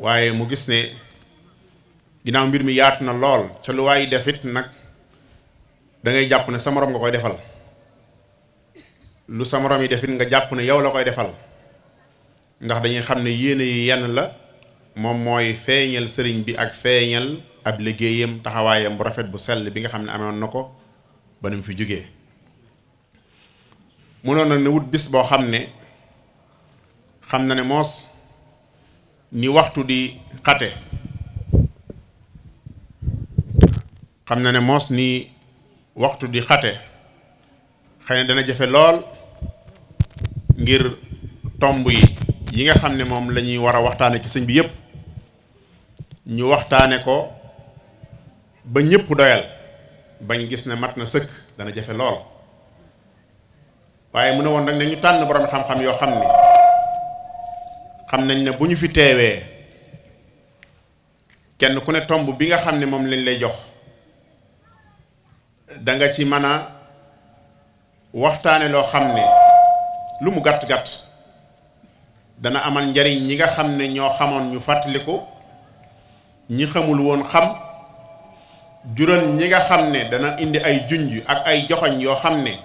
waaye mu gis ne ginnaaw mbir mi yaatu na lool ca lu waay defit nag da jàpp ne sa morom nga koy defal lu sa morom yi defit nga jàpp ne yow la koy defal ndax dañuy xam ne yéene yi yenn la moom mooy feeñal sëriñ bi ak feeñal ab liggéeyam taxawaayam bu rafet bu sell bi nga xam ne amoon na ko ba nu mu fi jógee mënoon na ne wut bis boo xam ne xam na ne moos ni waxtu di xate xam na ne moos ni waxtu di xate xëy na dana jafe lool ngir tomb yi yi nga xam ne moom lañuy ñuy war a waxtaane ci sëñ bi yépp ñu waxtaane ko ba ñëpp doyal bañ gis ne mat na sëkk dana jafe lool waaye mu ne woon nag ne ñu tànn borom xam-xam yoo xam ni xam nañ ne bu ñu fi teewee kenn ku ne tomb bi nga xam ne moom lañ lay jox danga ci mën a waxtaane loo xam ne lu mu gàtt-gàtt dana amal njariñ ñi nga xam ne ñoo xamoon ñu fàttaliku ñi xamul woon xam jural ñi nga xam ne dana indi ay junj ak ay joxoñ yoo xam ne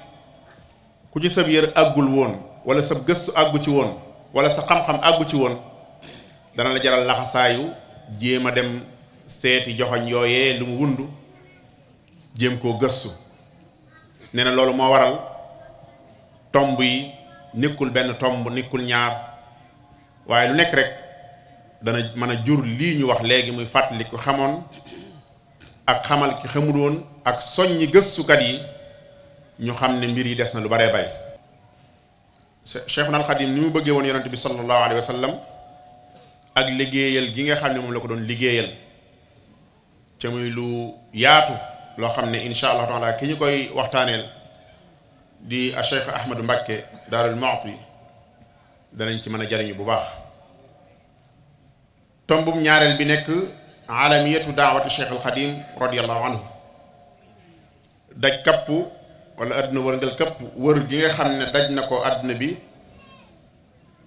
ku ci sab yër àggul woon wala sab gëstu àggu ci woon wala sa xam-xam àggu ci woon dana la jaral laxasaayu jéem a dem seeti joxoñ yooyee lu mu wund jéem koo gëstu nee na loolu moo waral tomb yi nekkul benn tomb nekkul ñaar waaye lu nekk rek dana mën a jur lii ñu wax léegi muy fàttaliku xamoon ak xamal ki xamul ak soññi gëstukat yi ñu xam ne mbir yi des na lu baree bay Cheikhuna al Xadim ni mu bëggee woon yonent bi sallallahu alayhi wa ak liggéeyal gi nga xam ne moom la ko doon liggéeyal ca muy lu yaatu loo xam ne insha allah taala ki koy waxtaaneel di a Cheikh Ahmadou Mbacké Daarul ci mën a jariñu bu baax tombum ñaareel bi nekk alamiyatu daawati Cheikh al Xadim anhu daj kapp wala adduna wërngal këpp wër gi nga xam ne daj na ko adduna bi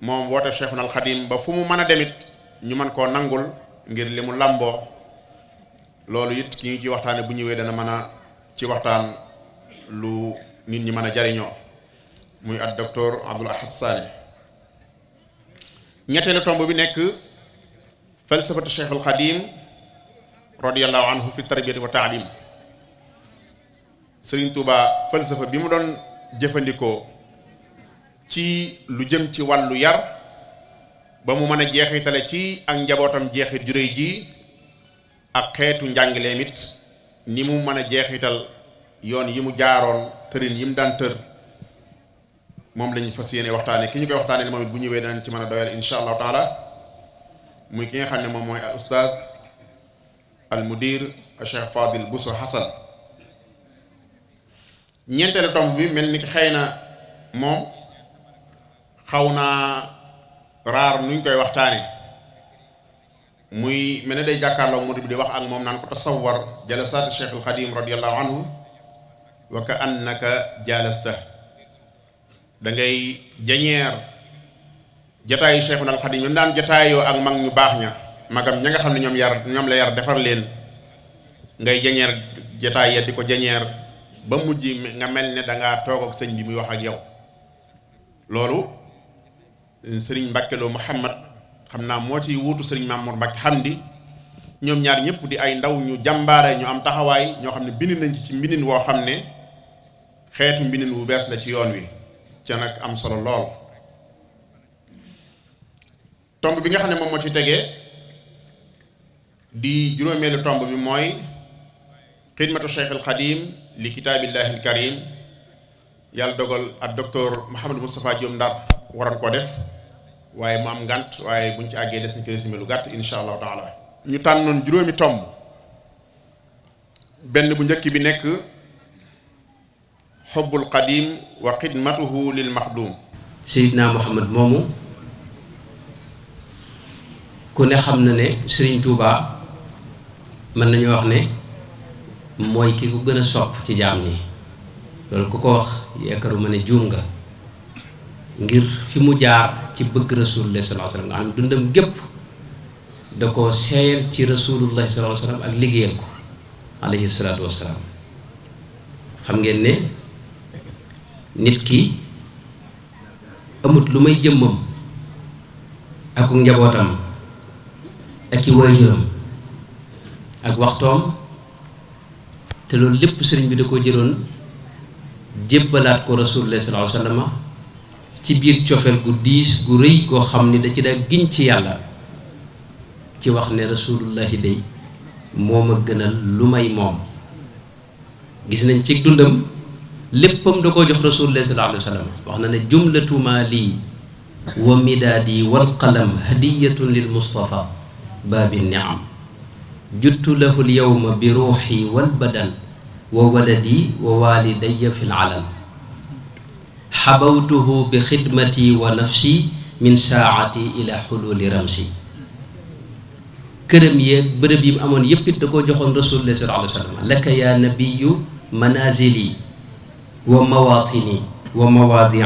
moom woote Cheikhul Khadim ba fu mu mën a demit ñu mën koo nangul ngir li mu làmboo loolu it ki ngi ci waxtaane bu ñëwee dana mën a ci waxtaan lu nit ñi mën a jariñoo muy at docteur Abdoul Ahad Sané ñetteelu tomb bi nekk falsafatu Cheikhul Khadim radiyallahu anhu fi tarbiyati wa taalim Serigne Touba falsafa bi mu doon jëfandikoo ci lu jëm ci wàllu yar ba mu mën a jeexitale ci ak njabootam jeexit juréy jii ak xeetu njàngaleem it ni mu mën a jeexital yoon yi mu jaaroon tërin yi mu daan tër moom lañu fas yéene waxtaane ki ñu koy waxtaane moom it bu ñëwee danañ ci mën a doyal insha allahu taala muy ki nga xam ne moom mooy al ustaaz al mudir al cheikh Fadil Bousso Hassan ñeenteelu tomb bi mel ni xëy na moom xaw naa raar nuñ koy waxtaane muy mel ne day jàkkaarloo murid bi di wax ak moom naan ko tasawwar jalasaat Cheikh al Xadim radiyallahu anhu wa ka annaka jalasta da ngay jañeer jataayu Cheikhul Xadim ñu daan jataayoo ak mag ñu baax ña magam ña nga xam ne ñoom yar ñoom la yar defar leen ngay jañeer jataay ya di ko jañeer ba mujj nga mel ni dangaa toog ak sëñ bi muy wax ak yow loolu sëriñ Mbàkke Lo Muhammad xam naa moo ciy wuutu sëriñ Mamour Mbàkke Hamdi ñoom ñaar ñëpp di ay ndaw ñu jàmbaare ñu am taxawaay ñoo xam ne bind nañ ci mbindin woo xam ne xeetu mbindin wu bees la ci yoon wi ca nag am solo lool tomb bi nga xam ne moom moo ci tege di juróomeelu tomb bi mooy xidmatu cheikh al xadim li kitaabillahi al karim yàlla dogal ak docteur Mouhamadou Moustapha Diom Ndar waroon koo def waaye mu am ngànt waaye buñ ci àggee des na ko résumé lu gàtt insha allahu taala ñu tànnoon juróomi tomb benn bu njëkk bi nekk xubbul qadim wa xidmatuhu lil maxdum naa muhammad moomu ku ne xam na ne sëriñ tuuba mën nañu wax ne mooy ki ko gën a sopp ci jaam ni loolu ku ko wax yaakaaruma ne juum nga ngir fi mu jaar ci bëgg rasulullah sallallahu alayhi gépp da ko seeyal ci rasulullah sallallahu alayhi ak liggéeyal ko alayhi salaatu wasalaam xam ngeen ne nit ki amut lu may jëmmam ak njabootam ak i waajuram ak waxtoom te loolu lépp sëriñ bi da koo jëloon jébbalaat ko rasulullah sallallahu ci biir cofeel gu diis gu rëy goo xam ni da ci daa giñ ci yàlla ci wax ne rasulullahi day moo ma gënal lu may moom gis nañ ci dundam léppam da koo jox rasulullah sallallahu wax na ne jumlatu maali wa midaadi wal qalam hadiyatun lil mustafa baabi niam juttu lahu lyawma bi ruuxi wal badan wa waladi wa waalidaya fi lalam xabawtuhu bi xidmati wa nafsi min saacati ila xululi ramsi këram yeeg bërëb yi mu amoon yépp it da koo joxoon rasulullah sallallahu alayhi wa sallam laka yaa nabiyu manazili wa mawaatini wa te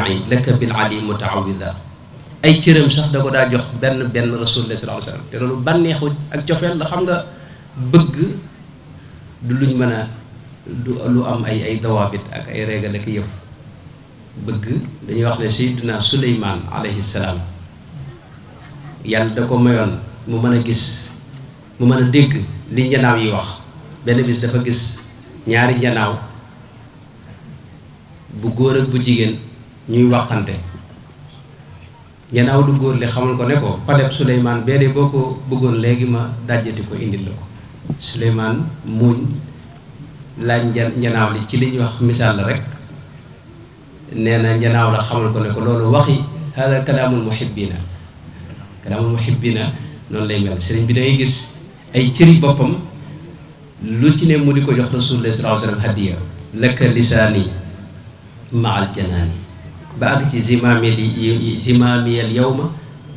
loolu bànneexu ak cofeel la xam nga bëgg du luñ mën a du lu am ay ay dawaabit ak ay régal ak yëpp bëgg dañuy wax ne sayyiduna Suleymaan alayhi salaam yàlla da ko mayoon mu mën a gis mu mën a dégg li njanaaw yi wax benn bis dafa gis ñaari njanaaw bu góor ak bu jigéen ñuy waxante njanaaw lu góor li xamul ko ne ko paleb Suleymaan bee de boo ko bëggoon léegi ma dajjati ko indil la ko Souleymane muuñ laaj njanaaw li ci li wax misaal la rek nee na njanaaw la xamal ko ne ko loolu waxi hada kalaamul muhibbina kalaamul muhibbina noonu lay mel sëriñ bi da gis ay cëri boppam lu ci ne mu di ko jox rasulullah sallallahu alayhi wa sallam hadiya lakka lisaani maal janaani ba àgg ci zimaami zimaami al yawma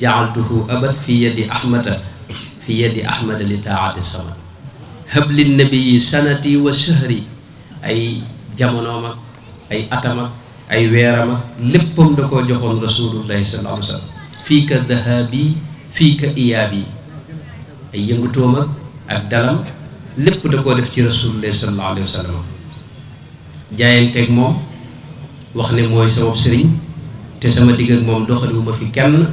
jaaltuhu abad fi yadi ahmada fi yadi ahmada li taati sama hablin nabi yi sanati wa shahri ay jamono ma ay atam ay weera ak léppam da koo joxoon rasulullahi sallallahu alayhi wa fii ka dahabi ay yëngutoom ak ak dalam lépp koo def ci rasulullahi sallallahu alayhi wax ne mooy sama te sama digg ak moom doxaliwuma fi kenn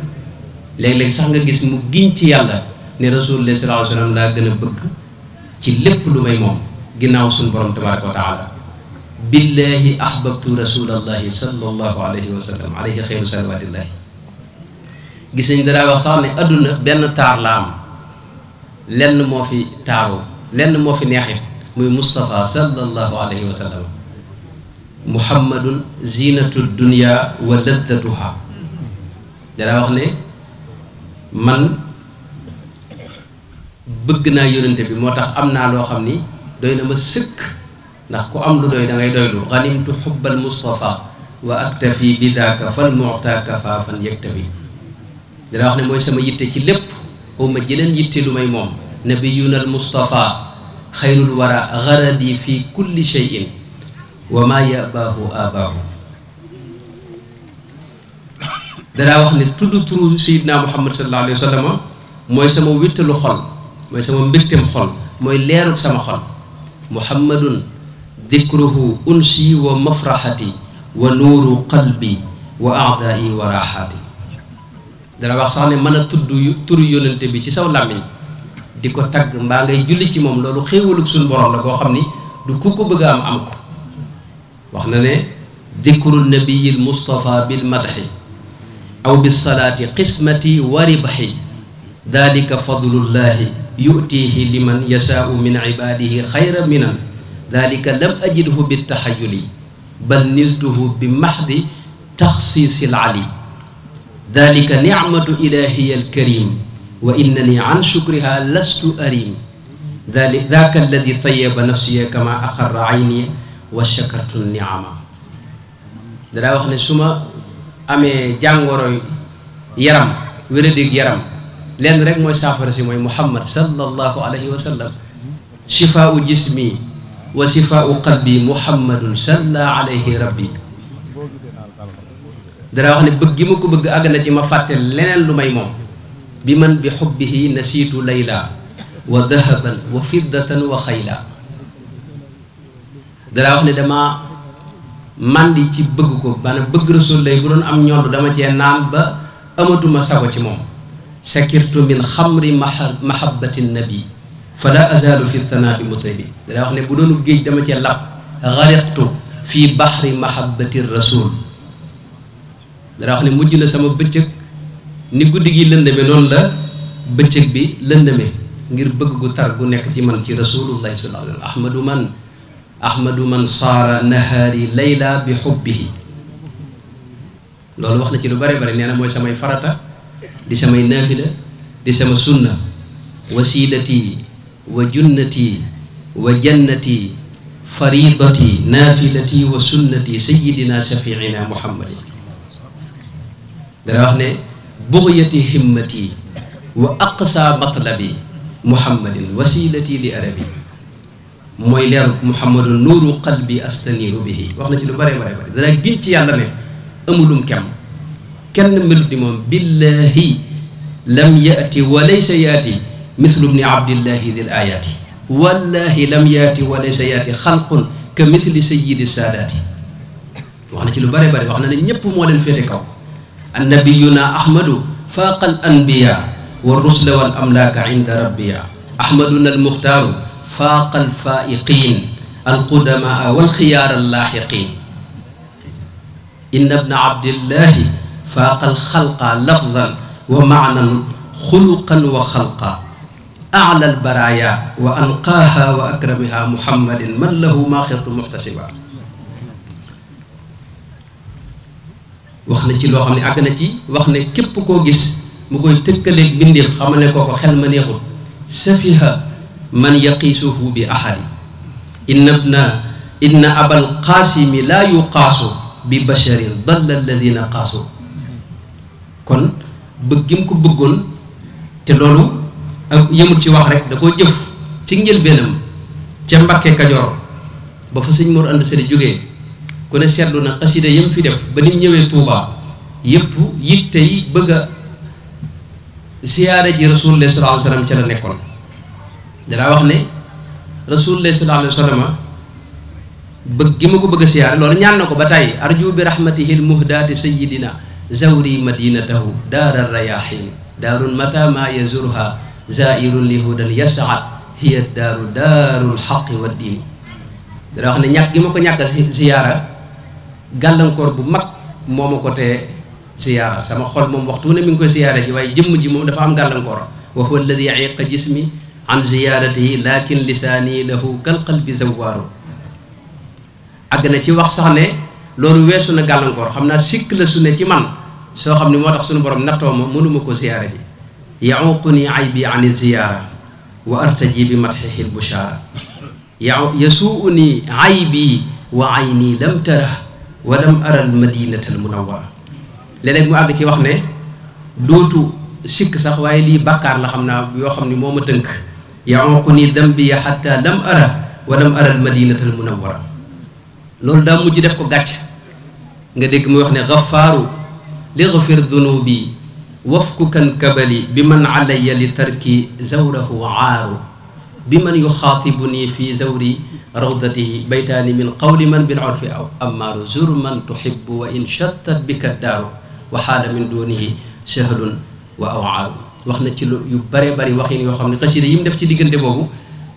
léeg-léeg sax nga gis mu giñ ci yàlla ne rasulullahi sallallahu laa gën a bëgg ci lépp lu may moom ginnaaw suñu borom tabaraka wa taala billaahi ahbabtu rasulallahi sallallahu alayhi wa sallam alayhi xayru salawatillahi gis nañ dadaa wax sax ne adduna benn taar la am lenn moo fi taaroo lenn moo fi neexit muy Moustapha sallallahu alayhi wa sallam muhammadun zinatu dunia wa laddatuha dadaa wax ne man bëgg naa yonente bi moo tax am naa loo xam ni doy na ma sëkk ndax ku am lu doy da ngay doylu ganimtu xubbal mustafa wa aktafi bi daaka fal muta kafaafan yaktabi dala wax ne mooy sama yitte ci lépp awma jëleen yitte lu may moom nabiyuna al mustafa xayrul wara garadi fi kulli cheyin wa maa yabaahu wax ne tudd turu sayidna muhammad sallallahu alayhi wa mooy sama wittalu xol mooy sama mbégtem xol mooy leerug sama xol muhammadun dikruhu unsi wa mafraxati wa nuuru qalbi wa aadaa'i wa raaxaati dana wax sax ne mën a tudd turu yónnante bi ci saw làmmiñ di ko tagg mbaa ngay julli ci moom loolu xéewalug suñu borom la koo xam ni du ku ko bëgg a am am ko wax na ne dikru nabiyil mustafa bil madxi aw bis salaati qismati wa ribxi dalika fadlullahi yutihi liman yashaau min ibadihi xayra minan dalika lam ajidhu bi taxayuli bal niltuhu bi maxdi taxsiisi alali dalika nicmatu ilahiya alkarim wa innani an shukriha lastu arim daaka alladi tayaba nafsiya kama aqarra ayni wa shakartu niama dadaa wax ne su ma amee jàngoro yaram wéradéeg yaram lenn rek mooy saafara si mooy muhammad sallallahu alayhi wa sallam shifaau jismi wa shifaau qalbi muhammadun wax ne bëgg ko bëgg àgg na ci ma fàtte leneen lu may moom bi man bi xubbihi nasiitu layla wa dahaban wa fiddatan wa xayla wax ne dama màndi ci bëgg ko maanaam bëgg rasul dama cee naan ba amatuma sago ci moom sakirtu min xamri mahabbati nabi fala azalu fi thanaa'i mutaybi daa wax ne bu doonu géej dama cee lab xariqtu fi baxri mahabbati rasul daa wax ne mujj na sama bëccëg ni guddi gi lëndame noonu la bëccëg bi lëndame ngir bëgg gu tar gu nekk ci man ci rasulullahi sallallahu alayhi wa sallam ahmadu man ahmadu man saara nahaari layla bi xubbihi loolu wax na ci lu bare bare nee na mooy samay farata di samay naafila di sama sunna wasiilati wa junnati wa jannati faridati naafilati wa sunnati sayidina shafiina muhammadin dana wax ne bugyati himmati wa aqsa matlabi muhammadin wasiilati li arabi mooy leeru muhammadu nuuru qalbi astaniiru bihi wax na ci lu bare bare bare dana gin ci yàlla ne amulum kemm kenn melut ni moom billahi lam yaati wa laysa yaati mislu bni abdillahi dil ayaati wallahi lam yaati wa laysa yaati xalqun ka mithli sayidi saadaati wax na ci lu bare bare wax na ne ñépp moo leen féete kaw annabiyuna ahmadu faaqa al anbiya wa rusla wal amlaaka inda rabbiya ahmaduna al muxtaaru faaqa al faa'iqiin al qudamaa wal xiyaar al laaxiqiin inna bna abdillahi faaqal xalqaa lafdan wa maanan xuluqan wa xalqaa ala albaraaya wa anqaaha wa akramiha muhammadin man lahu maaxirtu muxtasiba wax na ci loo xam ne àgg na ci wax ne képp koo gis mu koy tëkkaleeg bindeef xamal ne kooko xel ma neexul safiha man yaqiisuhu bi ahadi inna bna inna abal qaasimi laa yuqaasu bi basharin dalla alladina qaasu kon bëgg gi mu ko bëggoon te loolu ak yëmul ci wax rek da koo jëf ci njëlbeenam ca Mbàkke Kajoor ba fa sëñ Mor ànd sëri jógee ku ne seetlu na xasida yam fi def ba nim ñëwee Touba yëpp it tey bëgg a ji Rasulullah sallallahu alayhi wasallam ca la nekkoon danaa wax ne Rasulullah sallallahu alayhi wasallam bëgg gi ma ko bëgg a siyaare loolu ñaan na ko ba tey arju bi rahmatihil muhdaati sayyidina zawri madinatahu daara rayaahin ma mata maa yazurha zairun li hudan daarul xaqi wa diin dana wax ne ñàkk gi ma ko ñàkk ziyaara gàllankoor bu mag moo ma ko tee ziyaara sama xol moom waxtu ne mi ngi koy ziyaara ji waaye jëmm ji moom dafa am gàllankoor wa huwa alladi yaqa jismi an ziyaaratihi lakin lisaani lahu kal qalbi zawaaru àgg na ci wax sax ne loolu weesu na gàllankoor xam naa sikk la su ne ci man soo xam ne moo tax suñu borom nattoo ma mënuma ko ziyaara ji yaququni aybi an ay wa artaji bi matxihi lbushara ya yasuuni wa ayni lam tara wa lam ara almadinata ci wax ne dootu sikk sax waaye lii bàkkaar la xam naa yoo xam ne moo ma tënk lam ara wa lam ara almadinata loolu daa mujj def ko gàcc nga dégg muy wax ne gafaaru lixfir dunubi wafku kan kabali bi man alaya li tarki zawrahu aaru bi man yuxaatibu nii fi zawri rawdatihi baytaani min qawli man bil urfi aw amaaru zur man tuxibu wa in chattat bika daaru wa xaala min dunihi sahlun wa aw wax na ci lu yu bare bari waxin yoo xam ne xasida yi mu def ci diggante boobu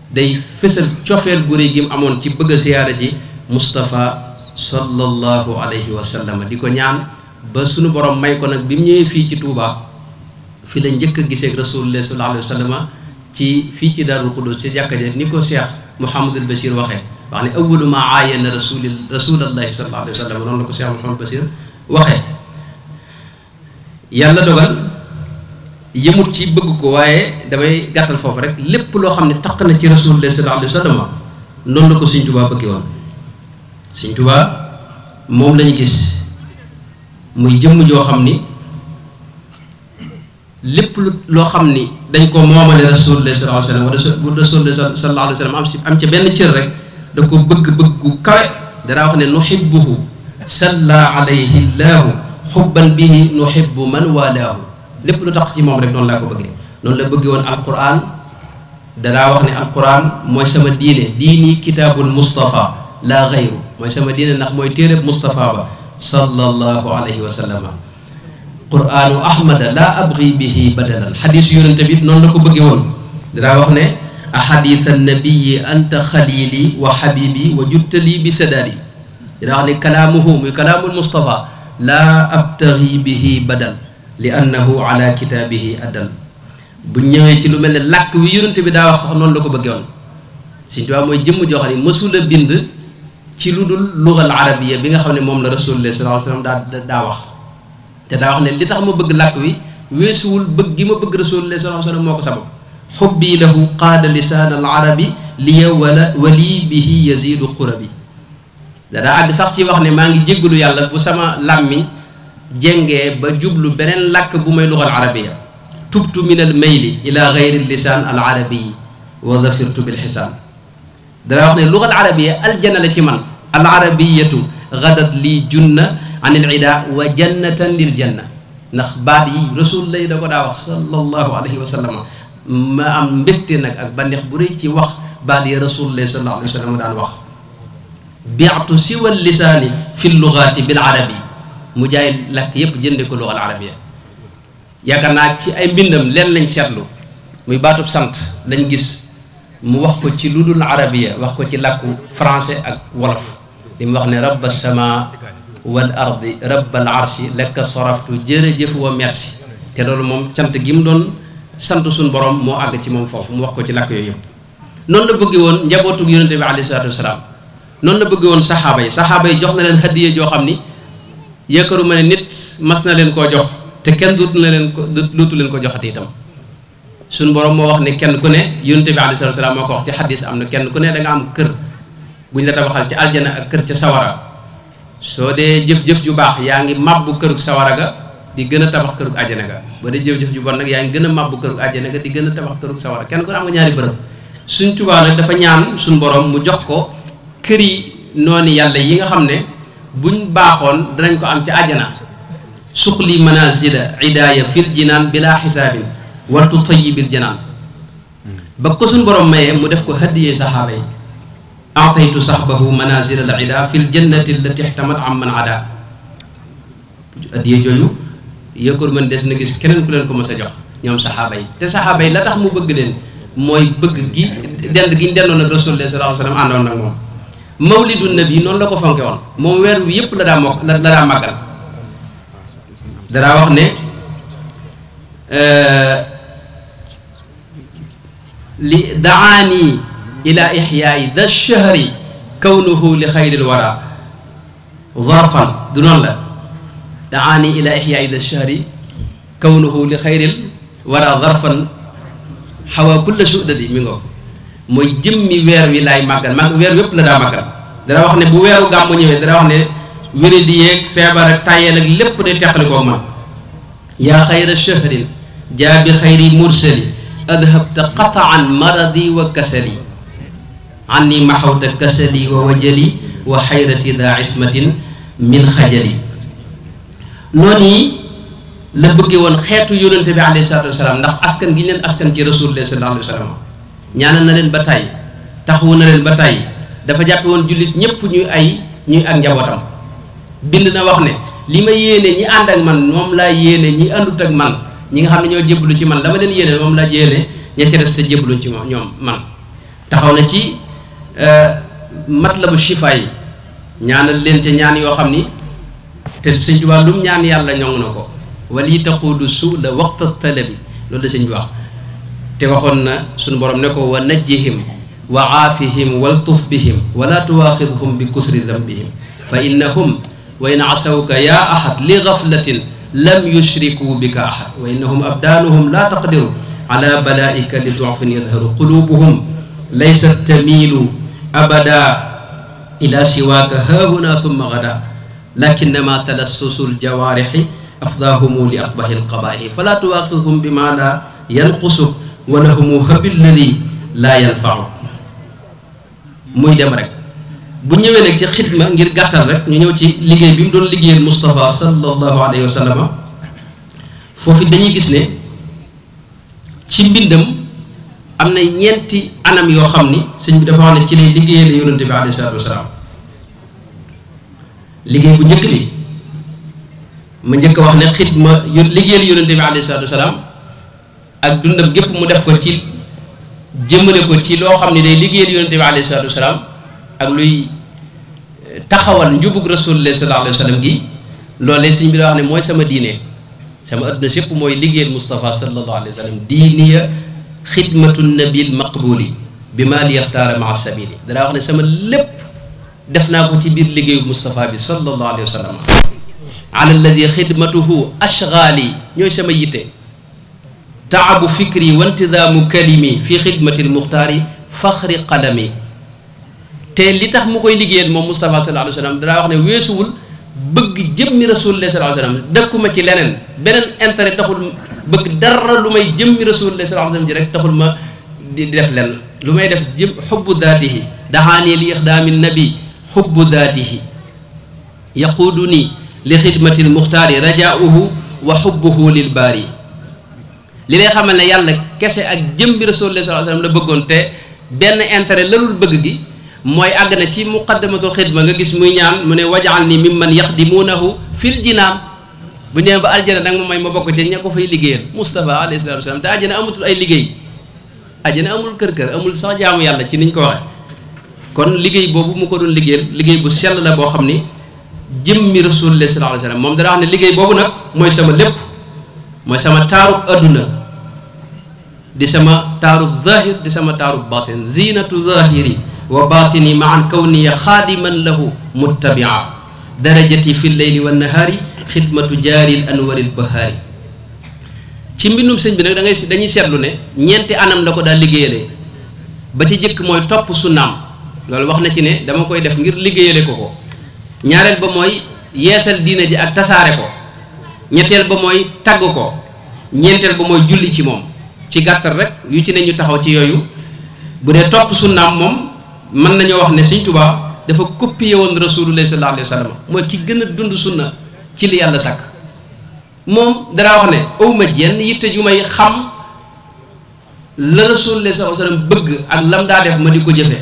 day fësal cofeel gu réy gi mu amoon ci bëgg a ji mustafa sallallahu alayhi wa sallam di ko ñaan ba sunu borom may ko nag bi mu fii ci Touba fi la njëkk a gisee ak rasulullah sallallahu alayhi wa sallam ci fii ci Daarul Qudus ci jàkka ja ni ko Cheikh Mouhamadul Bachir waxee wax ne awwalu maa aayana rasuli rasulallahi sallallahu alayhi wa sallam ko Cheikh Mouhamadul Bachir waxee yàlla dogal yëmut ci bëgg ko waaye damay gàttal foofu rek lépp loo xam ne taq na ci rasulullah sallallahu alayhi wa sallam noonu na ko Sëñ Tuubaa bëggee woon Sëñ Tuubaa moom lañu gis muy jëmm joo xam ni lépp lu loo xam ni dañ ko moomale rasulullah sallallahu alayhi wa sallam wala rasulullah sallallahu alayhi wa si am ca benn cër rek da ko bëgg-bëgg gu kawe danaa wax ne nuhibbuhu salla alayhi llaahu xubban bihi nuhibbu man walaahu lépp lu tax ci moom rek noonu laa ko bëggee noonu la bëggee woon alquran danaa wax ne alquran mooy sama diine diini kitaabul Mustafa laa xayru mooy sama diine ndax mooy téereb Mustafa ba sallallahu alayhi wa sallama quraanu ahmada laa abgi bihi badalan xadis yonente bi noonu la ko bëggee woon dinaa wax ne ahadis annabiyi anta xalili wa xabibi wa juttali bi sadaali dinaa wax ne kalaamuhu muy kalaamul mustafa laa abtagi bihi badal li annahu ala kitaabihi adal bu ñëwee ci lu mel ne làkk wi yonente bi daa wax sax noonu la ko bëggee woon Sëñ Tuubaa mooy jëmm joo xam ne bind ci lu dul lugal arabiya bi nga xam ne moom la rasulullah sallallahu alayhi wasallam daa daa wax te daa wax ne li tax ma bëgg làkk wi weesuwul bëgg gi ma bëgg rasulullah sallallahu alayhi wasallam moo ko sabab xubbi lahu qaada lisaan al arabi liya wala wali bihi yazidu qurabi dadaa àgg sax ci wax ne maa ngi jéggalu yàlla bu sama làmmi jengee ba jublu beneen làkk bu may lugal arabiya tubtu min al mayli ila gayri lisaan al arabi wa zafirtu bil xisaan dana wax ne lugal arabiya aljana la ci man al arabiyatu gadat lii junna an il wa jannatan lil janna ndax baat yi rasul lay da ko daa wax sallallahu alayhi wa sallam ma am mbégte nag ak bandeex bu rëy ci wax baat yi rasul lay sallallahu alayhi wa sallam daan wax biatu siwa lisaani fi lugaati bil arabi mu jaay làkk yépp jënde ko lugal arabiya yaakaar naa ci ay mbindam leen lañ seetlu muy baatub sant lañ gis mu wax ko ci lu dul arabiya wax ko ci làkku français ak wolof li mu wax ne rabba sama wal ardi rabbal arsi lakka saraftu jërëjëf wa mersi te loolu moom cant gi mu doon sant suñu borom moo àgg ci moom foofu mu wax ko ci làkk yooyu noonu la bëgge woon njabootug yonente bi alayhi salaatu wasalaam noonu la bëgge woon saxaaba yi saxaaba yi jox na leen hadiya joo xam ni yëkkaru ma ne nit mas na leen koo jox te kenn duutu na leen ko duutu leen ko joxati suñu borom moo wax ni kenn ku ne yonent bi alayhi salaatu salaam moo ko wax am na kenn ku ne da kër bu la tabaxal ci aljana ak kër ca sawara soo dee jëf-jëf ju baax yaa ngi màbbu kërug sawara ga di gën a tabax kërug ajjana ga ba dee ju bon nag yaa ngi gën a màbbu kërug ajjana ga di gën a tabax kërug sawara kenn ku ne am nga suñ tubaa nag dafa ñaan suñ borom mu jox ko kër yi noonu yàlla yi nga xam ne buñ baaxoon danañ ko am ci ajjana suqli manazila idaaya fir jinaan bila xisaabin wartu tayyibil janaan hmm. ba ko suñ borom mayee mu def ko haddiyee saxaaba yi ataytu saxbahu manazil al ida fi l am man ada haddiyee jooju yëkkoor des na gis keneen ku ko mës a jox ñoom saxaaba yi te yi la tax mu bëgg leen mooy bëgg gi dend gi ñu dendoon ak rasulullah sallallahu alayhi wa sallam àndoon nag la ko fonke woon moom weer wi yëpp la daa mokk la daa wax ne euh, li daani ila ixyaai da shahri kawnuhu li xayril wara zarfan du noonu la daani ila ixyaai da shahri kawnuhu li xayril wara zarfan xawa kulla sudadi mi ngoo mooy jëmmi weer wi laay màggal màgg weer yépp la daa màggal dana wax ne bu weeru gàmmu ñëwee dana wax ne wéri di yeeg feebar ak tàyyeel ak lépp day teqalikoo man yaa xayra shahrin jaa bi mursali adhabta qataan maradi wa kasali anni maxawta kasali wa wajali wa xayrati daa ismatin min xajali noonu yi la bëggee woon xeetu yónnante bi alayhi salaatu ndax askan gi leen askan ci rasulullah sallallahu alayhi wa sallam ñaanal na leen ba tàyyi taxawu na leen ba tàyyi dafa jàppe woon jullit ñépp ñuy ay ñuy ak njabootam bind na wax ne li ma yéene ñi ànd ak man moom laa yéene ñi àndut ak man ñi nga xam ne ñoo jébbalu ci man dama leen yéene moom la yéene ña ca des te jébbaluñ ñoom man taxaw na ci euh, matlabu shifa yi ñaanal leen ca ñaan yoo xam ni te sëñ Tuubaa lum ñaan yàlla ñong na ko wali taquudu su la waqta bi loolu la sëñ bi te waxoon na suñu boroom ne ko wa najjihim wa aafihim waltuf bihim wala tuwaaxidhum bi kusri dambihim fa innahum wa in asawka yaa ahad li gaflatin lam yushrikuu bika ahad wa innahum abdaanuhum laa taqdiru ala balaaika li ducfin yadharu qulubuhum laysat tamiilu abada ila siwaaka haahuna thumma gada lakinama talassusu aljawaarixi afdaahumu li aqbahi alqabaahi falaa tuwaaqidhum bima laa yanqusuk wa lahumu habi alladi laa yanfauk muy dem rek bu ñëwee nag ci xidma ngir gàttal rek ñu ñëw ci liggéey bi mu doon liggéeyal Moustapha sallallahu alayhi wa sallam foofu dañuy gis ne ci mbindam am na ñeenti anam yoo xam ni sëñ bi dafa wax ne ci lay liggéeyale yonante bi alayhi salaatu wasalaam liggéey bu njëkk bi wax ne xidma liggéeyal yonante bi alayhi salaatu wasalaam ak dundam gépp mu def ko ci jëmmale ko ci loo xam ne day liggéeyal yonante bi alayhi ak luy taxawal njubug rasulullah sallallahu alayhi wa sallam gi loolee sëñ bi daa wax ne mooy sama diine sama adduna sépp mooy liggéeyal Moustapha sallallahu alayhi wa sallam diiniya xidmatu nabil maqbuli bi maa li yaxtaara maa sabili danaa wax ne sama lépp def naa ko ci biir liggéeyu Moustapha bi sallallahu alayhi wa sallam ala alladi xidmatuhu ashgaali ñooy sama yitte taabu fikri wa intidaamu kalimi fi xidmati almuxtaari faxri qalami te li tax mu koy liggéeyal moom Moustapha sallallahu alayhi wa sallam danaa wax ne weesuwul bëgg jëmmi rasulullah sallallahu alayhi wa ku ma ci leneen beneen intérêt taxul bëgg dara lu may jëmmi rasulullah sallallahu alayhi wa ji rek taxul ma di def lenn lu may def jëm xubbu daatihi daxaanii li ixdaami nabi xubbu daatihi yaquuduni li xidmati lmuxtaari rajaauhu wa xubbuhu lil baari li lay xamal ne yàlla kese ak jëmmi rasulullah sallallahu alayhi wa la bëggoon te benn intérêt la bëgg gi mooy àgg na ci muqaddamatul xidma nga gis muy ñaan mu ne wajaal ni mimman yaxdimuunahu fil jinaan bu ñëwee ba aljana nag ma may ma bokk ci ña ko fay liggéeyal Moustapha alayhi salaatu wasalaam te aljana amatul ay liggéey aljana amul kër-kër amul sax jaamu yàlla ci niñ ko waxee kon liggéey boobu mu ko doon liggéeyal liggéey bu sell la boo xam ni jëmmi rasulullah sallallahu alayhi wasallam moom dana wax ne liggéey boobu nag mooy sama lépp mooy sama taarub adduna di sama taarub zahir di sama taarub batin zinatu zahiri baax ni ma wa baatini maan kawniya xaadiman lahu muttabia darajati fi lleyli wa nahaari xidmatu jaaril anwaril bahaari ci mbindum sëñ bi nag da dañuy seetlu ne ñeenti anam la ko daal liggéeyalee ba ci jëkk mooy topp su sunnaam loolu wax na ci ne dama koy def ngir liggéeyale ko ko ñaareel ba mooy yeesal diina ji ak tasaare ko ñetteel ba mooy tagg ko ñeenteel ba mooy julli ci moom ci gàttal rek yu ci ne ñu taxaw ci yooyu bu dee topp sunnaam moom mën nañoo wax ne Sëñ Tuubaa dafa copié woon rasulullah sallallahu alayhi wa sallam mooy ki gën a dund sunna ci li yàlla sàkk moom danaa wax ne awma jenn yitte ju may xam la rasulullah sallallahu alayhi wa bëgg ak lam daa def ma di ko jëfee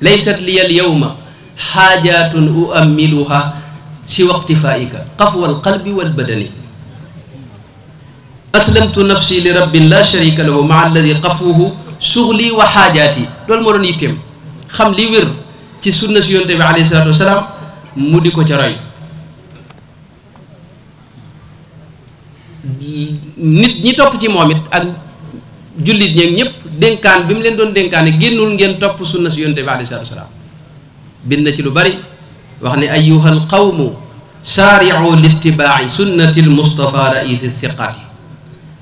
laysat liya al yawma xaajaatun uammiluha si waqtifaika qafwa al qalbi wal badani aslamtu nafsi li rabbin la sharika lahu maa alladi qafuhu suxli wa xaajaati loolu moo doon yitteem xam li wér ci sunna si yonte bi mu di ko ca roy nit ñi topp ci moom it ak jullit ñeeg ñëpp dénkaan bi mu leen doon dénkaane génnul ngeen topp sunna si yonte bi alayhi salaatu ci lu bari wax ne ayuha al qawmu saaricu littibaaci sunnati almustafa raisi siqaati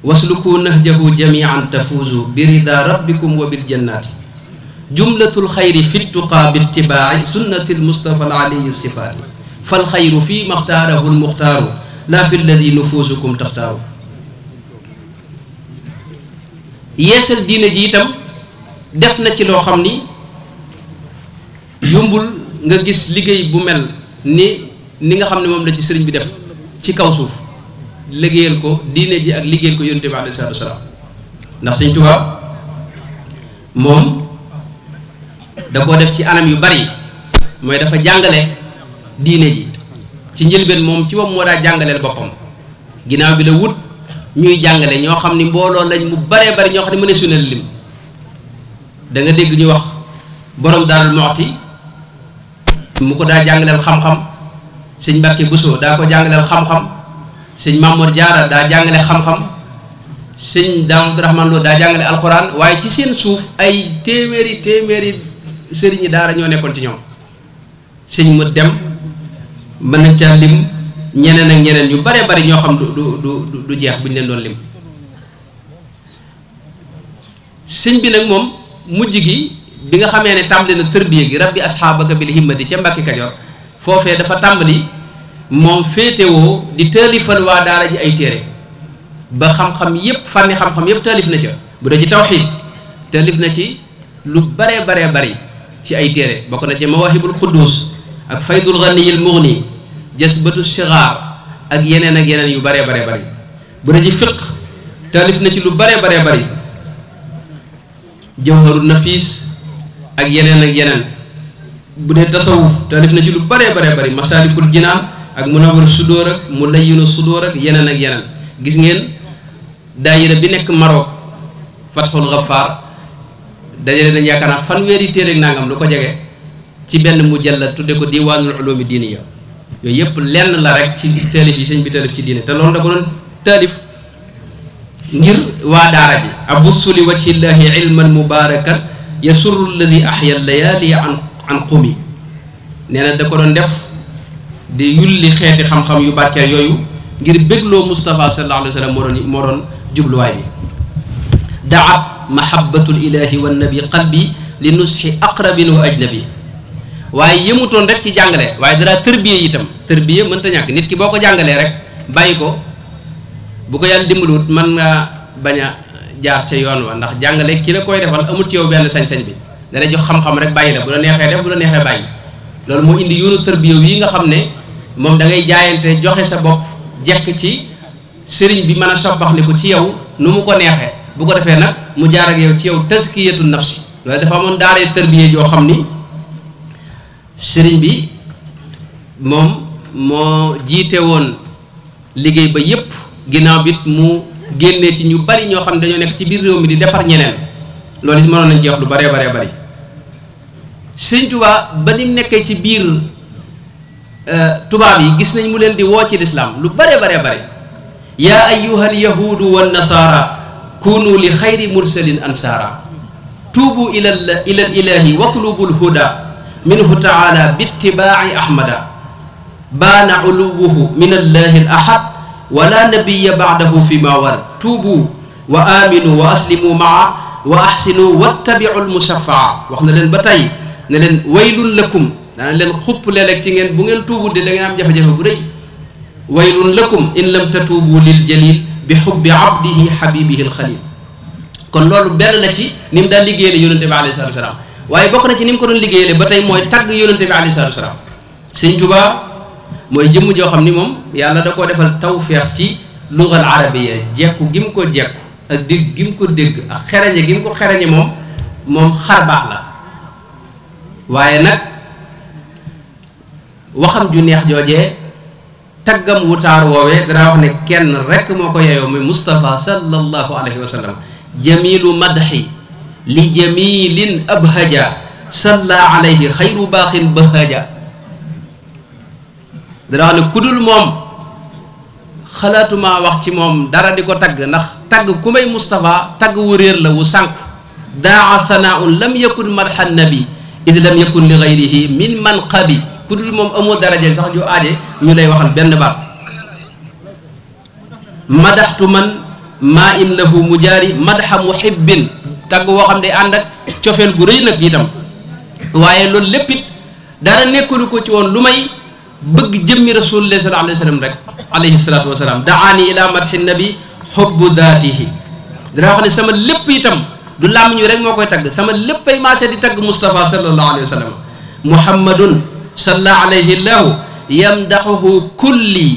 wasluku nahjahu jamian tafuuzu bi rida rabbikum wa biljannaati jumlatul xayri fi tuqaa bi ittibaai sunnati almustafa alaliyi sifaati fal xayru fi maxtaarahu almuxtaaru laa fi lladi nufusukum taxtaaru yeesal diina ji itam def na ci loo xam ni yumbul nga gis liggéey bu mel ni ni nga xam ne moom la ci sëriñ bi def ci kaw suuf liggéeyal ko diine ji ak liggéeyal ko yonent bi alayhi salaatu wasalaam ndax sëriñ Tuubaa moom da koo def ci anam yu bari mooy dafa jàngale diine ji ci njëlbeen moom ci moom moo daa jàngaleel boppam ginnaaw bi la wut ñuy jàngale ñoo xam ni mbooloo lañ mu baree bari ñoo xam ne mën a sunal lim da dégg ñu wax boroom daal Muxti mu ko daa jàngaleel xam-xam sëñ Mbàkke Buso daa ko jàngaleel xam sëñ Mamoor Jaara daa jàngale xam-xam sëñ Daam Abdurahmaan Lo daa jàngale alxuraan waaye ci seen suuf ay téeméeri téeméeri sëriñ sëriñi daara ñoo nekkoon ci ñoom sëñ mu dem mën nañ caa lim ñeneen ak ñeneen yu bare bari ñoo xam du du du jeex bu ñu leen doon lim sëñ bi nag moom mujj gi bi nga xamee ne tàmbali na tërbiye gi rabbi asxaabaka bil himmati ca Mbàkke Kajoor foofee dafa tàmbali moom féetewoo di taalifal waa daara ji ay téere ba xam-xam yépp fànni xam-xam yépp taalif na ca bu dee ci tawxiid taalif na ci lu bare bare bari ci ay téere bokk na ci mawahibul quddus ak faydul ghaniyil mughni jasbatu sigaar ak yeneen ak yeneen yu bare bare bari bu dee ji fiq taalif na ci lu bare bare bari jawharul nafis ak yeneen ak yeneen bu dee tasawuf taalif na ci lu bare bare bari masalikul jinaan ak munawwar sudóor ak mu layyinu sudóor ak yeneen ak yeneen gis ngeen daayira bi nekk Maroc fatxul gafaar dajale nañ yaakaar naa fanweeri téere ak nangam lu ko jege ci benn mu jël la tudde ko diwaanul ulumi diini ya yooyu yëpp lenn la rek ci taalif yi sëñ bi taalif ci diine te loolu da ko doon taalif ngir waa daara ji abussu li wajhillahi ilman mubarakan yasurru alladi ahya layali an an qumi nee na da ko doon def di yulli xeeti xam-xam yu barkeel yooyu ngir bégloo Moustapha sallallahu alayhi wa moo doon moo doon jubluwaay bi daat mahabatul ilahi wannabi qalbi li nusxi aqrabin wa ajnabi waaye yëmutoon rek ci jàngale waaye dara tërbiye itam tërbiye mënta ñàkk nit ki boo ko jàngalee rek bàyyi ko bu ko yàlla dimbaluwut mën nga bañ a jaar ca yoon wa ndax jàngale ki la koy defal amut ci yow benn sañ-sañ bi dana jox xam-xam rek bàyyi la bu la neexee def bu la neexee bàyyi loolu moo indi yoonu tërbiye yi nga xam ne moom da ngay jaayante joxe sa bopp jekk ci sëriñ bi mën a soppax ni ko ci yow nu mu ko neexee bu ko defee nag mu jaar ak yow ci yow taskiyatu nafsi loolu dafa amoon daaree tërbiye joo xam ni sëriñ bi moom moo jiite woon liggéey ba yépp ginnaaw bi bit mu génnee ci ñu bari ñoo xam ne dañoo nekk ci biir réew mi di defar ñeneen loolu it mënoon nañ ci wax lu baree bare bari sëriñ Tuubaa ba ni mu nekkee ci biir euh, tubaab yi gis nañ mu leen di woo ci lislaam lu baree bare bari yaa ayyuhal yahuudu wan nasaara kunu li xayri mursalin ansaara tuubu ila ila ilahi watlubu lhuda minhu taala bitibaaci ahmada baana uluwuhu min allahi al ahad wala nabiya baadahu fi ma wal tuubu wa aminu wa aslimu maa wa ahsinu wattabiu almusafaa wax na leen ba tey ne leen waylun lakum daana leen xupp léeg-léeg ci ngeen bu ngeen tuubu de da ngeen am jafe-jafe bu rëy waylun lakum in lam tatuubu lil jalil bi xubbi abdihi xabibihi alxalil kon loolu benn la ci ni mu daan liggéeyale yonente bi alayhi salatu wasalaam waaye bokk na ci ni mu ko doon liggéeyale ba tey mooy tagg yonente bi alayhi salatu wasalaam sëñ Tuubaa mooy jëmm joo xam ni moom yàlla da koo defal tawféex ci lugal arabiya jekku gi mu ko jekku ak dégg gi mu ko dégg ak xereñe gi mu ko xereñe moom moom xar baax la waaye nag waxam ju neex joojee taggam wax ne kenn rek moo ko yeyoo muy Moustapha sallallahu alayhi wa sallam jamilu li jamilin abhaja salla alayhi xayru baaxin bahaja danaa wax ne kudul moom xalaatuma wax ci moom dara di ko tagg ndax tagg ku may Moustapha tagg wu réer la wu sànq daa sanaaun lam yakun madxa nabi id lam yakun li gayrihi min manqabi ku dul moom amoo daraje sax ju aaje ñu lay waxal benn baat madaxtu man maa in lahu mu jaari madaxa muhibbin tagg woo xam ne ànd ak cofeel gu rëy nag tam waaye loolu lépp it dara nekkulu ko ci woon lu may bëgg jëmmi rasulullah sallallahu alayhi wa sallam rek alayhi salatu wasalaam daani ila madxi nabi xubbu daatihi dana wax ne sama lépp itam du làmmiñ wi rek moo koy tagg sama lépp léppay maase di tagg Moustapha sallallahu alayhi wa sallam muhammadun salla alayhi llaahu yamdaxahu kulli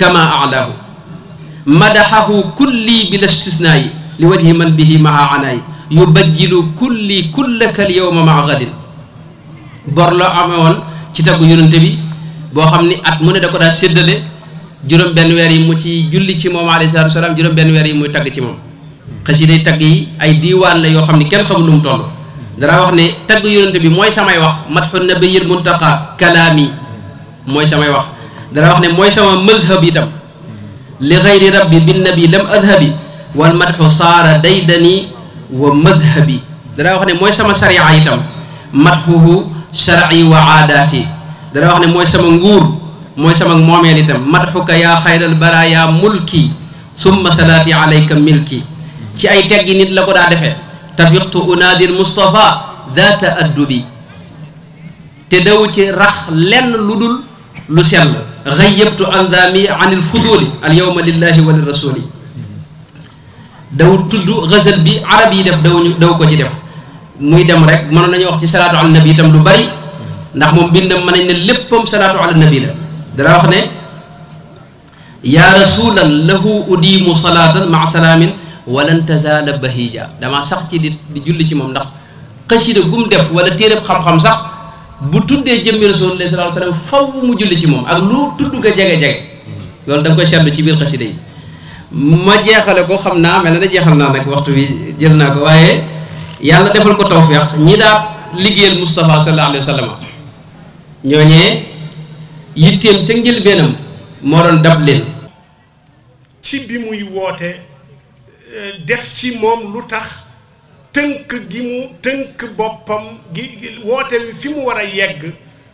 kama alaahu madaxahu kulli bila istisnaayi li wajhi man bi bihi maa anaayi yubajjilu kulli kullaka al yowma maa gadin bor loo amewoon ci taggu yonente bi boo xam ni at mu ne da ko daa séddale juróom benn weer yi mu ci julli ci moom alayhi salaatu juróom benn weer yi muy tagg ci moom xasida yi tagg yi ay diwaan la yoo xam ni kenn xamul lu mu toll dana wax ne tagg yonent bi mooy samay wax matxun nabiyil muntaqa kalaami mooy samay wax dana wax ne mooy sama mazhab itam li xayri rabbi bin nabi lam adhabi wal matxu saara daydani wa madhabi dana wax ne mooy sama sariya itam matxuhu sharci wa aadaati dana wax ne mooy sama nguur mooy sama moomeel itam matxuka yaa xayral baraya mulki summa salaati alayka milki ci ay teggi nit la ko daa defee tafiqtu unaadi almustafa daata addubi te daw ci rax lenn lu dul lu sell xayyabtu andami an ilfuduli alyawma lillahi wa lirasuli daw tudd xësal bi arab yi def dawñu daw ko ci def muy dem rek mënoon nañu wax ci salaatu ala nabi itam lu bari ndax moom bindam ma nañ ne léppam salaatu ala nabi la dana wax ne yaa rasulan lahu udimu salaatan maa salaamin walan tazaala bahija damaa sax ci di di julli ci moom ndax xasida mu def wala téeréb xam-xam sax bu tuddee jëmmi rasulullah sallallahu alayhi wa sallam mu julli ci moom ak lu tudd nga jege-jege loolu da ko koy seetlu ci biir xasida yi ma jeexale ko xam naa mel na jeexal naa nag waxtu wi jël naa ko waaye yàlla defal ko tawfeex ñi daal liggéeyal Moustapha sallallahu alayhi wa sallam ñooñee yitteem ca njëlbeenam moo doon dab leen ci bi muy woote Euh, def ci moom lu tax tënk gi mu tënk boppam gi woote wi fi mu war a yegg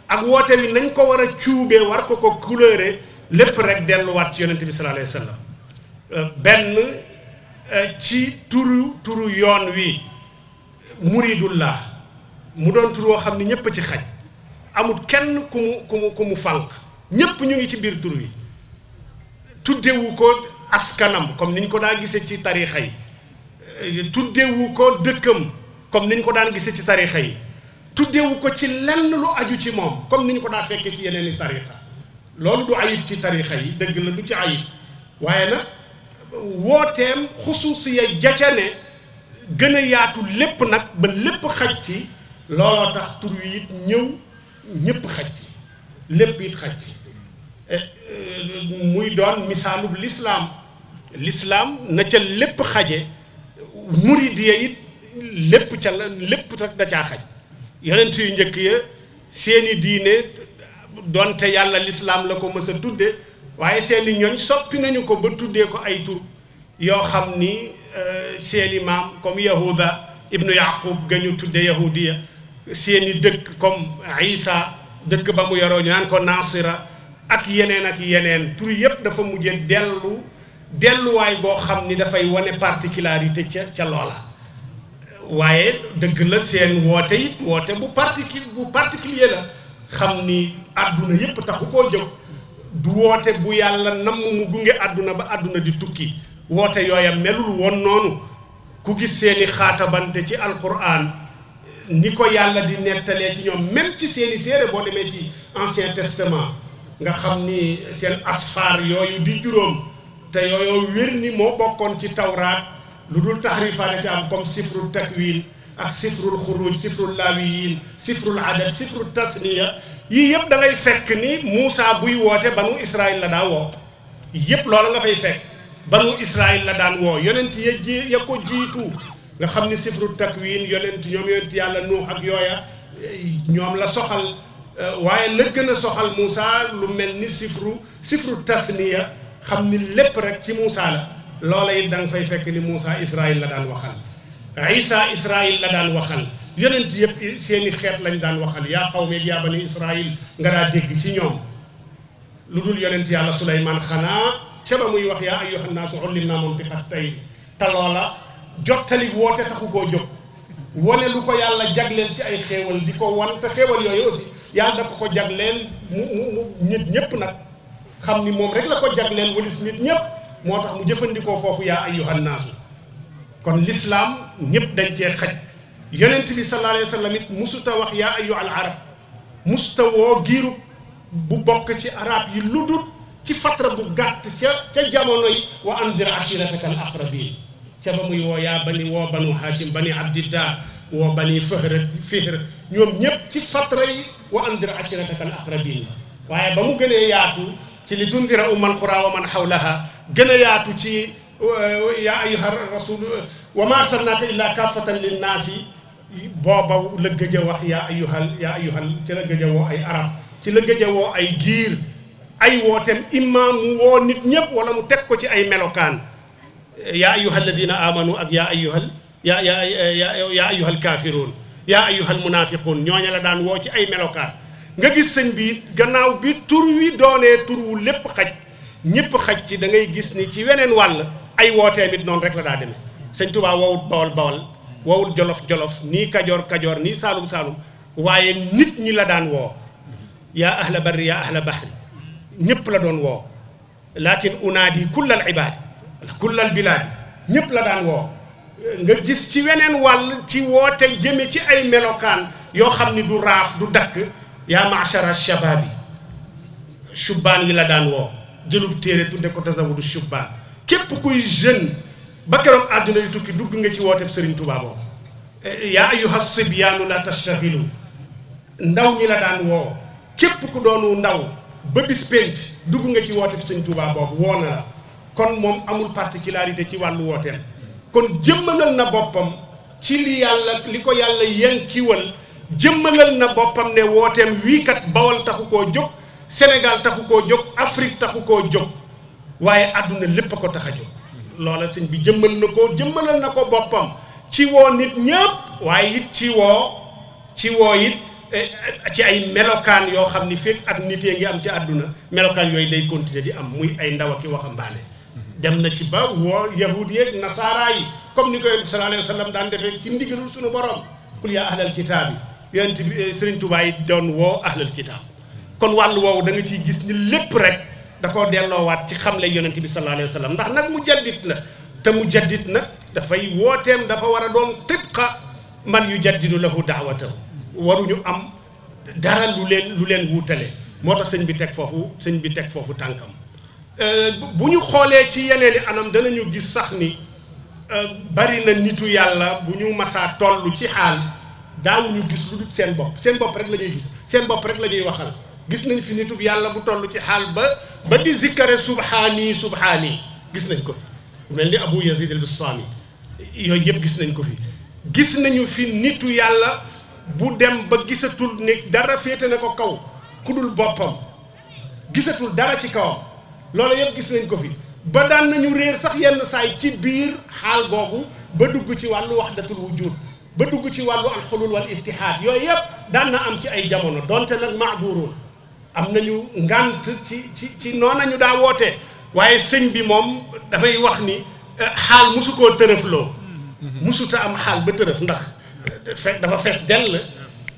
ak woote wi nañ ko war a cuubee war ko ko couleuré lépp rek delluwaat ci yonent bi sallallahu alayhi wa euh, benn euh, ci turu turu yoon wi muridullah mu doon tur woo xam ne ñëpp ci xaj amul kenn ku mu ku mu ku mu fànq ñëpp ñu ngi ci biir tur yi tuddewu ko askanam comme ñu ko daa gisee ci tarixa yi eh, tuddewu ko dëkkam comme niñ ko daan gisee ci tarixa yi tuddewu ko ci lenn lu aju ci moom comme ni ñu ko daa fekkee ci yeneen i tarixa loolu du ayib ci tarixa yi dëgg la du ci ayib waaye nag wooteem xusuusi ya jacane gën a yaatu lépp nag ba lépp xaj ci looloo tax tur wi it ñëw ñëpp xaj ci lépp it xaj ci Eh, eh, muy doon misaalub lislaam lislaam na ca lépp xaje muridiya it lépp ca la lépp tak da caa xaj yonent yu njëkk ya seeni diine donte yàlla lislaam la ko mës a tudde waaye seeni ñooñ soppi nañu ko ba tuddee ko ay tur yoo xam ni eh, seeni maam comme yahuda ibnu yaqub ga ñu tudde yahudiya seeni dëkk comme isa dëkk ba mu yoroo ñu naan ko nasira ak yeneen ak yeneen tur yëpp dafa mujjee dellu delluwaay boo xam ni dafay wane particularité ca ca loola waaye dëgg la seen woote it woote bu particu bu particulier la xam ni àdduna yëpp taxu koo jóg du woote bu yàlla namm mu gunge àdduna ba àdduna di tukki woote yooya melul woon noonu ku gis seeni xaatabante ci alquran ni ko yàlla di nettalee ci ñoom même ci seeni téere boo demee ci ancien testament nga xam ni seen asfaar yooyu di juróom te yooyu wér ni moo bokkoon ci tawraat lu dul taxrifaane ci am comme sifrul takwin ak sifrul xuruj sifrul laawiyin sifrul adad sifrul tasniya yii yëpp da ngay fekk ni Moussa buy woote banu Israël la daa woo yëpp loola nga fay fekk banu Israël la daan woo yonent ya ji ya ko jiitu nga xam ni sifrul takwin yonent ñoom yonent yàlla nuux ak yooya eh, ñoom la soxal Euh, waaye la gën a soxal Moussa lu mel ni sifru sifru tasniya xam ni lépp rek ci Moussa la loola it da nga fay fekk ni Moussa Israël la daan waxal Isa la daan waxal yonent yëpp seeni xeet lañ daan waxal yaa qawmi yaa bani Israël nga daa dégg ci ñoom lu dul yonent yàlla Suleymaan xanaa ca ba muy wax yaa ayyuhan naasu ullimnaa te loola jottali woote taxu koo jóg wane lu ko yàlla jagleel ci ay xéewal di ko wan te yooyu aussi yàlla dafa ko jagleel mu mu nit ñëpp nag xam ni moom rek la ko jagleel walis nit ñëpp moo tax mu jëfandikoo foofu yaa ayyuhan naasu kon lislaam ñëpp dañ cee xaj yonent bi sallallahu alayhi wa musuta wax yaa ayyuhal arab musuta woo giiru bu bokk ci arab yi lu dul ci fatra bu gàtt ca ca jamono yi wa anzir ashirataka al aqrabin ca ba muy woo yaa bani woo banu hashim bani abdillah woo bani fihr ñoom ñëpp ci fatra yi wa andir ashirataka al aqrabin waaye ba mu gënee yaatu ci li tundira ummal qura wa man hawlaha gën a yaatu ci uh, ya ayyuha rasul wa ma arsalnaka illa kaafatan linnaasi booba la gëj a wax ya ayyuhal ya ayyuhal ci la gëj a woo ay arab ci la gëj a woo ay giir ay wooteem imma mu woo nit ñëpp wala mu teg ko ci ay melokaan ya ayyuhal ladina amanu ak ya ayyuhal ya ya ya ya ayyuhal kaafiruun yaa ayyuhal munaafiquun ñooña la daan woo ci ay melokaan nga gis sëñ bi gannaaw bi tur wi doonee tur wu lépp xaj ñépp xaj ci da ngay gis ni ci weneen wàll ay wootee mit noonu rek la daa demee sëñ Tuubaa woowut bawal bawal woowut jolof jolof ni kajoor kajoor ni saalum saalum waaye nit ñi la daan woo yaa ahla barri yaa ahla bahri ñëpp la doon woo lakin unaadi kullal ibaadi kullal bilaadi ñëpp la daan woo nga gis ci weneen wàll ci woote jëme ci ay melokaan yoo xam ni du raaf du dakk yaa machara shabab yi shubbaan yi la daan woo jëlub téere tudde ko tasawudu shubbaan képp kuy jeune ba keroog àdduna di tukki dugg nga ci wooteb Sëriñ Tuubaa boobu eh, yaa ayyuha sibyaanu la tashtaxilu ndaw ñi la daan woo képp ku doonu ndaw ba bis dugg nga ci wooteb Sëriñ Tuubaa boobu woo na la kon moom amul particularité ci wàllu wooteem kon jëmmalal na boppam ci li yàlla li ko yàlla yënkiwal jëmmalal na boppam ne wooteem wii kat bawal taxu koo jóg Sénégal taxu koo jóg Afrique taxu koo jóg waaye àdduna lépp a ko tax a jóg loola sëñ bi jëmmal na ko jëmmalal na ko boppam ci woo nit ñëpp waaye it ci woo ci woo it eh, eh, ci ay melokaan yoo xam ni fekk ak nit yi ngi am ci àdduna melokaan yooyu lay continuer di am muy ay ndaw ak i waxambaane dem na ci ba woo yahud yeeg nasaara yi comme ni ko sa bi sallallahu alayhi daan defee ci ndigalul suñu borom qul yaa ahlal kitaab yi yonent bi eh, Serigne Touba doon woo ahlal kitaab kon wàll woowu da nga ciy gis ni lépp rek da koo delloowaat ci xam xamle yonent bi sallallahu alayhi wa sallam ndax nag mu jaddit la te mu jaddit nag dafay wooteem dafa war a doom doon xa man yu jaddidu lahu daawatahu waruñu am dara lu leen lu leen wuutale moo tax sëñ bi teg foofu sëñ bi teg foofu tànkam Euh, bu ñu xoolee ci yeneeni anam danañu gis sax ni euh, bari na nitu yàlla bu ñu masaa toll ci xaal daawuñu gis lu dul seen bopp seen bopp rek la ñuy gis seen bopp rek la ñuy waxal gis nañ fi nitub yàlla bu toll ci xaal ba ba di zikkare subhaani subhaani gis nañ ko mel ni Abu Yazid al Bistami yooyu yëpp gis nañ ko fi gis nañu fi nitu yàlla bu dem ba gisatul ne dara féete na ko kaw ku dul boppam gisatul dara ci kawam loolu yëpp gis nañ ko fi ba daan nañu réer sax yenn saay ci biir xaal boobu ba dugg ci wàllu wahdatul wujud ba dugg ci wàllu alxulul wal ittihaad yooyu yëpp daan na am ci ay jamono donte nag maaduroon am nañu ngànt ci ci ci noona ñu daa wootee waaye sëñ bi moom damay wax ni eh, xaal musu koo tërëfloo musuta am xaal ba tërëf ndax eh, dafa fees dell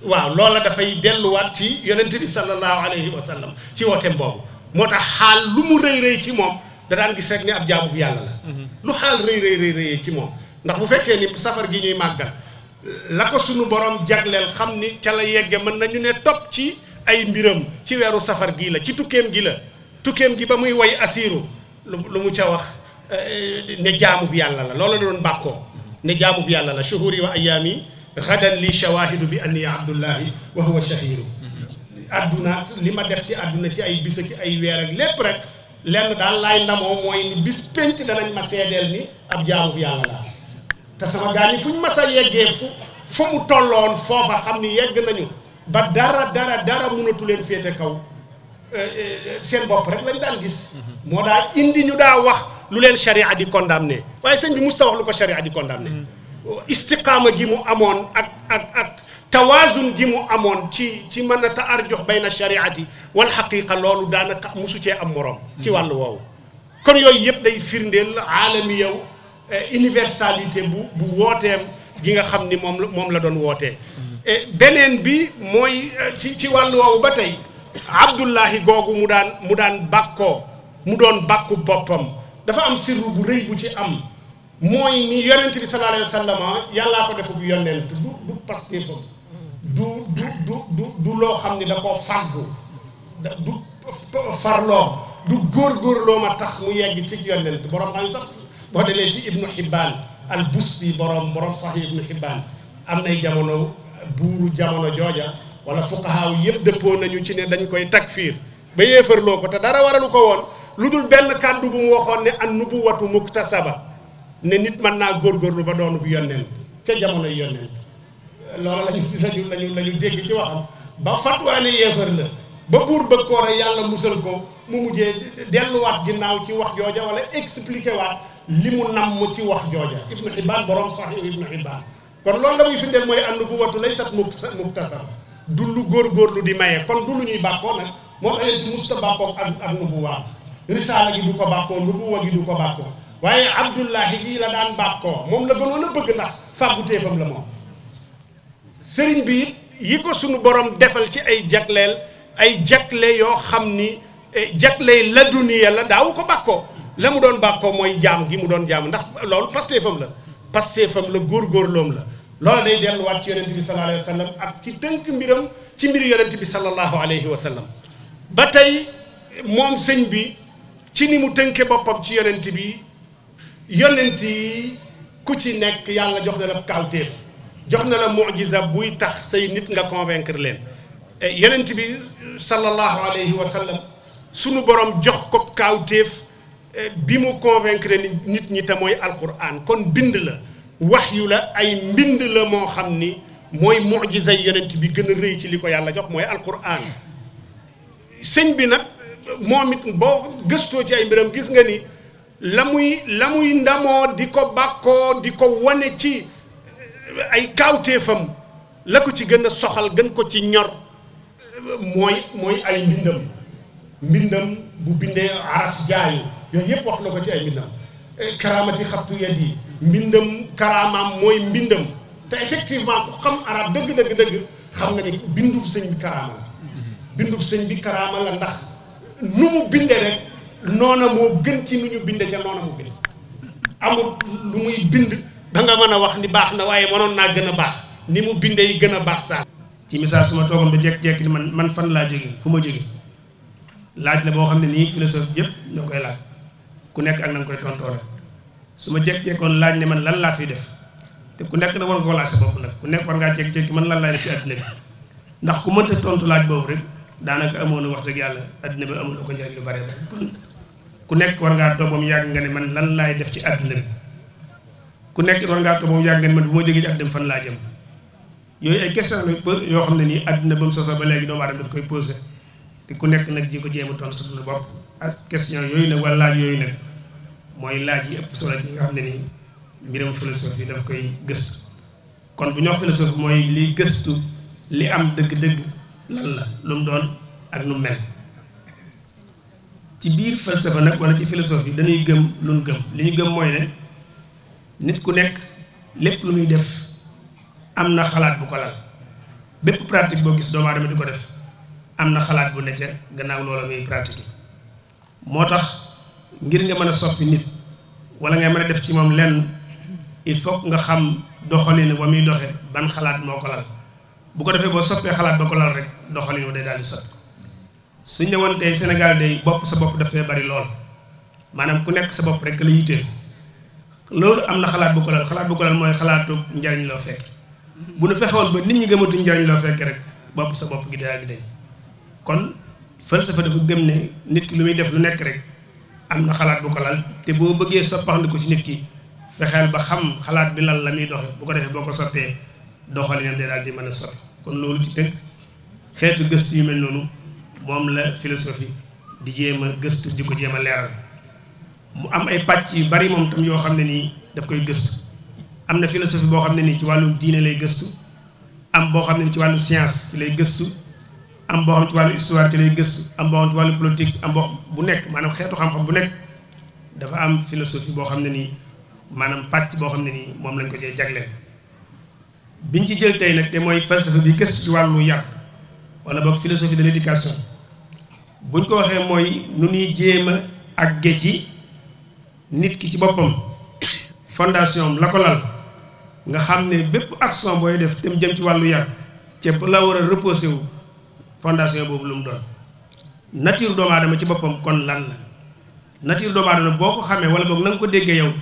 waaw loola dafay delluwaat ci yonent bi sallallahu alayhi wa sallam ci wooteem boobu moo tax xaal lu mu rëy rëy ci moom da daan gis rek ni ab jaamu yàlla la. Mhm. lu xaal rëy rëy rëy ci moom ndax bu fekkee ni safar gi ñuy màggal la ko sunu borom jagleel xam ni ca la yegge mën nañu ne topp ci ay mbiram ci weeru safar gii la ci tukkeem gi la tukkeem gi ba muy woy asiiru lu lu mu ca wax eh, ne jaamu bu yàlla la loola la doon bàkkoo ne jaamu bu yàlla la shuhuri wa ayaami gadan li shawahidu bi anni abdullahi wa huwa shahiru àdduna li ma def ci àdduna ci ay bis ak ay weer ak lépp rek lenn daal laay ndamoo mooy ni bis pénc danañ ma seedeel ni ab jaamu bu yàlla laa te sama gaa ñi fuñ mas a yeggee fu fa mu tolloon foofa xam ni yegg nañu ba dara dara dara mënatu leen féete kaw euh, euh, seen bopp rek lañ daal gis mhm. moo daa indi ñu daa wax lu leen sharia di condamné waaye sëñ bi musta wax lu ko sharia di condamné mhm. istiqaama gi mu amoon ak ak ak tawaasun gi mu amoon ci ci mën a taarjox bayna shariati wal xaqiqa loolu daanaka musu cee am moroom ci mm-hmm. wàllu woowu. kon yooyu yëpp day firndeel aalami yow eh, universalité bu bu wooteem gi nga xam ni moom la moom la doon wootee. Mm-hmm. Eh, beneen bi mooy eh, ci ci wàllu woowu ba tey Abdullahi googu mu daan mu daan bàkkoo mu doon bàkku boppam dafa am sirru bu rëy bu ci am mooy ni yonent bi sallallahu alayhi wa sallam yàllaa ko def bu yonent du du pastéefam du du du du loo xam ni da koo fàggu du farloo du góorgóorloo ma tax mu yegg ci yonent borom xam sax boo demee ci ibnu Xibbaan al Busri borom borom Sahih ibnu Xibbaan am nay jamono buuru jamono jooja wala fuqahaaw yëpp dëppoo nañu ci ne dañ koy takfiir ba yéefarloo ko te dara waralu ko woon lu dul benn kàddu bu mu waxoon ne an nubuwatu muktasaba ne nit mën naa góor góorlu ba doonu bu yonent ca jamono yonent loolu lañu lañu lañu lañu dégg ci waxam ba fatwaane yéefar la ba buur bëgg koo rey yàlla musal ko mu mujjee delluwaat ginnaaw ci wax jooja wala expliqué waat li mu namm ci wax jooja ibnu xibaan borom saxiix ibnu xibaan kon loolu la muy firndeel mooy am na bu wattu lay sat muk sa muktasar du lu góorgóorlu di maye kon du lu ñuy bàkkoo nag moo tax yéen mus ta bàkkoo ak ak nubuwaa risaala gi du ko bàkkoo nubuwa gi du ko bàkkoo waaye abdullahi gi la daan bàkkoo moom la gënoon a bëgg ndax fàggu téefam la moom sëriñ bi yi ko sunu borom defal ci ay jagleel ay jagle yoo xam ni eh, jagleel la duniya la daawu ko bàkkoo la mu doon bàkkoo mooy jaam gi mu doon jaam ndax lool loolu pasteefam la pasteefam la loom la loolu day delluwaat ci yonent bi sallallahu alayhi wa sallam ak ci tënk mbiram ci mbiru yonent bi sallallahu alayhi wa ba tey moom sëñ bi ci ni mu tënkee boppam ci yonent bi yonent yi ku ci nekk yàlla jox na la kawtéef jox na la mujisa buy tax say nit nga convaincre leen e, yenent bi sallallahu alayhi wa sallam sunu borom jox ko kaawteef e, bi mu convaincre nit ñi te mooy alquran kon bind la wax yu la ay mbind la moo xam ni mooy mujisa yenent bi gën a rëy ci li ko yàlla jox mooy alquran sëñ bi nag moom it boo gëstoo ci ay mbiram gis nga ni la muy la muy ndamoo di ko bàkkoo di ko wone ci ay kaawteefam la ko ci gën a soxal gën ko ci ñor mooy mooy ay mbindam mbindam bu bindee aras jaayu yooyu yëpp wax na ko ci ay mbindam eh, karaamati xattu yet yi mbindam karaamaam mooy mbindam te effectivement ku xam arab dëgg dëgg dëgg xam nga ni bindub sëñ bi karaama la bindub sëñ bi karaama la ndax nu mu binde rek noona moo gën ci nu ñu binde ca noona mu binde amul lu muy bind danga mën a wax ni baax na waaye mënoon naa gën a baax ni mu bindee yi gën a baax sax. ci misaal suma toogam ba jekk-jekk ni man man fan laa jóge fu ma jóge laaj la boo xam ne nii philosophe yëpp ñoo koy laaj ku nekk ak na nga koy tontoore su ma jekk-jekkoon laaj ne man lan laa fiy def te ku nekk na war nga ko nag ku nekk war ngaa jekk man lan laa def ci adduna bi ndax ku mënta tontu laaj boobu rek daanaka amoon na wax dëgg yàlla adduna bi amoon na ko njëriñ lu bare ba ku nekk war ngaa toog ba yàgg nga ne man lan laay def ci àddina bi ku nekk doon ngaa toog moom yàgg ngeen man bu ma jógee ci at fan laa jëm yooyu ay question la yoo xam ne nii àddina ba mu sosoo ba léegi doomu aadama daf koy posé te ku nekk nag ji ko jéem a tontu sa bopp ak question yooyu nag wala laaj yooyu nag mooy laaj yi ëpp solo ci nga xam ne nii mbiram philosophie daf koy gëstu kon bu ñoo wax philosophie mooy liy gëstu li am dëgg-dëgg lan la lu mu doon ak nu mel ci biir falsafa nag wala ci philosophie dañuy gëm lu gëm li ñu gëm mooy nit ku nekk lépp lu muy def am na xalaat bu ko lal bépp pratique boo gis doomu aadama du ko def am na xalaat bu ne ca gannaaw loola ngay pratique moo tax ngir nga mën a soppi nit wala ngay mën a def ci moom lenn il faut nga xam doxalin wa muy doxe ban xalaat moo ko lal bu ko defee boo soppee xalaat ba ko lal rek doxalin wa day daal di soppi suñ ne woon tey Sénégal day bopp sa bopp dafay bari lool maanaam ku nekk sa bopp rek la yittee loolu am na xalaat bu ko lal xalaat bu ko lal mooy xalaatu njariñ loo fekk bu nu fexewoon ba nit ñi gëmatuñ njariñ loo fekk rek bopp sa bopp gi daal di dañ kon falsafa gëm ne nit ki lu muy def lu nekk rek am na xalaat bu ko lal te boo bëggee soppandiku ci nit ki fexeel ba xam xalaat bi lal la muy doxe bu ko defee boo ko sottee doxalinam day daal di mën a sotti kon loolu ci tënk xeetu gëstu yu mel noonu moom la philosophie di jéem a gëstu di ko jéem a leeral mu am ay pàcc yu bari moom tam yoo xam ne nii daf koy gëstu am na philosophie boo xam ne nii ci wàllu diine lay gëstu am boo xam ne nii ci wàllu science lay gëstu am boo xam ci wàllu histoire ci lay gëstu am boo xam ci wàllu bu nekk maanaam xeetu xam-xam bu nekk dafa am philosophie boo xam ne nii maanaam pàcc boo xam ne nii moom lañ ko cee jagleel biñ ci jël tey nag te mooy philosophie bi gëstu ci wàllu yar wala boog philosophie de l'éducation buñ ko waxee mooy nu ñuy jéem a àgge ci nit ki ci boppam fondation am la ko lal nga xam ne bépp action booy def dem jëm ci wàllu yar ceeb la war a reposé wu fondation boobu lu mu doon nature doomu aadama ci boppam kon lan la nature doomu aadama boo ko xamee wala boog na nga ko déggee yow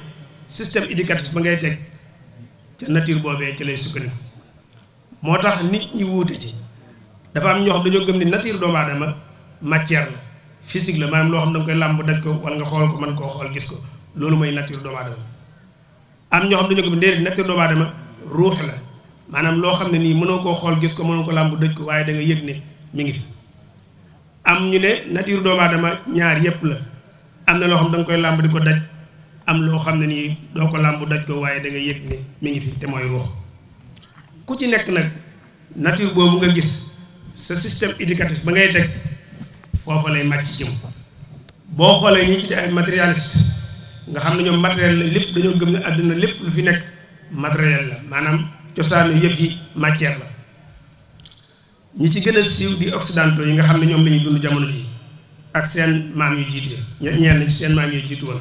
système éducatif ba ngay teg ca nature boobee ci lay sukkandiku moo tax nit ñi wuute ci dafa am ñoox xam dañoo gëm ni nature doomu aadama matière la physique la maanaam loo xam ne nga koy làmb daj ko wala nga ko mën koo xool gis ko loolu mooy nature doomu aadama am ñoo xam dañoo ko déedéet nature doomu aadama ruux la maanaam loo xam ne nii mënoo koo xool gis ko mënoo ko làmb dëj ko waaye da nga yëg ne mu ngi fi am ñu ne nature doomu ñaar yëpp la am na loo xam da nga koy làmb di ko am loo xam ne nii doo ko làmb ko waaye da nga yëg ne mi ngi fi te mooy ruux ku ci nekk nag nature boobu nga gis sa système éducatif ba ngay teg foofa lay màcc jëm boo xoolee ñi ci ay matérialiste nga xam ne ñoom matériel la lépp dañoo gëm ne àdduna lépp lu fi nekk matériel la maanaam cosaanu yëf yi matière la ñi ci gën a siiw di occidentaux yi nga xam ne ñoom la ñuy dund jamono ji ak seen maam yu jiitu ya ñeen ci seen maam yu jiitu woon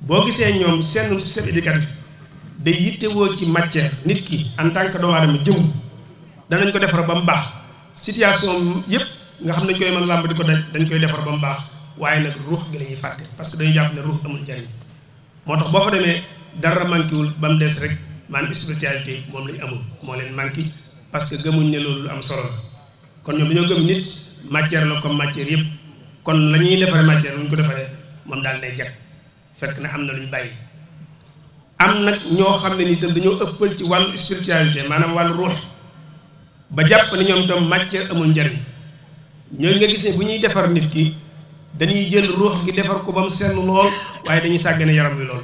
boo gisee ñoom seen système éducatif day yittewoo ci matière nit ki en tant que doomu aadama jëm danañ ko defar ba mu baax situation yëpp nga xam ne dañ koy mën làmb di ko daj dañ koy defar ba mu baax waaye nag ruux gi la ñuy fàtte parce que dañuy jàpp ni ruux amul njariñ moo tax boo ko demee dara manqué wul ba mu des rek maanaam spiritualité moom lañ amul moo leen manqué parce que gëmuñ ne loolu lu am solo kon ñoom dañoo gëm nit matière la comme matière yëpp kon la ñuy defaree matière lu ñu ko defaree daal day jag fekk na am na lu ñu am nag ñoo xam ne ni itam dañoo ëppal ci wàllu spiritualité maanaam wàllu ruux ba jàpp ne ñoom doom matière amul njariñ ñooñu nga gis bu ñuy defar nit ki. dañuy jël ruux gi defar ko ba mu sell lool waaye dañuy sàggane yaram wi lool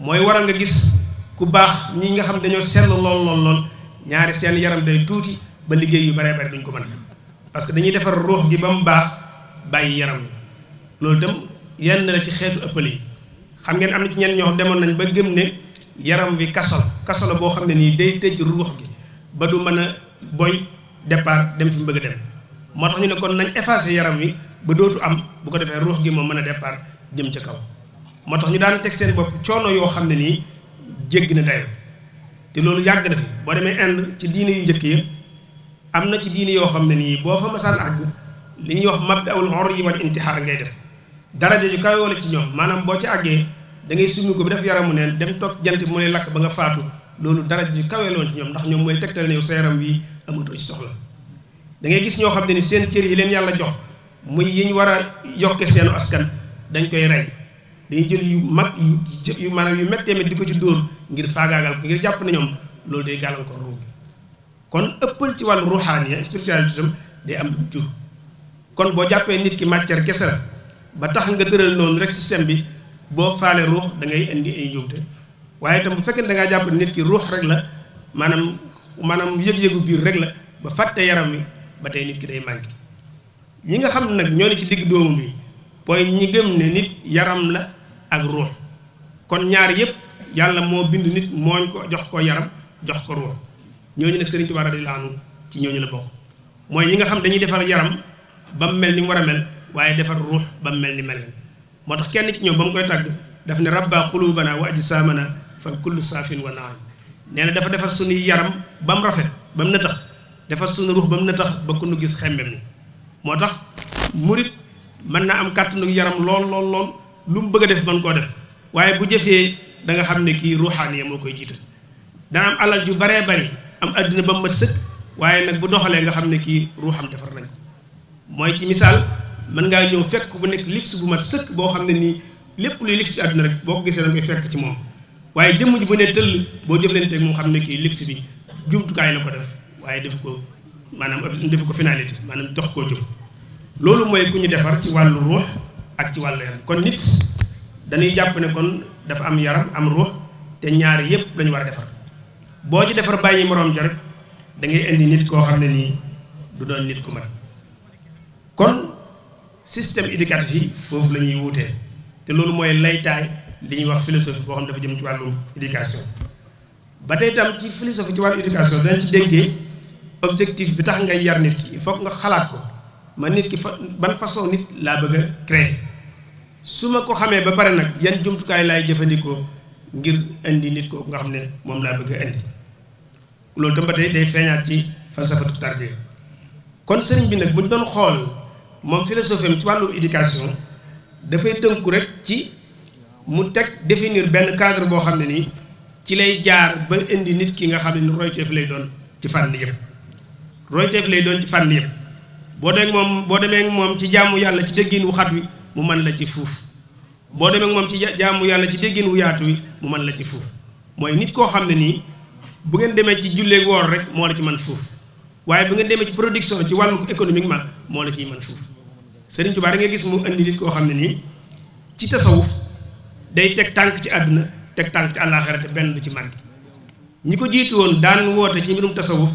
mooy waral nga gis ku baax ñi nga xam dañoo sell lool lool lool ñaari seen yaram day tuuti ba liggéey yi baree bari duñ ko mën parce que dañuy defar ruux gi ba mu baax bàyyi yaram wi loolu dem yenn la ci xeetu ëppal yi xam ngeen am na ci ñenn ñoo demoon nañ ba gëm ne yaram wi kasal kasal boo xam ne nii day tëj ruux gi ba du mën a boy départ dem fi mu bëgg a dem moo tax ñu ne kon nañ effacé yaram wi ba dootu am bu ko defee ruux gi moo mën a départ jëm ca kaw moo tax ñu daan teg seen bopp coono yoo xam ne nii jéggi na dayo te loolu yàgg na fi boo demee Inde ci diine yu njëkk yi am na ci diine yoo xam ne nii boo fa masaan àgg li ñuy wax mabda'ul urji wal intixaar ngay def daraja ju kawe wala ci ñoom maanaam boo ci àggee da ngay summi ko bi def yaramu neen dem toog jant bi mu lakk ba nga faatu loolu daraja ju kawee loolu ci ñoom ndax ñoom mooy tegtal ne yow sa yaram wi amatoo ci soxla da gis ñoo xam ne ni seen cër yi leen yàlla jox yi ñu war a yokke seenu askan dañ koy rey dañuy jël yu mag yu maanaam yu méttee mit di ko ci dóor ngir faagaagal ko ngir jàpp nañoom ñoom loolu gàllankoor kon ëppal ci wàllu ruuxaaniya spiritualité tam day am jur kon boo jàppee nit ki matière kese la ba tax nga tëral noonu rek système bi boo faale ruux da ngay indi ay njuumte waaye itam bu fekkee da ngaa jàpp nit ki ruux rek la maanaam maanaam yëg-yëgu biir rek la ba fàtte yaram wi ba tey nit ki day manqué ñi nga xam nag ñoo ne ci digg doomu bi mooy ñi gëm ne nit yaram la ak ruux kon ñaar yëpp yàlla moo bind nit mooñ ko jox ko yaram jox ko ruux ñooñu nag Sëriñ Tuubaa radiyallaahu anhu ci ñooñu la bokk mooy ñi nga xam dañuy defar yaram ba mu mel ni mu war a mel waaye defar ruux ba mu mel ni mel moo tax kenn ci ñoom ba mu koy tàgg daf ne rabba xuluubana wa ajsaamana fa kullu saafin wa naam nee na dafa defar suñuy yaram ba mu rafet ba mu na tax defar ba mu na tax ba ku gis xemmem ni moo tax murit mën naa am kàttanu yaram lool lool lool lu mu bëgg a def mën koo def waaye bu jëfee da nga xam ne kii ruuxaaniya moo koy jiital dana am alal ju baree bari am àddina ba mu mat sëkk waaye nag bu doxalee nga xam ne kii ruuxam defar nañ mooy ci misaal mën ngaa ñëw fekk bu nekk luxe bu mat sëkk boo xam ne nii lépp luy luxe ci àdduna rek boo ko gisee da nga fekk ci moom waaye jëmm ji bu ne tëll boo jëflante moom xam ne kii luxe bi jumtukaay la ko def waaye def ko maanaam ab def ko finalité maanaam dox ko jóg loolu mooy ku ñu defar ci wàllu ruux ak ci wàllu yaram kon nit danuy jàpp ne kon dafa am yaram am ruux te ñaar yëpp lañu war a defar boo ci defar bàyyi moroom ja rek da ngay indi nit koo xam ne nii du doon nit ku mat kon système éducatif yi foofu la ñuy wuutee te loolu mooy laytaay li ñuy wax philosophie boo xam dafa jëm ci wàllu éducation ba tey tam ci philosophie ci wàllu éducation dañ ci déggee objectif bi tax ngay yar nit ki il faut nga xalaat ko ma nit ki fa ban façon nit laa bëgg a su ma ko xamee ba pare nag yan jumtukaay laay jëfandikoo ngir indi nit kooku nga xam ne moom laa bëgg a indi loolu tam ba day feeñaat ci falsafatu tarbiya kon sëriñ bi nag buñ doon xool moom philosophie ci wàllu éducation dafay tënku rek ci mu teg définir benn cadre boo xam ne nii ci lay jaar ba indi nit ki nga xam ne ni royteef lay doon ci fànn yëpp royteef lay doon ci fànn yëpp boo demee moom boo demee moom ci jaamu yàlla ci déggin wu xat wi mu man la ci fuuf boo demee moom ci jàmm yàlla ci déggin wu yaatu wi mu mën la ci fuuf mooy nit koo xam ne nii bu ngeen demee ci julleeg woor rek moo la ci mën fuuf waaye bu ngeen demee ci production ci wàllu économiquement moo la ciy mën fuuf Sëriñ Tuubaa da nga gis mu indi nit koo xam ne nii ci tasawuf day teg tànk ci àdduna teg tànk ci àllaaxira te benn du ci màgg ñi ko jiitu woon daan woote ci mbirum tasawuf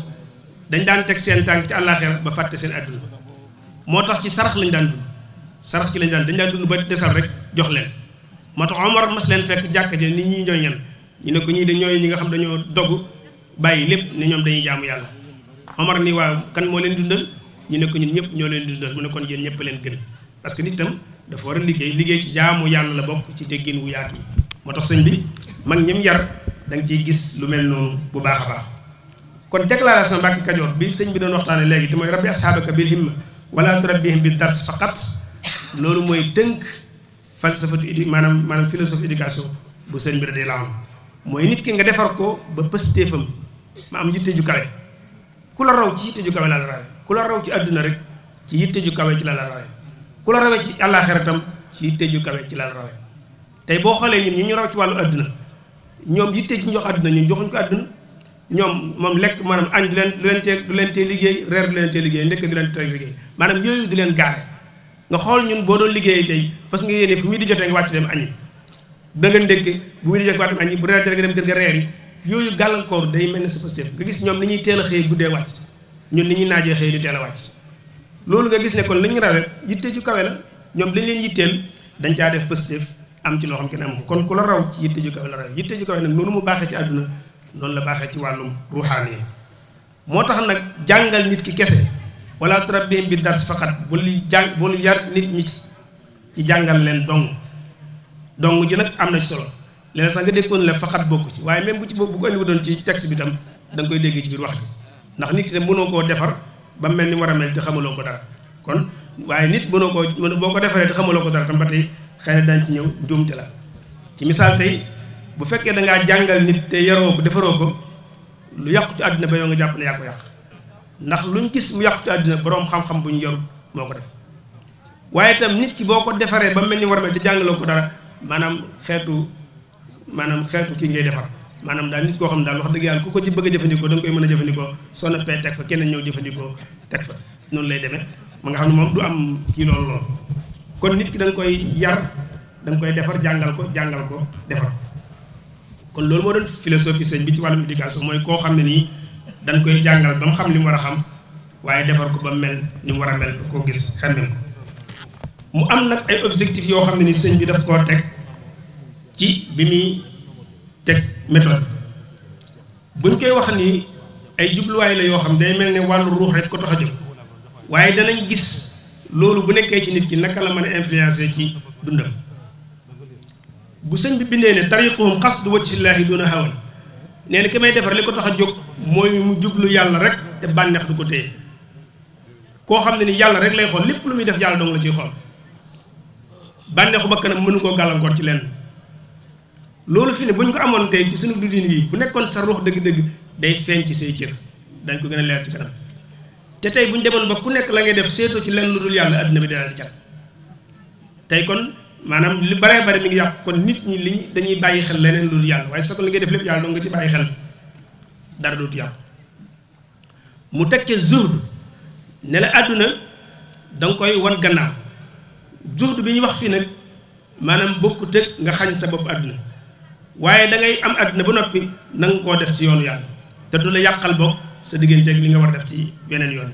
dañu daan teg seen tànk ci àllaaxira ba fàtte seen adduna moo tax ci sarax lañu daan dund sarax ci lañ daan dañ daan dund ba desal rek jox leen moo tax Omar mas leen fekk jàkka ji nit ñi ñooy ñan ñu ne ko ñii de ñooy ñi nga xam dañoo dogu bàyyi lépp ne ñoom dañuy jaamu yàlla Omar ni waaw kan moo leen dundal ñu ne ko ñun ñëpp ñoo leen dundal mu ne kon yéen ñëpp leen gën parce que nit tam dafa war a liggéey liggéey ci jaamu yàlla la bokk ci déggin wu yaatu moo tax sëñ bi mag ñim yar da nga ciy gis lu mel noonu bu baax a kon déclaration Mbàkke Kajoor bii sëñ bi doon waxtaane léegi te mooy rabbi asxaabaka bil himma wala turabbihim bi dars faqat loolu mooy tënk falsafatu idi maanaam maanaam philosophie éducation bu sëñ bi da dee laam mooy nit ki nga defar ko ba pëstéefam ma am yitte ju kawe ku la raw ci yitte ju kawe la rawe ku la ci àdduna rek ci yitte ju kawe ci la la rawe ku la rawe ci àllaaxira tam ci yitte ju kawe ci la la rawe tey boo xoolee ñun ñu ñu raw ci wàllu àdduna ñoom yitte ji ñu jox àdduna ñun joxuñ ko àdduna ñoom moom lekk maanaam añ du leen du tee du leen tee liggéey reer du leen tee liggéey ndekk du leen tee liggéey maanaam yooyu du leen gaare nga xool ñun boo doon liggéey tey fas nga yéene fu muy di jotee nga wàcc dem añi da nga bu muy di jotee nga wàcc dem nga day mel ne sa gis ñoom ni ñuy teel a xëy guddee wàcc ñun ni ñuy naajee xëy di teel a wàcc loolu nga gis ne kon li ñu rawe yitte ju kawe la ñoom lañ leen yitteel dañ caa def pastéef am ci loo xam kenn am mu baaxee ci àdduna noonu la baaxee ci wàllum ruuxaan yi moo tax nag jàngal nit ki kese wala turabbihim bi dars faqat bu li jàng bu li yar nit ñi ci jàngal leen dong dong ji nag am na solo léeg sax nga déggoon la faqat bokku ci waaye même bu ci bu ko indi doon ci bi tam da nga koy ci biir bi ndax nit ki mënoo koo defar ba mel ni war a mel te xamaloo ko dara kon waaye nit mënoo koo boo ko defaree te xamaloo ko dara tam ba tey xëy na daan ci ñëw njuumte la ci misaal tey. bu fekkee da ngaa jàngal nit te yaroo bu defaroo ko lu yàqu ci àddina ba yoo nga jàpp na yaa ko yàq ndax luñ gis mu yàqu ci àddina boroom xam-xam bu ñu yarul moo ko def waaye tam nit ki boo ko defaree ba mel ni war mel te jàngaloo ko dara maanaam xeetu maanaam xeetu kii ngay defar maanaam daal nit koo xam ne daal wax dëgg yàlla ku ko ci bëgg a jëfandikoo da nga koy mën a jëfandikoo soo noppee teg fa keneen jëfandikoo teg fa noonu lay demee ma nga xam ne moom du am kii loolu lool kon nit ki da koy yar da koy defar jàngal ko jàngal ko defar kon loolu moo doon philosophie sëñ bi ci wàllum éducation mooy koo xam ne nii dañ koy jàngal ba mu xam li mu war a xam waaye defar ko ba mu mel ni mu war a mel ba koo gis xamee ko mu am nag ay objectifs yoo xam ne ni sëñ bi daf koo teg ci bi muy teg méthode buñ koy wax ni ay jubluwaay la yoo xam day mel ne wàllu ruux rek ko tax a jóg waaye danañ gis loolu bu nekkee ci nit ki naka la mën a influencer ci dundam. bu sëñ bi bindee ne tariquhum xasdu wajhillaahi duna hawan nee na ki may defar li ko tax a jóg mooy mu jublu yàlla rek te bànneex du ko téye koo xam ne ni yàlla rek lay xool lépp lu muy def yàlla dong la ciy xool bànneexu ba kanam mënu koo gàllankoor ci lenn loolu fi ne bu ñu ko amoon tey ci suñu dundin yi bu nekkoon sa ruux dëgg-dëgg day feeñ ci say cër dañ ko gën a leer ci kanam te tey bu ñu demoon ba ku nekk la ngay def seetoo ci lenn lu dul yàlla adduna bi dana di jàpp maanaam lu baree bari mi ngi yàqu kon nit ñi li dañuy bàyyi xel leneen loolu yàlla waaye su fekkoon li ngay def lépp yàlla doo nga ci bàyyi xel dara dootu yàqu mu teg ke zuhdu ne la àdduna danga koy wan gannaaw zuhdu bi ñuy wax fii nag maanaam bokku tëg nga xañ sa bopp àdduna waaye da ngay am àdduna ba noppi nanga koo def ci yoonu yàlla te du la yàqal boog sa digganteeg li nga war def ci beneen yoon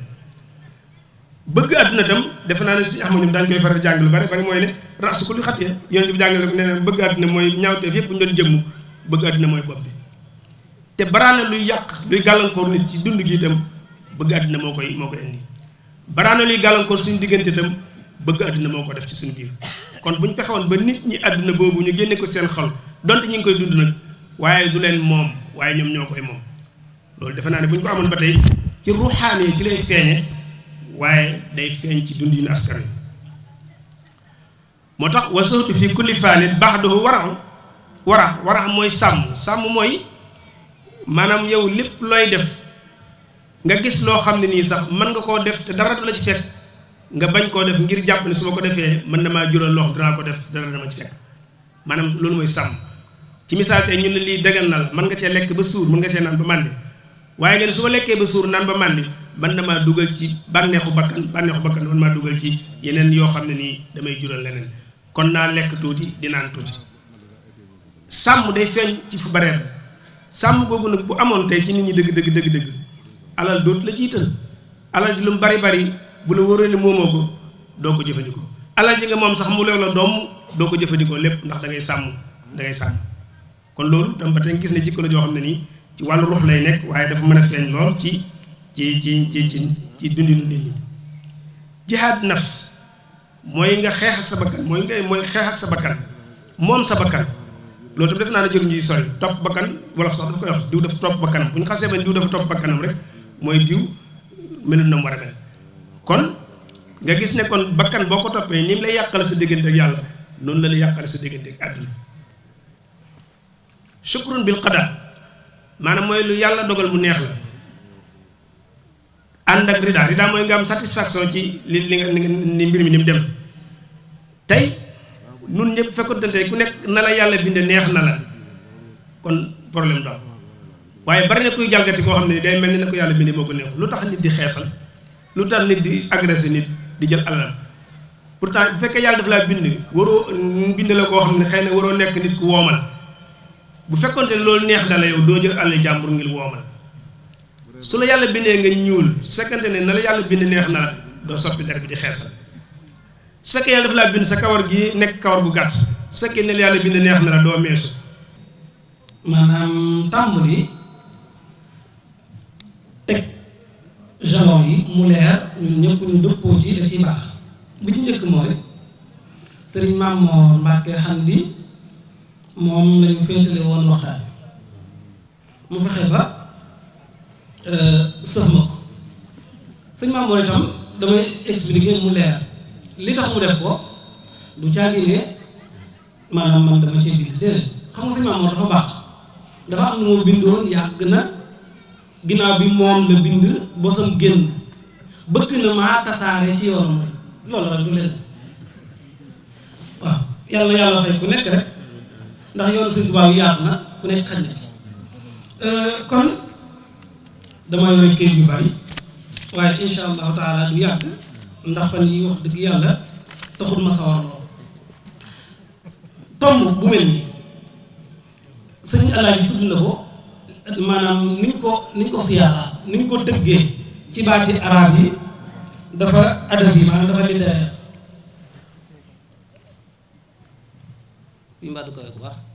bëgg àdduna tam defe naa ne si ahmad ñoom daañu koy faral jàng lu bari bari mooy ne rasu ko lu xat ya yonent bi jàngale ko nee na bëgg àdduna mooy ñaawteef yëpp bu ñu doon jëmm bëgg àdduna mooy bopp bi te baraana luy yàq luy gàllankoor nit ci dund gi itam bëgg àdduna moo koy moo koy indi baraana luy gàllankoor suñu diggante itam bëgg àdduna moo ko def ci suñu biir kon bu ñu fexewoon ba nit ñi àdduna boobu ñu génne ko seen xol donte ñu ngi koy dund nag waaye du leen moom waaye ñoom ñoo koy moom loolu defe naa ne bu ñu ko amoon ba tey ci ruuxaan yi ci lay feeñe waaye day feeñ ci dund yu nu askan moo tax wasootu fi kulli faanin baax doxu warax warax warax mooy sàmm sàmm mooy maanaam yow lépp looy def nga gis loo xam ne nii sax mën nga koo def te dara du la ci fekk nga bañ koo def ngir jàpp ne su ma ko defee mën na maa jural loo xam ko def te dara dama ci fekk maanaam loolu mooy sàmm ci misaal tey ñun ne lii dagan na la nga cee lekk ba suur mën nga cee naan ba màndi waaye ngeen su ma lekkee ba suur naan ba màndi man na maa dugal ci bànneexu bakkan bànneexu bakkan man maa dugal ci yeneen yoo xam ne nii damay jural leneen kon naa lekk tuuti di naan tuuti sàmm day feeñ ci fu bareer sàmm googu nag bu amoon tey ci nit ñi dëgg dëgg dëgg dëgg alal dootu la jiital alal ji lu mu bari bari bu la wóoree ne moomoo ko doo ko jëfandikoo alal ji nga moom sax mu leew la doom doo ko jëfandikoo lépp ndax da sàmm da ngay sàmm kon loolu tam ba tey gis ne jikko la joo xam ne nii ci wàllu ruux lay nekk waaye dafa mën a feeñ lool ci ci ci ci ci ci dundinu nit ñi jihaad nafs mooy nga xeex ak sa bakkan mooy nga mooy xeex ak sa bakkan moom sa bakkan loolu tam def naa ne jëruñu ci sori topp bakkan wala sax daf koy wax diw dafa topp bakkanam bu ñu xasee ba diw dafa topp bakkanam rek mooy diw melut na mu war a mel kon nga gis ne kon bakkan boo ko toppee ni mu lay yàqale sa diggante ak yàlla noonu la lay yàqal sa diggante ak àdduna shukrun bil qada maanaam mooy lu yàlla dogal mu neex la ànd ak rida rida mooy nga am satisfaction ci li li nga ni mbir mi ni mu dem tey nun ñëpp fekkonte tey ku nekk na la yàlla bind neex na la kon problème daal waaye bari na kuy jalgati koo xam ne day mel ni ne ko yàlla binde moo ko neexu lu tax nit di xeesal lu tax nit di agressé nit di jël pour pourtant bu fekkee yàlla daf laa bind waroo bind la koo xam ne xëy na waroo nekk nit ku woomal bu fekkonte loolu neex na yow doo jël alal jàmbur ngir woomal su la yàlla bindee nga ñuul su fekkante ne na la yàlla bind neex na doo soppi dara bi di xeesal su fekkee yàlla dafa laa bind sa kawar gi nekk kawar bu gàtt su fekkee ne la yàlla bind neex na la doo meesu maanaam tàmbali teg jalon yi mu leer ñun ñëpp ñu dëppoo ci da ciy baax bi ci njëkk mooy sëriñ Mamoor Mbàkke xam bi moom lañu féetale woon waxtaan mu fexe ba Euh, sëf ma ko sëñ Maam itam damay expliquer mu leer li tax mu def ko du caagi ne maanaam man dama ci bind déedéet xam nga sëñ Maam dafa baax dafa am lu mu bindoon yàgg na ginnaaw bi moom la bind bosam génn bëgg na maa tasaare ci yoonu loolu rek du leen waaw yàlla yàlla fay ku nekk rek ndax yoonu sëñ Tuubaa yaatu na ku nekk xaj na ci euh, kon dama yore kayit bari waaye incha allahu taala du yàgg ndax fan yi wax dëgg yàlla taxul ma sawar lool tomb bu mel nii sëñ Alaaji tudd na ko maanaam niñ ko niñ ko siyaaraa niñ ko dëggee ci baati arab yi dafa adab yi maanaam dafa littéraire bi mbaa du kawe bu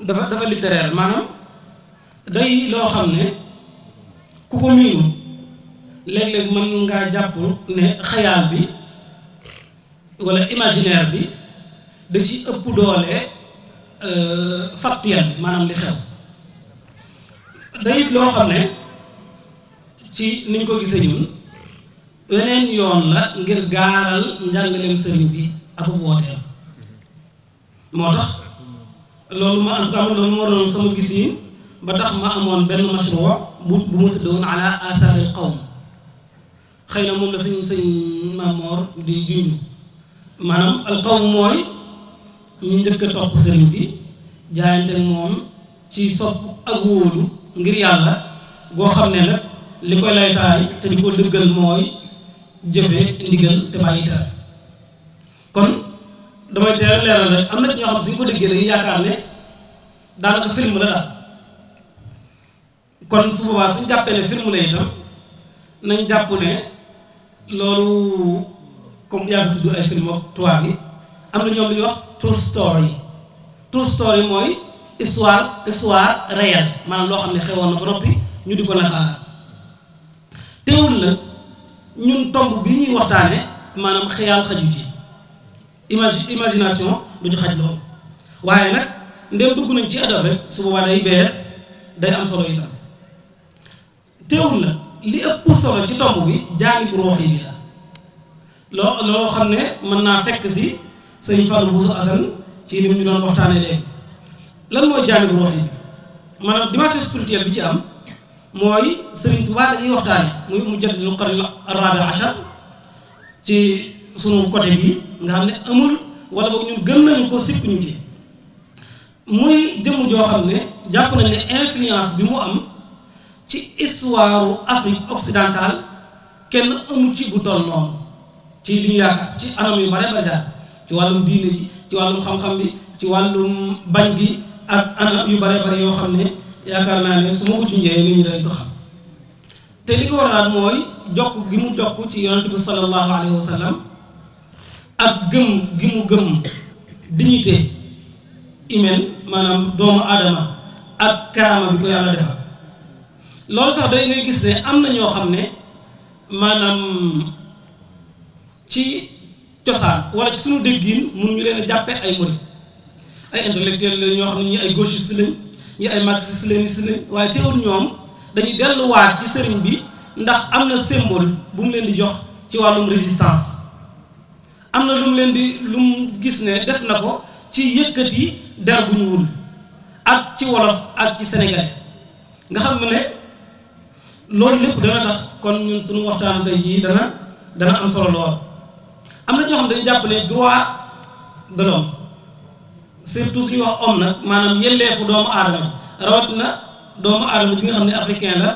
dafa dafa littéraire maanaam day loo xam ne ku ko miinu léeg-léeg mën ngaa jàpp ne xayaal bi wala imaginaire bi da ci ëpp doole euh, factuel maanaam li xew day it loo xam ne ci niñ ko gisee ñun weneen yoon la ngir gaaral njàngaleem sëriñ bi ak wooteem moo tax loolu ma en tout cas loolu moo ba tax ma amoon benn mashruwa bu bu mu tëddoon ala athaaril qawm xëy na moom la sëñ sëñ Mamoor di junj maanaam ak qawm mooy ñu njëkk a topp sëriñ bi jaayante moom ci sopp ak wóolu ngir yàlla goo xam ne nag li koy laytaay te di ko dëggal mooy jëfe ndigal te bàyyi tere kon damay teel leeral rek am na ci ñoo xam suñ ko déggee dañuy yaakaar ne daanaka film la daal kon su suñ jàppee ne film la itam nañ jàpp ne loolu comme yaa ngi tudd ay film am na ñoom lu ñuy wax true story true story mooy histoire histoire réelle maanaam loo xam ne xewoon na ba noppi ñu di ko nataal teewul nag ñun tomb bi ñuy waxtaane maanaam xëyaal xaju ci imagi imagination du ci xaj lool waaye nag ndem dugg nañ ci adab rek su boobaa day bees day am solo itam teewul na li ëpp solo ci tomb bi jaangi bu roox bi la loo loo xam ne mën naa fekk si sëñ Fallou Bousso Assane ci li ñu doon waxtaane léegi lan mooy jaangi bu roox yi bi maanaam dimension spirituelle bi ci am mooy Sëriñ Tuubaa dañuy waxtaane muy mu jot lu qarni rabi achar ci sunu côté bi nga xam ne amul wala boog ñu gën nañu ko sikk ñu muy jëmm joo xam ne jàpp nañ ne influence bi mu am ci histoire Afrique occidentale kenn amu ci bu toll noonu ci li yaakaar ci anam yu bare bari daal ci wàllum diine ji ci wàllum xam-xam bi ci wàllum bañ bi ak anam yu bare bari yoo xam ne yaakaar naa ne su ma ko junjee nit ñi dañ ko xam te li ko waral mooy jokk gi mu jokk ci yonent bi sallallahu alayhi ak gëm gi mu gëm dignité humaine maanaam doomu aadama ak karaama bi ko yàlla defal loolu sax day ngay gis ne am na ñoo xam ne maanaam ci cosaan wala ci suñu déggiin mënuñu leen jàppee ay murit ay intellectuel la ñoo xam ne ñi ay gauchiste lañ ñi ay marxiste léniniste lañ waaye teewul ñoom dañuy delluwaat ci sëriñ bi ndax am na symbole bu mu leen di jox ci wàllum résistance am na lu mu leen di lu mu gis ne def na ko ci yëkkati der bu ñuul ak ci wolof ak ci sénégalais nga xam ne loolu lépp dana tax kon ñun suñu waxtaan tey jii dana dana am solo lool am na ñoo xam dañu jàpp ne droit de l'homme surtout wax homme nag maanaam yelleefu doomu aadama rawatina doomu aadama ji nga xam ne africain la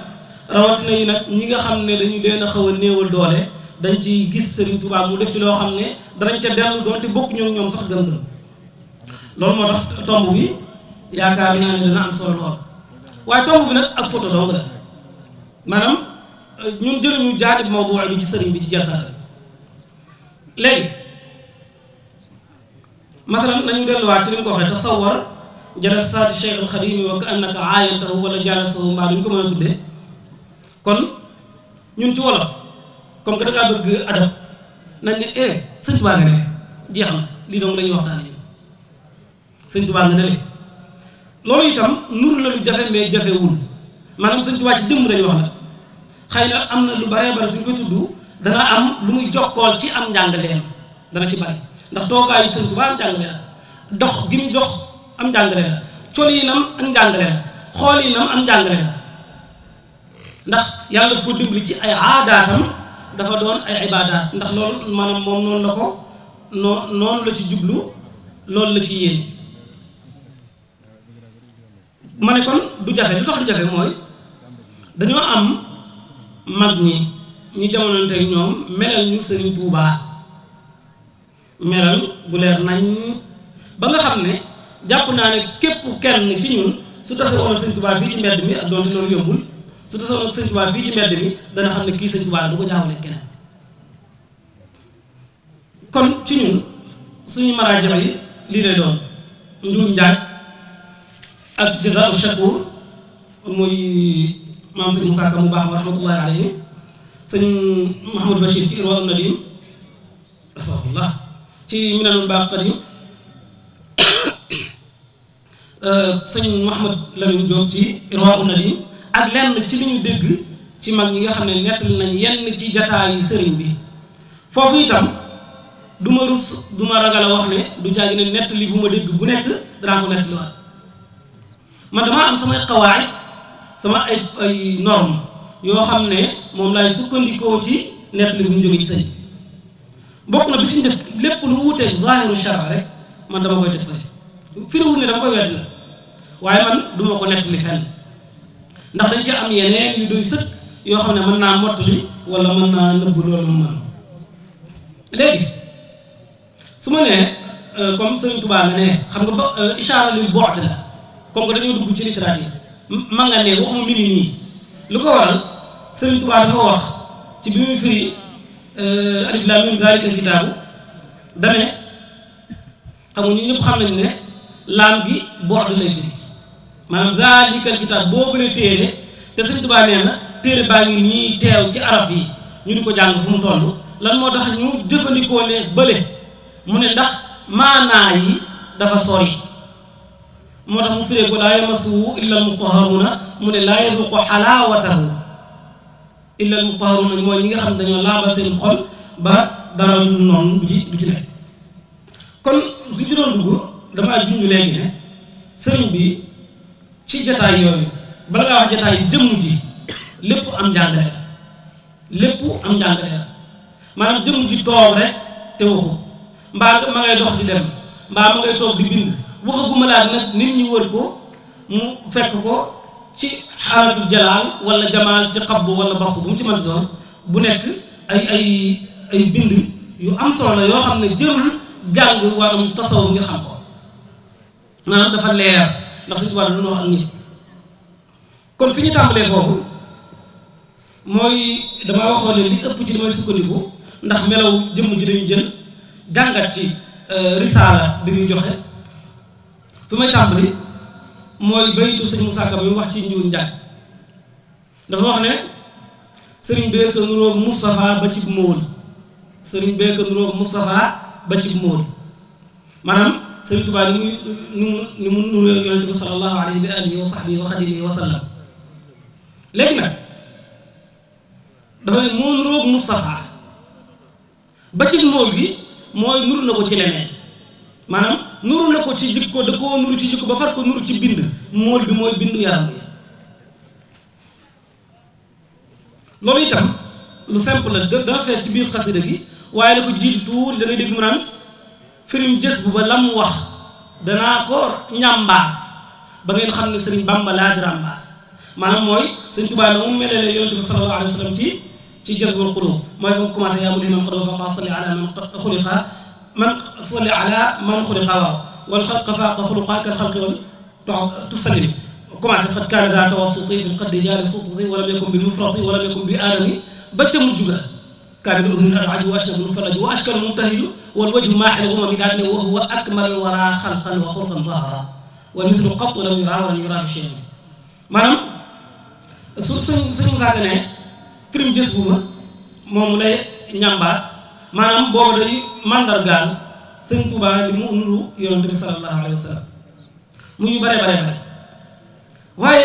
rawatina yi nag ñi nga xam ne dañu leen a xaw a néewal doole dañ ci gis Serigne tubaab mu def ci loo xam ne danañ ca dellu doonte bokk ñoom ñoom sax gëm-gëm loolu moo tax tomb bi yaakaar naa ne dana am solo lool waaye tomb bi nag ak photo dong la maanaam ñun jëluñu jaanib mawduu bi ci sëriñ bi ci jasara léegi masalan nañu delluwaat ci li mu ko waxee tasawar jalasaati cheikh alxadimi wa ka annaka aayantahu wala jalasahu mbaa duñ ko mën a tuddee kon ñun ci wolof comme que da ngaa bëgg adab nañ ne eh sëñ nga ne jeex na lii donc la ñuy waxtaanee ñun sëñ Tuubaa nga ne le loolu itam nur la lu jafe mais jafewul maanaam sëñ Tuubaa ci dëmm dañuy wax la xëy na am na lu baree bari suñ koy tudd dana am lu muy jox kool ci am njàngaleem dana ci bari ndax toogaayu sëñ Tuubaa am njàngale la dox gi mu dox am njàngale la col yi nam ak njàngale la xool nam am njàngale la ndax yàlla ko dimbali ci ay aadaatam dafa doon ay ibaadaat ndax loolu maanaam moom noonu la ko noo noonu la ci jublu loolu la ci yéen ma ne kon du jafe lu tax du jafe mooy dañoo am mag ñi ñi jamonoonte ak ñoom melal ñu sëriñ Tuubaa melal bu leer nañ ba nga xam ne jàpp naa ne képp kenn ci ñun su taxawoon sëriñ Tuubaa fii ci mbedd mi ak doonte loolu yombul su tasaaroo ak sëñ Tuubaa fii ci mbedd mi dana xam ne kii sëñ Tuubaa la du ko jaawale kon ci ñun suñu maraajo yi lii lay doon njuum njaag ak jazaa'u shakur muy maam sëñ Moussa mu baax ma rahmatullahi alayhi sëñ Mouhamadou Bachir ci ci Minanul Nadim ak lenn ci li ñu dégg ci mag ñi nga xam ne nettali nañu yenn ci jataayu sëriñ bi foofu itam du ma rus du ma ragal a wax ne du jaagi ne nettali bu ma dégg bu nekk danaa ko nettaliwaat man damaa am samay xawaay sama ay ay xam ne moom laay sukkandikoo ci nettali bu ñu ci sëriñ bokk na bi ci njëkk lépp lu wuuteeg zahiru shara rek man dama koy def fële fi ne wut ne dama koy wedd la waaye man du ma ko nettali fenn ndax dañ ci am yeneen yu doy sëkk yoo xam ne mën naa mottali wala mën naa nëbb loolu mu mën léegi su ma nee euh, comme Sëriñ Tuubaa nga ne xam nga ba euh, ishaara lil bu'd la comme que dañoo dugg ci littérature ma nga ne waxuma mi ngi nii lu ko waral Sëriñ Tuubaa dafa wax ci bi muy firi euh, alif laam miim zaalikal kitaabu dane xam nga ñu ñëpp xam nañ ne laam gi bu'd lay firi maanaam zaalikal kitaab boo gën téere te sëñ Tuubaa nee na téere baa ngi nii teew ci arab yi ñu di ko jàng fu mu toll lan moo tax ñu jëfandikoo ne bële mu ne ndax maanaa yi dafa sori moo tax mu firee ko laa yamassuhu illa al-mutahharuna mu ne laa yazuqu xalaawatahu illa al-mutahharuna mooy ñi nga xam dañoo laaba seen xol ba dara lu noonu du ci du ci kon su juróom dugg damaa junj léegi ne sëriñ bi ci jotaay yooyu bala ngaa wax jotaay jëmm ji lépp am njàngale la lépp am njàngale la maanaam jëmm ji toog rek te waxu mbaa ma ngay dox di dem mbaa ma ngay toog di bind waxaguma laa nag nit ñi wër ko mu fekk ko ci xaalatul jalaal wala jamaal ci xabbu wala basu bu mu ci mën doon bu nekk ay ay ay bind yu am solo la yoo xam ne jërul jàng warum tasawur ngir xam ko maanaam dafa leer ndax Sëñ Tuubaa dina wax ak kon fi ñu tàmbalee foofu mooy dama waxoon ne li ëpp ci damay sukkandiku ndax melaw jëmm ji dañuy jël jàngat ci euh, risaala bi ñuy joxe fi may tàmbali mooy baytu sëñ Moussa Ka bi wax ci njuur njaay dafa wax ne sëriñ bee ko nuroog Moustapha ba cib móol sëriñ bee ko nuroog Moustapha ba cib móol maanaam sëriñ Tuubaa ni muy ni mu ni mu nuru yonente bi sallallahu alayhi wa alihi wa sahbihi wa léegi nag dafa ne moo nuroog Moustapha ba ci mool gi mooy nuru na ko ci leneen maanaam nuru la ko ci jikko da koo nuru ci jikko ba far ko nuru ci bind mool bi mooy bind yaram bi loolu itam lu simple la dana feeñ ci biir xasida gi waaye la ko jiitu tuuti da ngay dégg mu naan firim jës bu ba lam wax danaa ko ñambaas ba ngeen xam ne sëriñ Bamba laa di rambaas maanaam mooy sëñ Tuubaa la mu melalee yonente bi sallallahu alayhi wa sallam ci ci jazbul qulub mooy ba mu commencé yaa mulhiman quluub fawqa salli ala man xuliqa man salli ala man xuliqa waaw wal xalqa faaqa xuluqa kal xalqi wal tusallim commencé qad kaana daa tawasuti fi qad rijaali sututi wa lam yakun bi mufrati wa lam yakun bi aadami ba ca mujj ga kaana bi urdin al ajwa ashnabu falaju wa ashkalu mumtahiju wal wajhu maaxil umami daal bi shay'in maanaam su suñ suñ musaaga ne prime jës bu ma moom mu lay ñambaas maanaam boobu day màndargaal sëñ Tuubaa li mu nuru yonante bi sallallahu alayhi waaye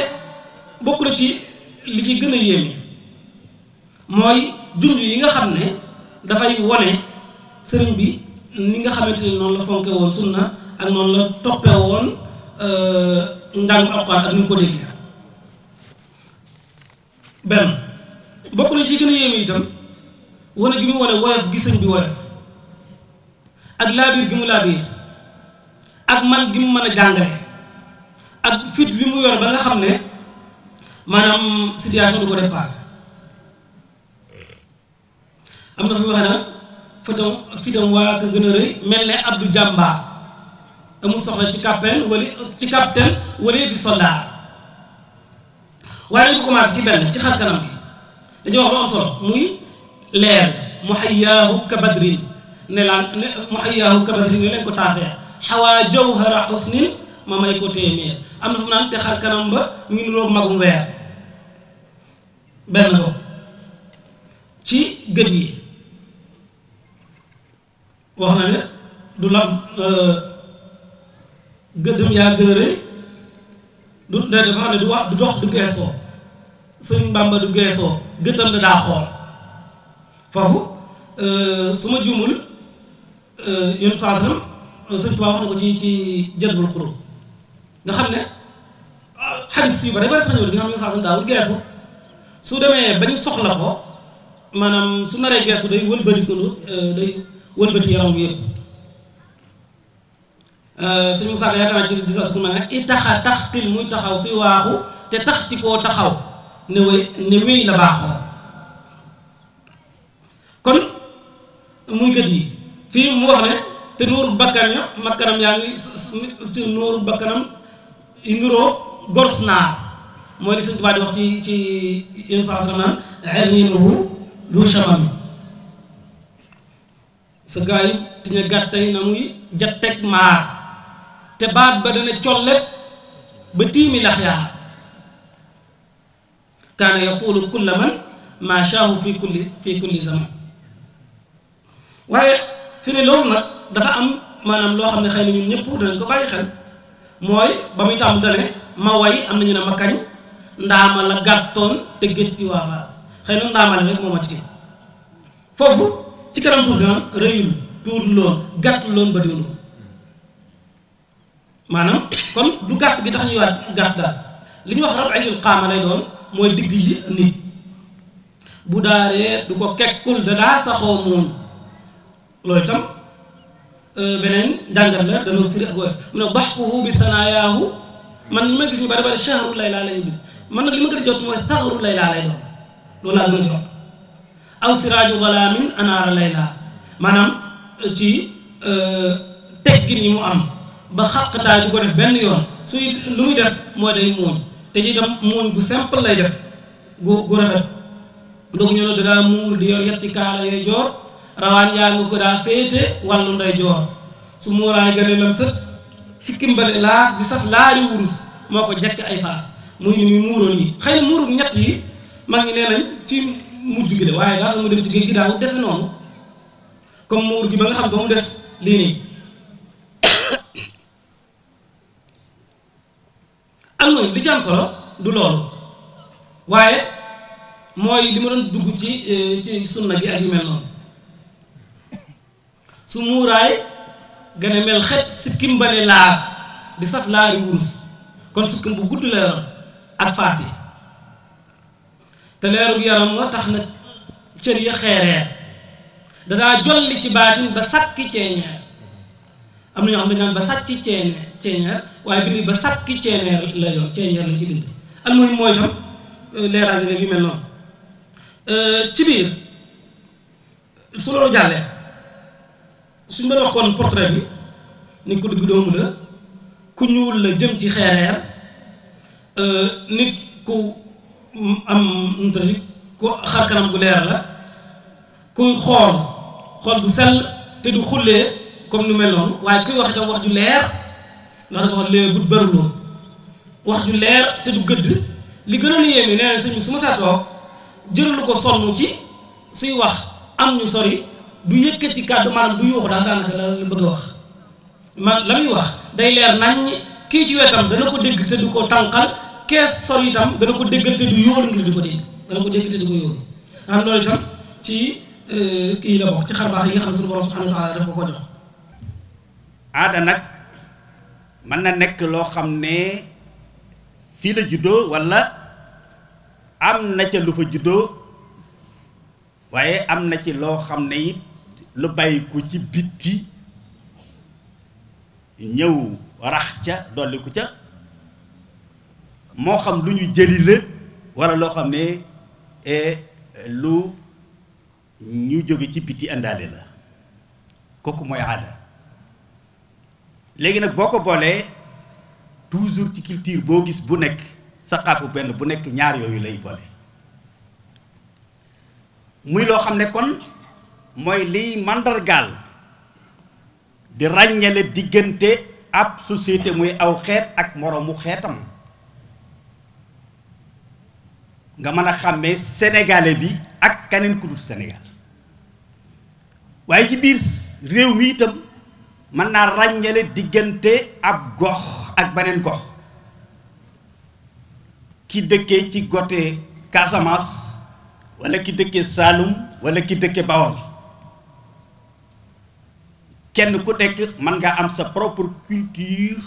bokk na ci li ci gën a yéeme mooy junj yi nga xam ne dafay wone sëriñ bi ni nga xamante ni noonu la fonke woon sunna ak noonu la toppe woon euh, njàng alxuraan ak ni mu ko déggee benn bokk na ci gën a wane gi mu wane woyof gi sëñ bi ak laabiir gi mu laabiir ak man gi mën a jàngale ak fit bi mu yor ba nga xam ne maanaam situation du ko dépassé am na fi waxee na fitam waa ka gën a rëy mel ne abdu jàmba amul soxla ci capitaine wala ci capitaine wala fi soldat waaye dañu ko ci benn ci xar kanam bi dañuy muy leer muhayyaahu kabadrin ne laan ne ma may ko téeméer am na fu mu naan te xar ba mu ngi niroog magum weer benn ko ci gët yi wax na ne du lam euh, gëddëm yaa gën a rëy du da dafa xam ne du wax du dox du geesoo sëñ Bàmba du geesoo gëtam da daa xool foofu euh, su ma jumul euh, yoon saasam sëñ Tuubaa wax na ko ci ci jëlbul xurub nga xam ne ah, xadis yu bari bari sax ñëw di nga xam yoon saasam daawul geesu su demee ba ñu soxla ko maanaam su naree geesu day wëlbati ko day wëlbati yaram wi yëpp euh, sëñ Moussa Ka yaakaar naa ci gis askan ma ne i taxa taxtil muy taxaw si waaxu te taxti koo taxaw ne wéy ne wéy la baaxoo kon muy gët yi fii mu wax ne te nuuru bakkan ya makkanam yaa ngi ci nuuru bakkanam i nuroo gors naar mooy li sëñ Tuubaa di wax ci ci yéen saa sallam naan ilmihi du chamam sa gaay dina gàttay na muy jatteeg maar te baat ba dana collet ba tiimi lax yaa kaana yaqulu kulla man maa shaahu fi kulli fi kulli zaman waaye fi ne loolu nag dafa am maanaam loo xam ne xëy na ñun ñëpp danañ ko bàyyi xel mooy ba muy tàmm dane ma way am nañu ne ma kañ ndaama la gàttoon te gétti waa xëy na ndaama la rek moo ma ci foofu ci kanam tuuti naan rëyul tuuti loon gàtt loon ba diw loon maanaam kon du gàtt gi tax ñuy waat gàtt daal li ñuy wax rab ayul xaama lay doon mooy digg yi nit bu daaree du ko kekkul dadaa saxoo moom loolu itam euh, beneen njàngat la dana firi ak woyof mu ne baxkuhu bi tanaayaahu man li ma gis ñu bari bari shahru lay laa lay bind man nag li ma gën a jot mooy saxru lay laa lay doon loolu laa gën a jot aw siraaju galaamin anaara layla maanaam eh, ci eh, teggin yi mu am ba xàqtaa du ko def benn yoon suy lu muy def mooy day moom te ci itam muuñ bu simple lay def gu gu rafet ndog ñu ne dadaa muur di yor yetti kaala yooyu joor rawaan yaa ngi ko daa féete wàllu nday joor su muuraay gën a lam sët fikki mbale laas di saf wurus moo ko jekk ay faas muy ni muy muuroon yi xëy na ñett yi mag ñi nee nañ ci mujj gi de waaye daal mu dem ci géej gi defe noonu comme muur gi ba nga xam ba mu des lii nii am na li ci am solo du loolu waaye mooy li ma doon dugg ci eh, ci sunna gi ak yu mel noonu su muuraay gën mel xet sikkim ba ne laas di saf laari wurus kon sikkim bu gudd la yoroon faas yi te leerug yaram wa tax na cër ya xeereer dadaa jolli ci baatin ba sàkki ceeñeer am na ñoo xam ne naan ba sàcci ceeñeer ceeñeer waaye bind ba sàkki ceeñeer la yoon ceeñeer lañ ci bind am muy mooy tam euh, noonu euh, ci biir su loolu jàllee suñ doon wax kon portrait bi ni ko dugg doomu la ku ñuul la jëm ci xeereer euh, nit ku am nutati ku xar kanam gu leer la kuy xool xool bu sell te du xullee comme nu mel noonu waaye kuy wax itam wax ju leer ndax dafa wax léegi gudd bëri wax ju leer te du gëdd li gën a lu yéeme nee bi su ma saa toog jëralu ko sonn ci suy wax am ñu sori du yëkkati kàddu maanaam du yuuxu daal daanaka la la bëgg a wax man la muy wax day leer naññ kii ci wetam dana ko dégg te du ko tànqal kees sori itam dana ko déggal te du yóolu ngir di ko dégg dana ko dégg te ko yóolu am loolu itam ci euh, kii la bokk ci xarbaax yi nga xam ne suñu borom subhanahu ko ko jox aada nag mën na nekk loo xam ne fii la juddoo walla am na ca lu waaye am na ci loo xam ne it lu bàyyi ko ci bitti ñëw rax ca dolli ca moo xam lu ñu jëli la wala loo xam ne e, lu ñu jóge ci biti àndaale la kooku mooy aada léegi nag boo ko boolee toujours ci culture boo gis bu nekk saqaafu benn bu nekk ñaar yooyu lay boole muy loo xam ne kon mooy liy màndargaal di ràññale diggante ab société muy aw xeet ak moroomu xeetam nga mën a xàmmee sénégalais bi ak keneen ku dul Sénégal waaye ci biir réew mi itam mën naa ràññale diggante ab gox ak beneen gox ki dëkkee ci gote Casamance wala ki dëkkee Saalum wala ki dëkkee Bawol kenn ku nekk mën nga am sa propre culture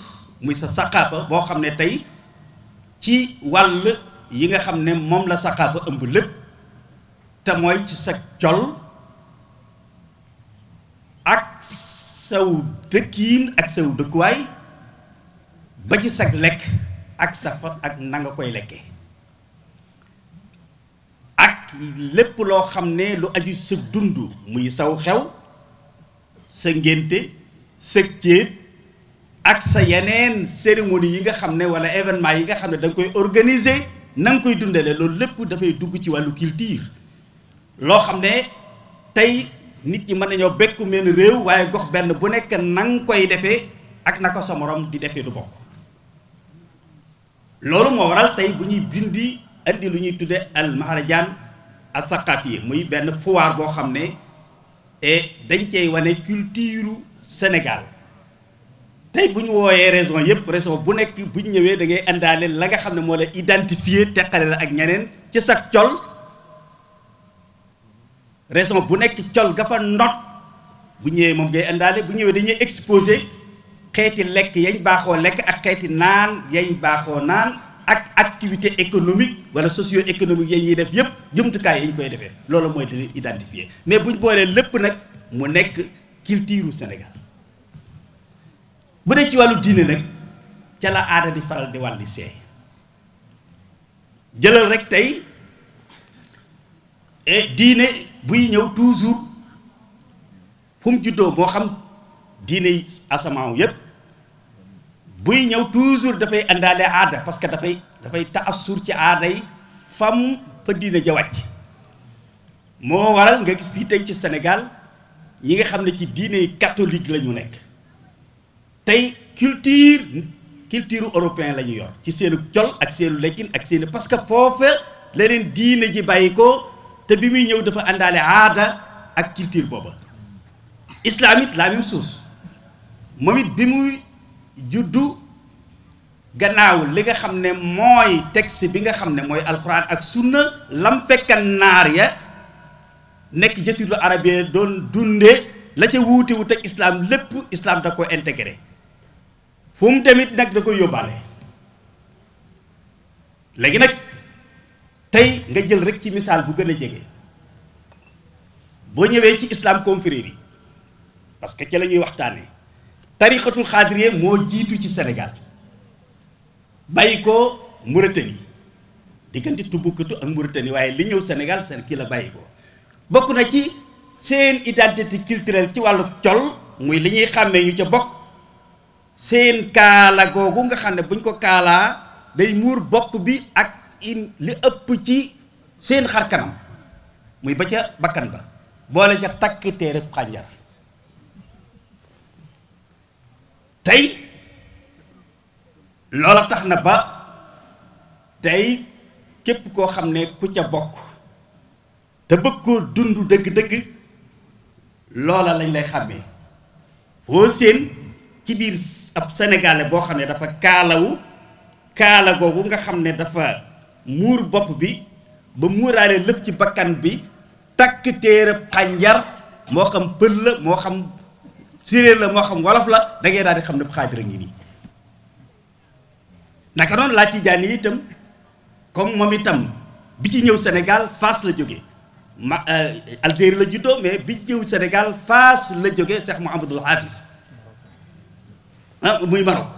muy sa saqaafa boo xam ne tey ci wàll yi nga xam ne moom la sa saxaafa ëmb lépp te mooy ci sa col ak saw dëkkiin ak saw dëkkuwaay ba ci sag lekk ak sa fot ak na nga koy lekke ak lépp loo xam ne lu aju sa dund muy saw xew sa ngénte sa céet ak sa yeneen cérémonie yi nga xam ne walla événement yi nga xam ne da koy organiser nanga koy dundale loolu lépp dafay dugg ci wàllu culture loo xam ne tey nit ñi mën nañoo bekku mel réew waaye gox benn bu nekk na koy defee ak na ko sa morom di defee du bokk loolu moo waral tey bu ñuy bindi andi lu ñuy tudde al maharajaan al saqaafi muy benn foire boo xam ne dañ cey wane culture Sénégal tey bu ñu wooyee raison yëpp raison bu nekk bu ñu ñëwee da ngay indaale la nga xam ne moo la identifier teqale la ak ñeneen ci sa col raison bu nekk col ga ndot bu ñëwee moom ngay indaale bu ñëwee dañuy exposé xeeti lekk yañ baaxoo lekk ak xeeti naan yañ baaxoo naan ak activité économique wala socio économique yañ ñuy def yëpp jumtukaay yañ koy defee loolu mooy dañuy identifier mais buñ boolee lépp nag mu nekk culture Sénégal bu dee ci wàllu diine nag ca la aada di faral di wàlli see jëlal rek tey e, diine buy ñëw toujours fu mu juddoo moo xam diine yi asamaaw yépp buy ñëw toujours dafay àndaale aada parce que dafay dafay taasur ci aada yi fam fa diine ja wàcc moo waral nga gis fii tey ci senegal ñi nga xam ne ci diine catholique la ñu nekk tey culture culture européen la ñu yor ci seenu col ak seenu lekkin ak seeni parce que foofa la leen diine ji bàyyi ko te bi muy ñëw dafa àndaale aada ak culture booba islam it la même chose moom it bi muy juddu gannaaw li nga xam ne mooy texte bi nga xam ne mooy alxuraan ak sunna lam fekkan naar ya nekk jasiiru arabe doon dunde la ca wuute wut ak islam lépp islam da ko intégré fu mu demit nag da koy yóbbaale léegi nag tey nga jël rek ci misaal bu gën a jege boo ñëwee ci islam confrérie yi parce que ci la ñuy waxtaanee tariqatul xaadiriye moo jiitu ci senegal bàyyi ko Mauritanie diggante Tombouctou ak Mauritanie waaye li ñëw Sénégal seen kii la bàyyi ko bokk na ci seen identité culturelle ci wàllu col muy li ñuy xàmmee ñu ca bokk. seen kaala googu nga xam ne buñ ko kaalaa day muur bopp bi ak in li ëpp ci seen xar kanam muy ba ca bakkan ba boole ca takk téere xànjar tey loola tax na ba tey képp koo xam ne ku ca bokk te bëgg koo dund dëgg-dëgg loola lañ lay xàmmee foo seen ci biir ab sénégalais boo xam ne dafa kaalawu kaala googu nga xam ne dafa muur bopp bi ba muuraale lëf ci bakkan bi takk téerab xànjar moo xam pël la moo xam séeréer la moo xam wolof la da ngay daal di xam ne xaadira ngi nii naka noonu laa tijaan yi itam comme moom itam bi ci ñëw Sénégal Fass la jógee ma euh, Algérie la juddoo mais bi ci ñëw Sénégal Fass la jóge Cheikh Mouhamadoul Hafiz Ah, muy Maroc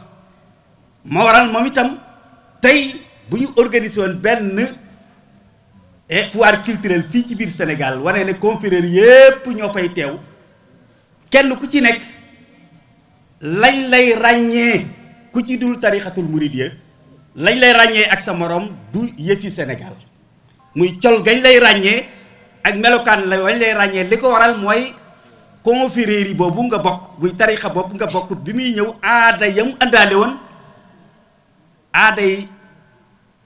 moo waral moom itam tey bu ñu organisé woon benn foire culturel fii ci biir Sénégal wane ne confrères yépp ñoo fay teew kenn ku ci nekk lañ lay ràññee ku ci dul tarixatul muridiyya lañ lay ràññee ak sa morom du yëfi Sénégal muy col gañ lay ràññee ak melokaan la wañ lay ràññee li ko waral mooy confrérie boobu nga bokk buy tarixa boobu nga bokk bi muy ñëw aada yam àndaale woon aaday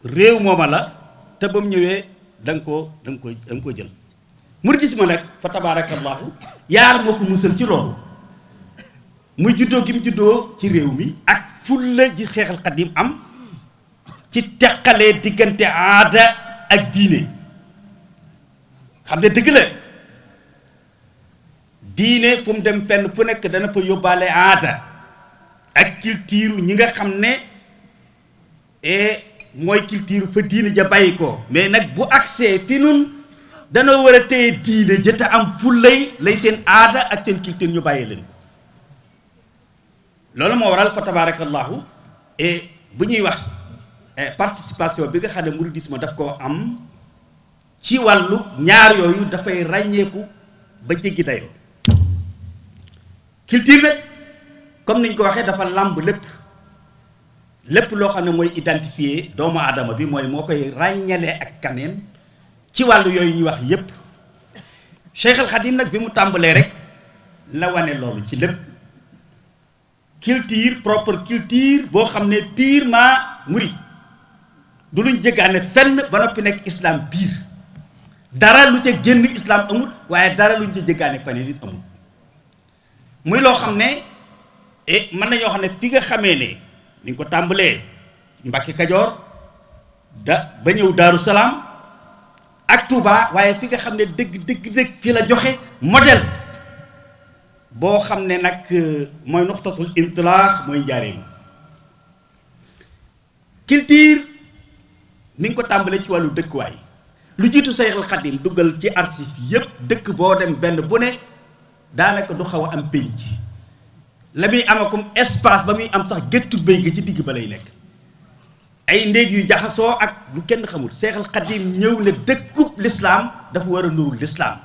réew mooma la te ba mu ñëwee da ko koo da nga ko jël mu ko jël muridisme nag fa tabaarakallaahu yaar moo ko musal ci loolu muy juddoo gi mu juddoo ci réew mi ak fulla ji Seexal yi am ci teqalee diggante aada ak diine xam ne dëgg la diine fu mu dem fenn fu nekk dana fa yóbbaale aada ak culture ñi nga xam ne eh, mooy culture fa diine ja bàyyi ko mais nag bu aksee fi nun danoo war a téye diine jëta am fullay lay seen aada ak seen culture ñu bàyyi leen loolu moo waral fa tabarakallahu et eh, bu ñuy wax eh, participation bi nga xam ne mouridisme daf ko am ci wàllu ñaar yooyu dafay ràññeeku ba jéggi dayoo culture nag comme niñ ko waxee dafa làmb lépp lépp loo xam ne mooy identifier doomu aadama bi mooy moo koy ràññalee ak kaneen ci wàllu yooyu ñuy wax yépp Cheikh Al nag bi mu tàmbalee rek la wane loolu ci lépp culture propre culture boo xam ne purement murid du luñ jéggaane fenn ba noppi nekk islam biir dara lu ca génn islam amut waaye dara luñ ca jéggaane faneen it amut muy loo xam ne e mën nañoo xam ne fi nga xamee ne ni ko tàmbalee mbakki Kajoor da ba ñëw Daaru Salaam ak Touba waaye fi nga xam ne dëgg dëgg dëgg fi la joxe modèle boo xam ne nag euh, mooy nuxtatul intilaax mooy njaareem culture ni nga ko tàmbalee ci wàllu dëkkuwaay lu jiitu Seexul Xadim duggal ci artiste yëpp dëkk boo dem benn bu ne daanaka du xaw a am pénc la muy ama comme espace ba muy am sax géttu béy ga ci digg ba lay nekk ay ndéeg yu jaxasoo ak lu kenn xamul seexal xadim ñëw ne dëkkub lislaam dafa war a nurul lislaam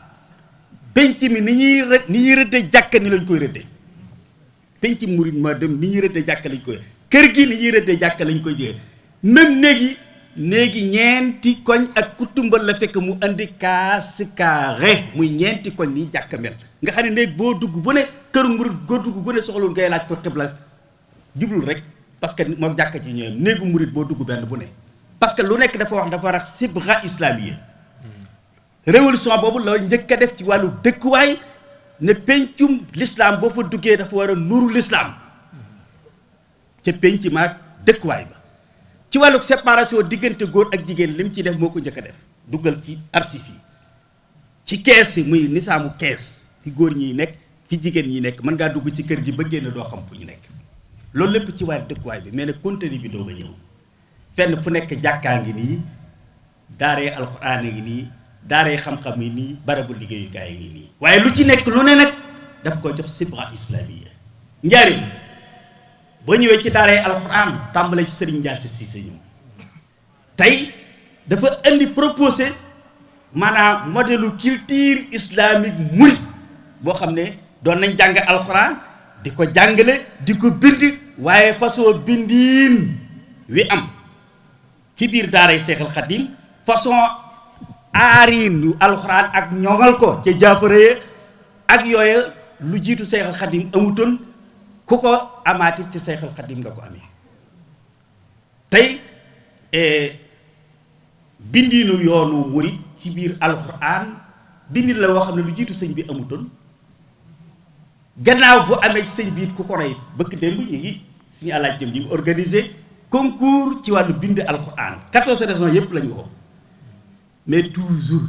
pénc mi ni ñuy rë ni ñuy rëddee jàkka ni lañ koy rëddee pénc murit ma dem ni ñuy rëddee jàkka lañ koy kër gi ni ñuy rëddee jàkka lañ koy jëlee même néeg yi léegi ñeenti koñ ak kutumbal la fekk mu andi kaas carré muy ñeenti koñ nii jàkk mel nga xam ne néeg boo dugg bu ne kër murit boo dugg bu ne soxlawul ngay laaj ko xibla jublul rek parce que moom jàkka ci ñëwee néegu murit boo dugg benn bu ne parce que lu nekk dafa wax dafa rax sibra islamiye révolution boobu la njëkk a def ci wàllu dëkkuwaay ne pencum l'islam boo fa duggee dafa war a nuru l'islam ca penc maag dëkkuwaay ba ci wàllu séparation diggante góor ak jigéen lim ci def moo ko njëkk def dugal ci arsif ci kees yi muy nisaamu kees fi góor ñi nekk fi jigéen ñi nekk mën ngaa dugg ci kër gi ba génn doo xam fu ñu nekk loolu lépp ci wàllu dëkkuwaay bi mais nag contenu bi doo nga ñëw fenn fu nekk jàkkaa ngi nii daaree alxuraan ngi nii daaree xam-xam yi nii barabu liggéeyukaay yi nii waaye lu ci nekk lu ne nag daf ko jox sibra islamiya njariñ boo ñëwee ci daaray alxuraan tàmbali ci sëriñ Ndiass Cissé ñëw tey dafa indi proposé maanaam modèle culture islamique muri boo xam ne doon nañ jàng alxuraan di ko jàngale di ko bind waaye façon bindiin wi am ci biir daaray Seexal Xadim façon aariinu alxuraan ak ñoŋal ko ca jaafara ak yooya lu jiitu Seexal Xadim amutoon ku ko amaati ci Seexal Xadim nga ko amee tey eh, bindiinu yoonu murit ci biir alxuraan bindin la woo xam ne lu jiitu sëñ bi amutoon gannaaw bu amee ci sëñ bi it ku ko rey bëkk démb ñu ngi suñu alaaj dem ñu ngi organisé concours ci wàllu bind alxuraan 14 régions yëpp la ñu woo mais toujours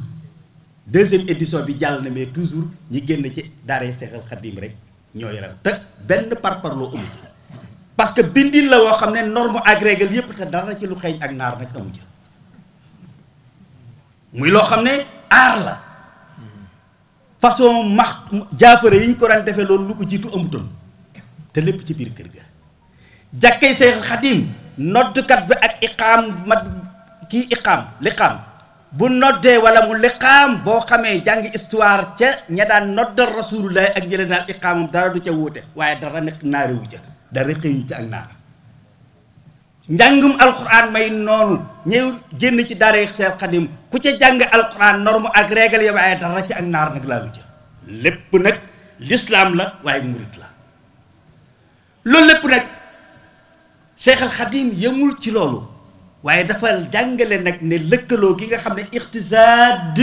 deuxième édition bi jàll na mais toujours ñi génn ci daaree Seexal Xadim rek. ñoo yore te benn par parloo amu ci parce que bindin la woo xam ne norme agrégé yépp te dara ci lu xeeñ ak naar nag amu ci muy loo xam ne aar la façon max jaafare yi ñu ko daan defee loolu lu ko jiitu amutoon te lépp ci biir kër ga jàkkay Seex Xadim noddkat bi ak iqaam mat kii iqaam liqaam bu noddee walla mu liqaam boo xamee jàngi histoire ca ña daan noddal rasulullahi ak njële naan iqaamam dara du ca wuute waaye dara nekk naarewu ca dara xëyu ca ak naar njàngum alquran may noonu ñëw génn ci daara Seex Xadim ku ca jàng alquran norme ak ci ak naar nag laalu la waaye murit la loolu lépp nag yëmul ci loolu waaye dafa jàngale nag ne lëkkaloo ki nga xam ne iqtisaad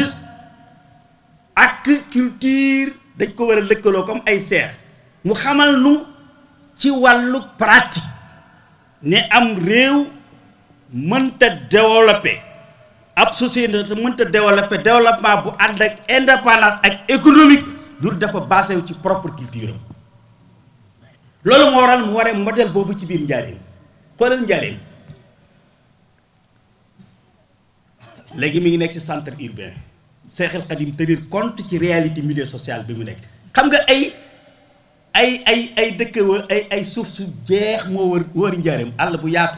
ak culture dañ ko war a lëkkaloo comme ay seer mu xamal lu ci wàllu pratique ne am réew mënta développé ab société mënta développé développement bu ànd ak indépendance ak économique du dafa basé wu ci propre culture am loolu moo waral mu waree modèle boobu ci biir njaareem xoolal njaareem léegi mi ngi nekk ci centre urbain Seexal Xadim tenir compte ci réalité milieu social bi mu nekk xam nga ay ay ay ay dëkk wër ay ay suuf su jeex moo wër wër njaareem àll bu yaatu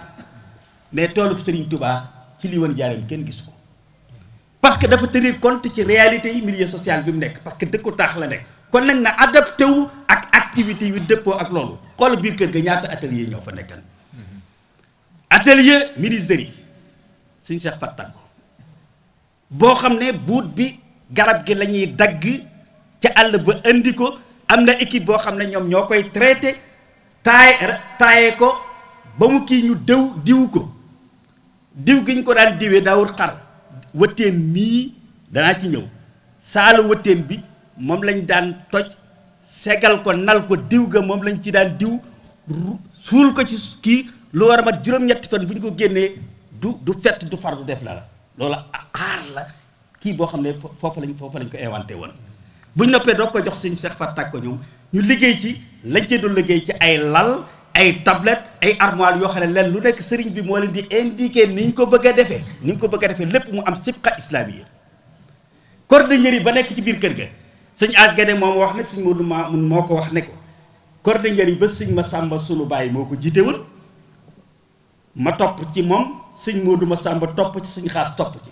mais toolub Serigne tubaa ci li wër njaareem kenn gis ko parce que dafa tenir compte ci réalité yi milieu social bi mu nekk parce que dëkku taax la nekk kon nag na adapté wu ak activité yu dëppoo ak loolu xool biir kër nga ñaata atelier ñoo fa nekkan mm-hmm. atelier ministère yi suñ seex fattanko boo xam ne buut bi garab gi lañuy dagg ca àll ba indi ko am na équipe boo xam ne ñoom ñoo koy traité taaye taaye ko ba mu kii ñu dew diw ko diw gi ñu ko daan diwee daawul xar wëttéen mii danaa ci ñëw saalu wëttéen bi moom lañ daan toj segal ko nal ko diw ga moom lañ ci daan diw suul ko ci kii lu war a mat juróom-ñetti fan bu ñu ko génnee du du fett du far du def la la loola aar la kii boo xam ne foofu lañ foofu lañ ko inventé woon buñ noppee doo ko jox suñu Seex Faat Tàkko ñoom ñu liggéey ci lañ ci doon liggéey ci ay lal ay tablette ay armoire yoo xam ne leen lu nekk sëriñ bi moo leen di indiqué ni ñu ko bëgg a defee ni ñu ko bëgg a lépp mu am sibqa islamiya cordonnier yi ba nekk ci biir kër ga sëñ as gane moom wax ne sëñ Modou Mamoun moo ko wax ne ko cordonnier yi ba sëñ ma sàmba sunu bàyyi moo ko jiite ma topp ci moom sëñ Modou Massamba topp ci sëñ xaas topp ci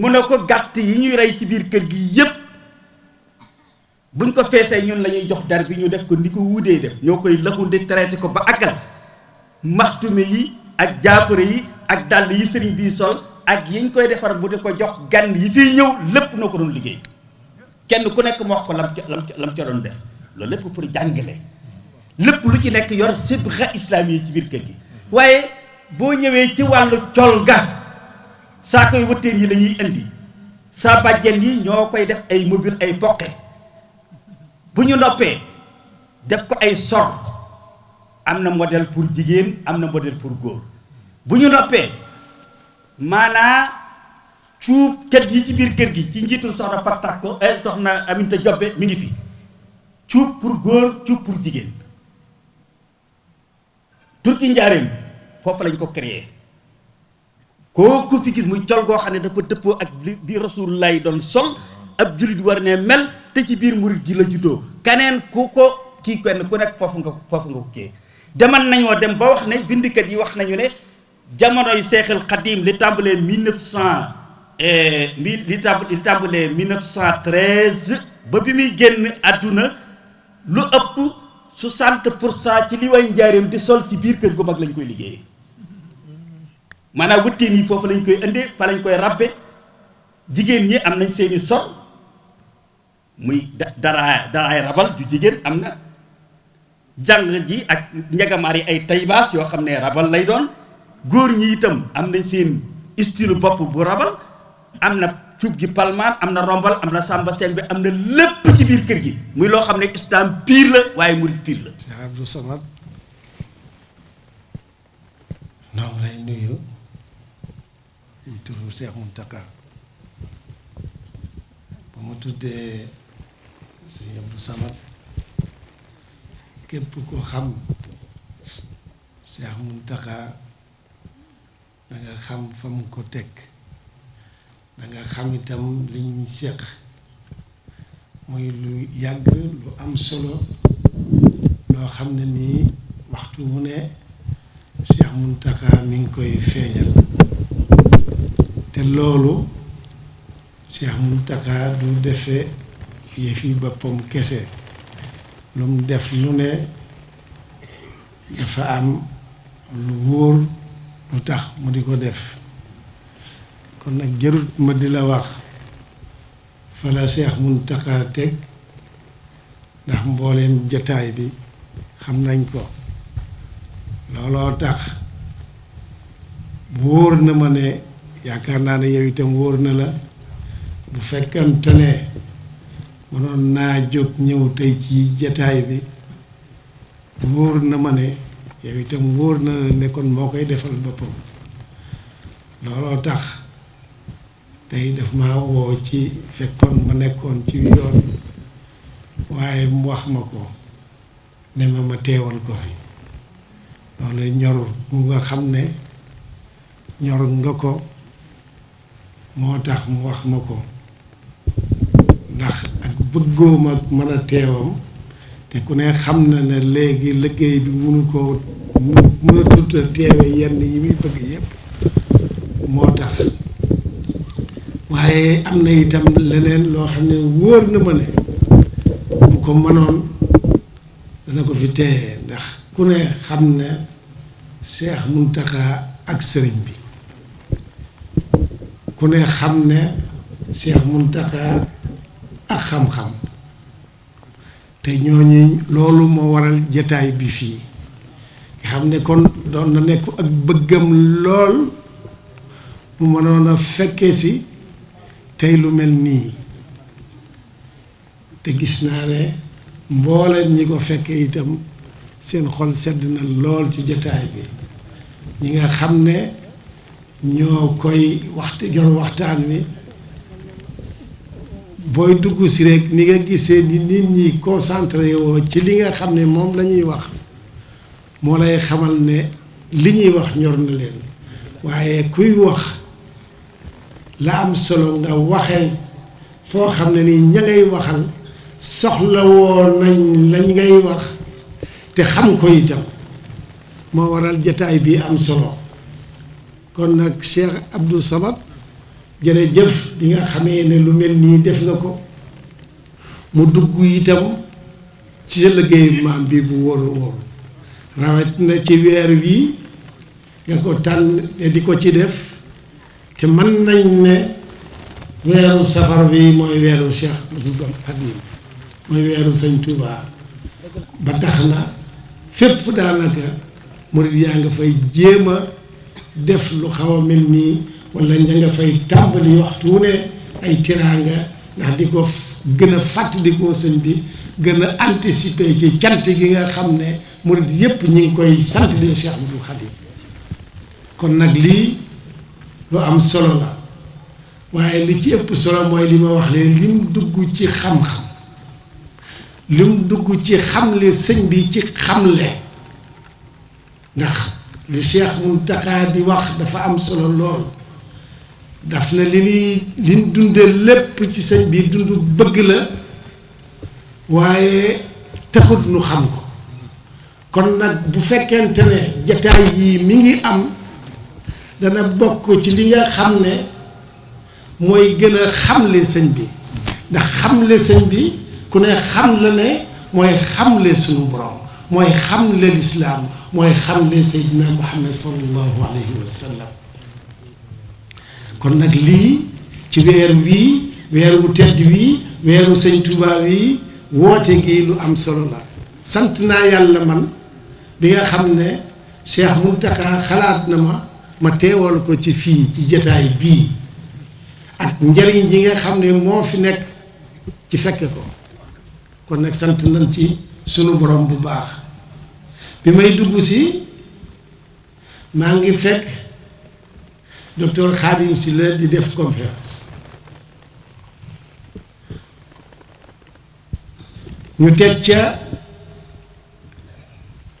mu ne ko gàtt yi ñuy rey ci biir kër gi yépp buñ ko feesee ñun lañuy jox dar bi ñu def ko ni ko wuudee def ñoo koy lëxundi traité ko ba akal maxtume yi ak jaafare yi ak dàll yi sëriñ bii sol ak yiñ koy defar bu di ko jox gan yi fiy ñëw lépp noo ko doon liggéey kenn ku nekk mu wax ko lam lam lam ca doon def loolu lépp pour jàngale lépp lu ci nekk yor sibra islaam yi ci biir kër gi waaye boo ñëwee ci wàllu col ga saa koy wëttéen yi lañuy indi saa bàjjen yi ñoo koy def ay mobile ay poqe bu ñu noppee def ko ay sor am na modèle pour jigéen am na modèle pour góor bu ñu noppee maanaa cuub ket yi ci biir kër gi ci njiitul soxna Patak ko ay eh, soxna Aminta Jobbe mi ngi fi cuub pour góor cuub pour jigéen turki njaareem foofu lañ ko créé kooku fi gis muy col goo xam ne dafa dëppoo ak li bi rasulullah yi doon sol ab jullit war ne mel te ci biir murit gi la juddoo keneen ku ko kii kenn ku nekk foofu nga foofu nga ko kii demal nañoo dem ba wax ne bindikat yi wax nañu ne jamonoy seexal xadim li tàmbalee mille neuf cent eh, mi li tàmb li tàmbalee mille neuf cent treize ba bi muy génn àdduna lu ëpp soixante pour cent ci li way njaareem di sol ci biir kër gu mag lañ koy liggéey maanaam wëttéen yi foofu lañ koy inde fa lañ koy rabbe jigéen ñi am nañ seeni sor muy daraay daraay rabal du jigéen am na jàng ji ak njagamaar yi ay taybaas yoo xam ne rabal lay doon góor ñi itam am nañ seen style bopp bu rabal am na cuub gi palmaan am na rombal am na sàmba seen bi am na lépp ci biir kër gi muy loo xam ne islam piir la waaye murid piir la Abdou turu Seex Muntaka ba ma tuddee Sëriñ Abdu képp ko xam Seex Muntaka danga xam fa mu ko teg danga xam itam li ñu séq muy lu yàgg lu am solo loo xam ne nii waxtu wu ne Seex mun mi ngi koy feeñal te loolu Cheikh Mountakha du defee yëf yi boppam kese lu mu def lu ne dafa am lu wóor lu tax mu di ko def kon nag jarut ma di la wax fala Cheikh Mountakha teg ndax mbooleem jataay bi xam nañ ko looloo tax wóor na ma ne yaakaar naa ne yow itam wóor na la bu fekkante ne mënoon naa jóg ñëw tey ci jataay bi wóor na ma ne yow itam wóor na la ne moo koy defal boppam looloo tax tey daf ma woo ci fekkoon ma nekkoon ci yoon waaye mu wax ma ko ne na ma teewal ko fi loolu ñor bu nga xam ne ñor nga ko moo tax mu wax ma ko ndax ak bëggoom ak mën a teewam te ku ne xam na ne léegi liggéey bi munu ko mën a tuta teewe yenn yi muy bëgg yépp moo tax waaye am na itam leneen loo xam ne wóor na ma ne bu ko mënoon dana ko fi teye ndax ku ne xam ne mun Mountakha ak sëriñ bi ku ne xam ne Cheikh Mountakha ak xam-xam te ñooñu loolu moo waral jataay bi fii nga xam ne kon doon na nekku ak bëggam lool mu mënoon a fekke si tey lu mel nii te gis naa ne mbooleen ñi ko fekke itam seen xol sedd na lool ci jataay bi ñi nga xam ne ñoo koy waxt yor waxtaan wi booy dugg si rek ni nga gisee ni nit ñi concentré woo ci li nga xam ne moom la ñuy wax moo lay xamal ne li ñuy wax ñor na leen waaye kuy wax la am solo nga waxee foo xam ne ni ña ngay waxal soxla woo nañ lañ ngay wax te xam ko itam moo waral jataay bii am solo kon nag Cheikh Abdou Samad jërëjëf bi nga xamee ne lu mel nii def nga ko mu dugg itam ci sa liggéey maam bi bu wóoru wóoru rawat na ci weer wii nga ko tànn di ko ci def te mën nañ ne weeru safar bi mooy weeru Cheikh Abdou Khadim mooy weeru Sëñ Tuubaa ba tax na fépp daanaka murid yaa nga fay jéema def lu xaw a mel nii wala ña nga fay tàmbali waxtu wu ne ay tiraanga ndax di ko gën a fàttalikoo sëñ bi gën a anticiper ci cant gi nga xam ne murid yëpp ñu ngi koy sant leen Cheikh Ahmadou Khadim kon nag lii lu am solo la waaye li ci ëpp solo mooy li ma wax leen lim dugg ci xam-xam lim dugg ci xamle sëñ bi ci xamle ndax li Cheikh Mountakha di wax dafa am solo lool daf na li ñuy li ñu dundee lépp ci sëñ bi dund bëgg la waaye taxut nu xam ko kon nag bu fekkente ne jataay yii mi ngi am dana bokk ci li nga xam ne mooy gën a xamle sëñ bi ndax xamle sëñ bi ku ne xam la ne mooy xamle suñu borom mooy xam le lislaam mooy xam le seydina muhammad sallallahu alayhi wa sallam kon nag lii ci weer wii weer wu tedd wii weeru sëñ Tuubaa wii woote gi lu am solo la sant naa yàlla man bi nga xam ne Cheikh Mountakha xalaat na ma ma teewal ko ci fii ci jataay bii ak njëriñ yi nga xam ne moo fi nekk ci fekke ko kon nag sant nañ ci sunu borom bu baax bi may dugg si maa ngi fekk docteur Khadim Sylla di def conférence ñu teg ca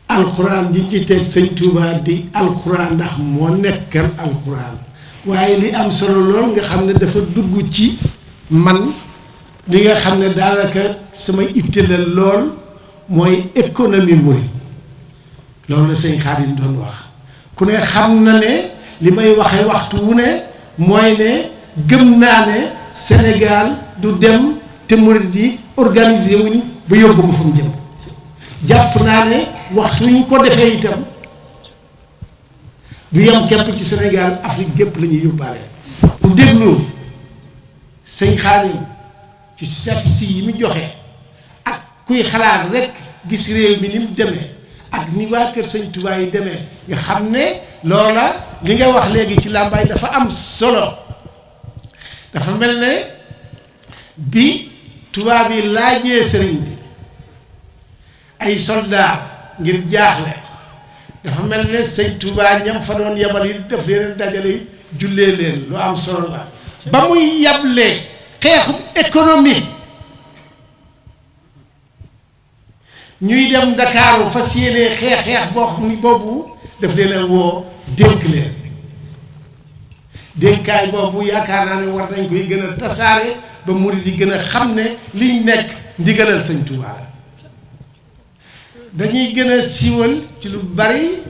alxuraan di ci teg sëñ Touba di alxuraan ndax moo nekkal alxuraan waaye li am solo lool nga xam ne dafa dugg ci man li nga xam ne daanaka sama itte la lool mooy économie murit loolu la sëñ Xaadim doon wax ku ne xam na ne li may waxe waxtu wu ne mooy ne gëm naa ne Sénégal du dem te murit yi organiser wuñ ba yóbbu ko fa mu jàpp naa ne waxtu wuñ ko defee itam du yem képp ci Sénégal Afrique gépp la ñuy yóbbaale bu déglu sëñ Xaadim ci statistiques yi mu joxe. kuy xalaat rek gis réew mi ni mu demee ak ni waa Kër Sëñ Tuubaa yi demee nga xam ne loola li nga wax léegi ci làmbaay dafa am solo dafa mel ne bi tubaab yi laajee sëriñ bi ay soldat ngir jaaxle dafa mel ne sëñ Tuubaa ñam fa doon yabal yi def leen dajale jullee leen lu am solo la ba muy yable xeexu économique ñuy dem Ndakaaru fas yéenee xeex xeex boo xam ni boobu def leen woo dénk leen dénkaay boobu yaakaar naa ne war nañ koy gën a tasaare ba murid yi gën a xam ne liñ nekk ndigalal Sëñ Tuubaa la dañuy gën a siiwal ci lu bari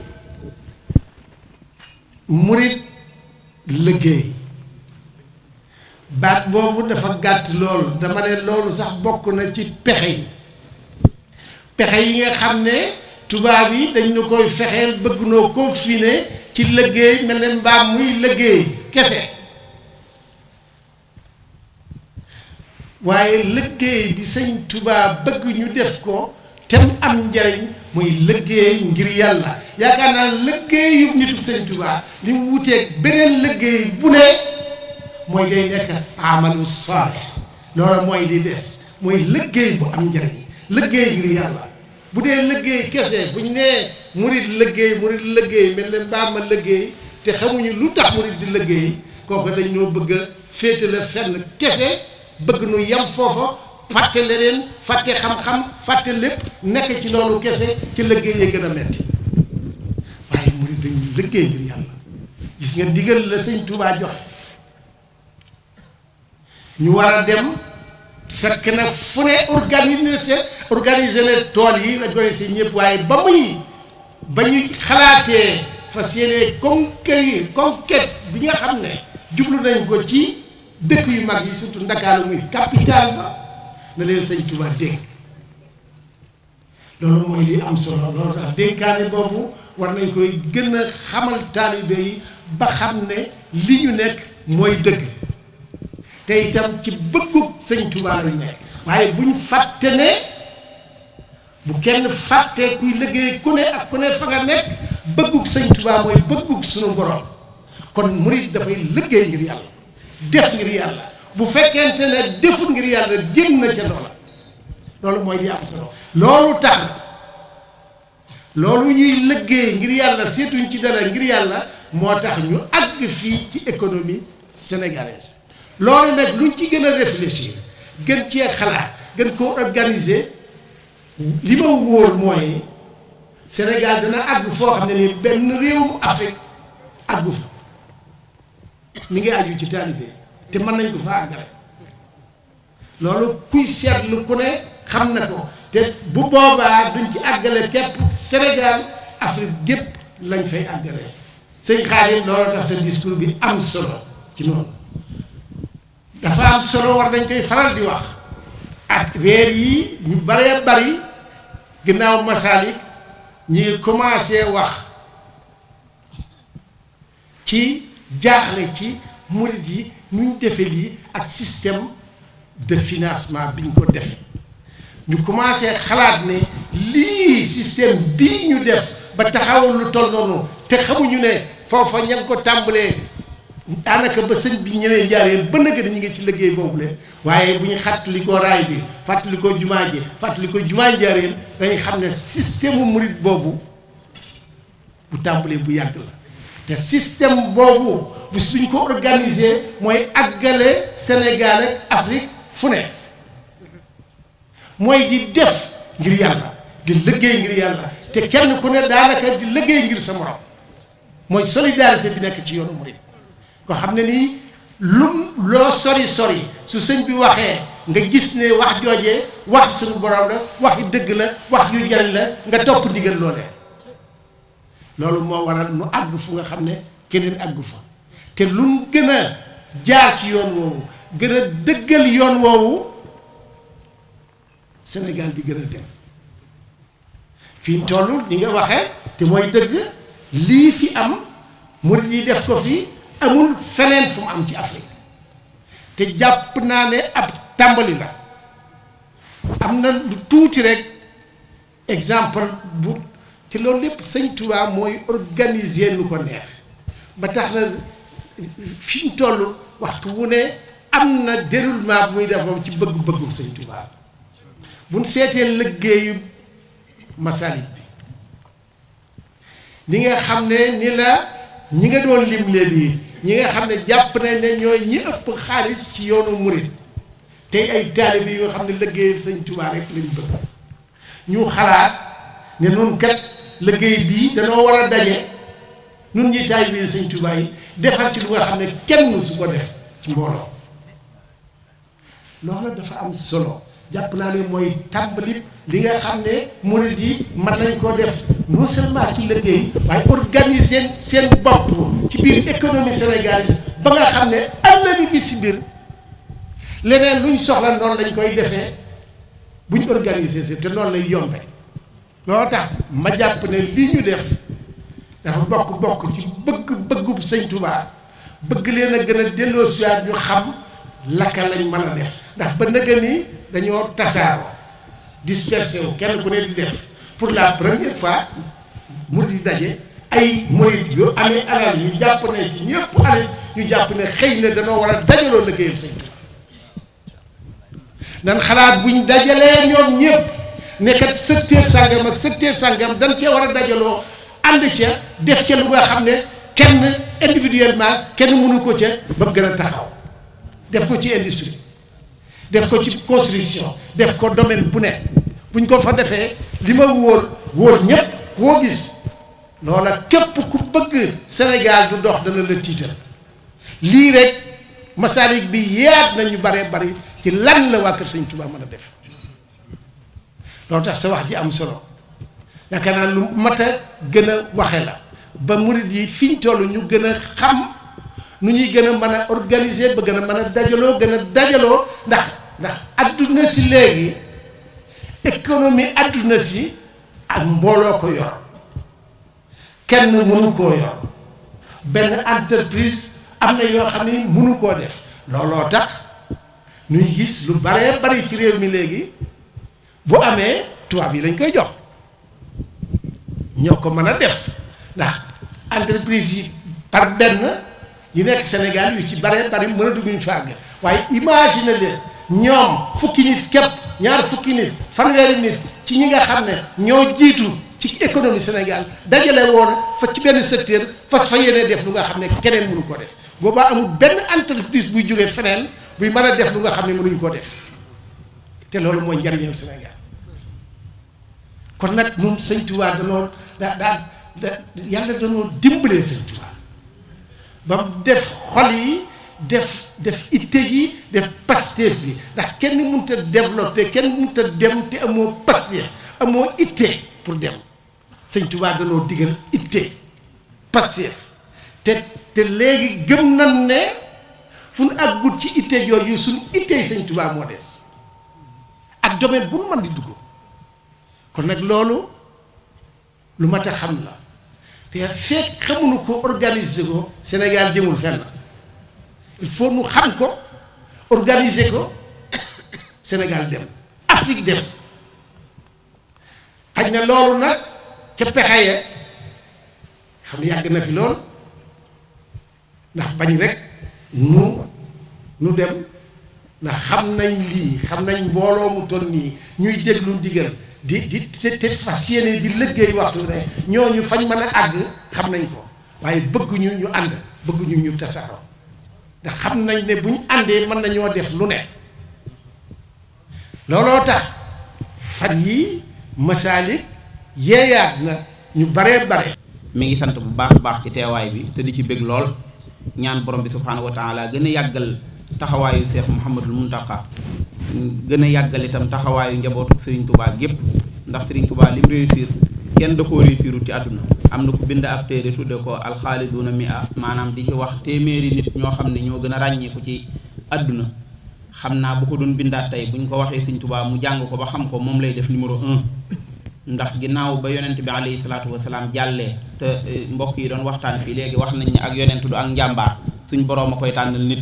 murid liggéey baat boobu dafa gàtt loolu dama ne loolu sax bokk na ci pexe yi pexe yi nga xam ne tubaab yi dañ na koy fexeel bëggunoo noo ci liggéey mel mbaam muy liggéey kese waaye liggéey bi sëñ tubaab bëgg ñu def ko te mu am njariñ muy liggéey ngir yàlla yaakaar naa liggéey yu nitu tubaab li mu wuteeg beneen liggéey bu ne mooy day nekk amalu saalih loolu mooy li des mooy liggéey bu am njariñ liggéey ngir yàlla bu dee liggéey kese bu ñu nee murit liggéey murit liggéey mel ne mbaam ma liggéey te xamuñu lu tax murit di liggéey kooku dañ ñoo bëgg a féetale fenn kese bëgg nu yem foofa fàtte leneen fàtte xam-xam fàtte lépp nekk ci loolu kese ci liggéey yee gën a metti waaye murit dañuy liggéey ngir yàlla gis nga ndigal la sëñ Tuubaa joxe ñu war a dem fekk na fu ne organisé organisé na tool yi organisé ñëpp waaye ba muy ba ñu xalaatee fas yéene conquérir conquête bi nga xam ne jublu nañ ko ci dëkk yu mag yi surtout Ndakaaru muy capital ba na leen sëñ Tuba dénk loolu mooy li am solo loolu tax dénkaane boobu war nañ koy gën a xamal taalibe yi ba xam ne li ñu nekk mooy dëgg te itam ci bëggu sëñ Tuubaa lañ nekk waaye buñ fàtte ne bu kenn fàtte kuy liggéey ku ne ak ku ne fa nga nekk bëggug sëñ Tuubaa mooy bëggug suñu borom kon murid dafay liggéey ngir yàlla def ngir yàlla bu fekkente ne defut ngir yàlla génn ca loola loolu mooy di am solo loolu tax loolu ñuy liggéey ngir yàlla seetuñ ci dara ngir yàlla moo tax ñu àgg fii ci économie sénégalaise loolu nag luñ ci gën a réfléchir gën cee xalaat gën ko organiser li ma wóor mooy Sénégal dana àgg foo xam ne ni benn réewum Afrique àggu fa mi ngi aju ci taalibe te mën nañ ko fa àggale loolu kuy seetlu ku ne xam na ko te bu boobaa duñ ci àggale képp Sénégal Afrique gépp lañ fay àggale sëñ Xaadim loolu tax sa discours bi am solo ci noonu dafa am solo war dañ koy faral di wax ak weer yi ñu baree bari ginnaaw masaalik ñi ngi commencé wax ci jaaxle ci murit yi nu ñu defe lii ak système de financement bi ñu ko defe ñu commencé xalaat ne lii système bii ñu def ba taxawal lu toll noonu te xamuñu ne foofa ña ko tàmbalee daanaka ba sëñ bi ñëwee njaaree ba a ñu ngi ci liggéey boobu le waaye bu ñu fàttali ko raay bi fàttali ko jumaa ji fàttali ko jumaa njaaree dañuy xam ne système mu murit boobu bu tàmbalee bu yàgg la te système boobu bis bu ko organisé mooy àggale Sénégal ak Afrique fu ne mooy di def ngir yàlla di liggéey ngir yàlla te kenn ku ne daanaka di liggéey ngir sa morom mooy solidarité bi nekk ci yoonu murit ko xam ne nii lum loo sori sori su sëñ bi waxee nga gis ne wax joojee wax suñu borom la wax yu dëgg la wax yu jariñ la nga topp ndigal loolee loolu moo waral nu àgg fu nga xam ne keneen àggu fa te lu gën a jaar ci yoon woowu gën a dëggal yoon woowu Sénégal di gën a dem fi mu li nga waxee te mooy dëgg lii fi am murid yi def ko fi amul feneen fu am ci Afrique te jàpp naa ne ab tàmbali la am na lu tuuti rek exemple bu te loolu lépp sëñ Tuubaa mooy organiser lu ko neex ba tax na fi ñu toll waxtu wu ne am na déroulement bu muy defam ci bëgg-bëggu sëñ Tuubaa bu ñu seetee liggéeyu masalit bi ni nga xam ne ni la ñi nga doon lim léegi ñi nga xam ne jàpp nañ ne ñooy ñi ëpp xaalis ci yoonu murit tey ay taalibe yi nga xam ne liggéey sëñ Tuubaa rek lañ bëgg ñu xalaat ne nun kat liggéey bii danoo war a daje nun ñi taalibe yi sëñ Tuubaa yi defar ci lu nga xam ne kenn su ko def ci mbooloo loola dafa am solo jàpp naa ne mooy tàmbali li nga xam ne murid yi mën nañ koo def non seulement ci liggéey waaye organiser seen bopp ci biir économie sénégalaise ba nga xam ne ëllëg gi si biir leneen luñ soxla noonu lañ koy defee buñ organiser si te noonu lay yombe loolu tax ma jàpp ne li ñu def dafa bokk bokk ci bëgg bëggub sëñ Tuubaa bëgg leen a gën a delloosiwaat ñu xam lakka lañ man a def ndax ba nëgga nii dañoo tasaaroo dispersé wu kenn ku ne di def pour la première fois mu di daje ay murid yu amee alal yu jàpp ne ci ñëpp alal ñu jàpp ne xëy na danoo war a dajaloo liggéeyal sëñ bi nan xalaat buñ dajalee ñoom ñëpp nekkat secteur sàngam ak secteur sàngam dañ cee war a dajaloo ànd ca def ca lu nga xam ne kenn individuellement kenn mënu ko ca ba mu gën a taxaw def ko ci industrie def ko ci construction def ko domaine bu ne buñ ko fa defee li ma wóor wóor ñépp koo gis loola képp ku bëgg Sénégal du dox dana la tiital lii rek Masalik bi yaat nañu bare bari ci lan la waa Kër Sëñ Touba mën a def loolu tax sa wax ji am solo yaakaar lu mat a gën a waxe la ba murid yi fiñ toll ñu gën a xam nu ñuy gën a mën a organiser ba gën a mën a dajaloo gën a dajaloo ndax ndax adduna si léegi économie adduna si ak mbooloo ko yor kenn mënu koo yor benn entreprise am na yoo xam ne mënu koo def looloo tax ñuy gis lu bare bari ci réew mi léegi bu amee tubaab yi lañ koy jox ñoo ko mën a def ndax entreprise yi par benn yi nekk Sénégal yu ci bare bari mën a dugg ñu fa àgg waaye na leen ñoom fukki nit képp ñaar fukki nit fanweeri nit ci ñi nga xam ne ñoo jiitu ci économie Sénégal dajale woon fa ci benn secteur fas fa yéene def lu nga xam ne keneen mënu koo def boobaa amul benn entreprise buy jógee feneen buy mën a def lu nga xam ne mënuñu koo def te loolu mooy njariñal Sénégal kon nag ñun Sëñ Tuubaa danoo daa da yàlla danoo dimbalee Sëñ Tuubaa ba mu def xol yi def def itte yi def pasteef bi ndax kenn mun a développé kenn mënut a dem te amoo pasteef amoo itte pour dem sëñ Tuubaa danoo digal itte pasteef te te léegi gëm nañ ne fu ñu àggut ci itte jooju suñ ittey sëñ Tuubaa moo des ak domaine bu mu mën di dugg kon nag loolu lu mat a xam la te fekk xamuñu ko organiser ko Sénégal jëmul fenn il faut nu xam ko organiser ko Sénégal dem Afrique dem xaj na loolu nag ca pexe ya xam ne yàgg na fi lool ndax bañ rek nu nu dem ndax xam nañ lii xam nañ mbooloo mu toll nii ñuy déglu ndigal di di te fas yéene di liggéey waxtu ne ñooñu fañ mën a àgg xam nañ ko waaye bëgguñu ñu ànd bëgguñu ñu tasaaroo ndax xam nañ ne buñ àndee mën nañoo def lu ne looloo tax fan yi masaalik yeeyaat na ñu baree bare mu ngi sant bu baax baax ci teewaay bi te di ci bëgg lool ñaan borom bi subhaanahu wa taala gën a yàggal taxawaayu Cheikh Mouhamadul Mountakha gën a yàggal itam taxawaayu njabootu Serigne Touba gépp ndax Serigne Touba lim réussir kenn da koo réussirul ci àdduna am na ku bind ab téere tudde ko alxaaliduuna mi a maanaam di ci wax téeméeri nit ñoo xam ne ñoo gën a ràññeeku ci àdduna xam naa bu ko doon bindaat tey buñ ko waxee Serigne Touba mu jàng ko ba xam ko moom lay def numéro un ndax ginnaaw ba yonent bi alayhi salaatu wasalaam jàllee te eh, mbokk yi doon waxtaan fii léegi wax nañ ne ak yonent du ak njàmbaar suñ boroom a koy tànnal nit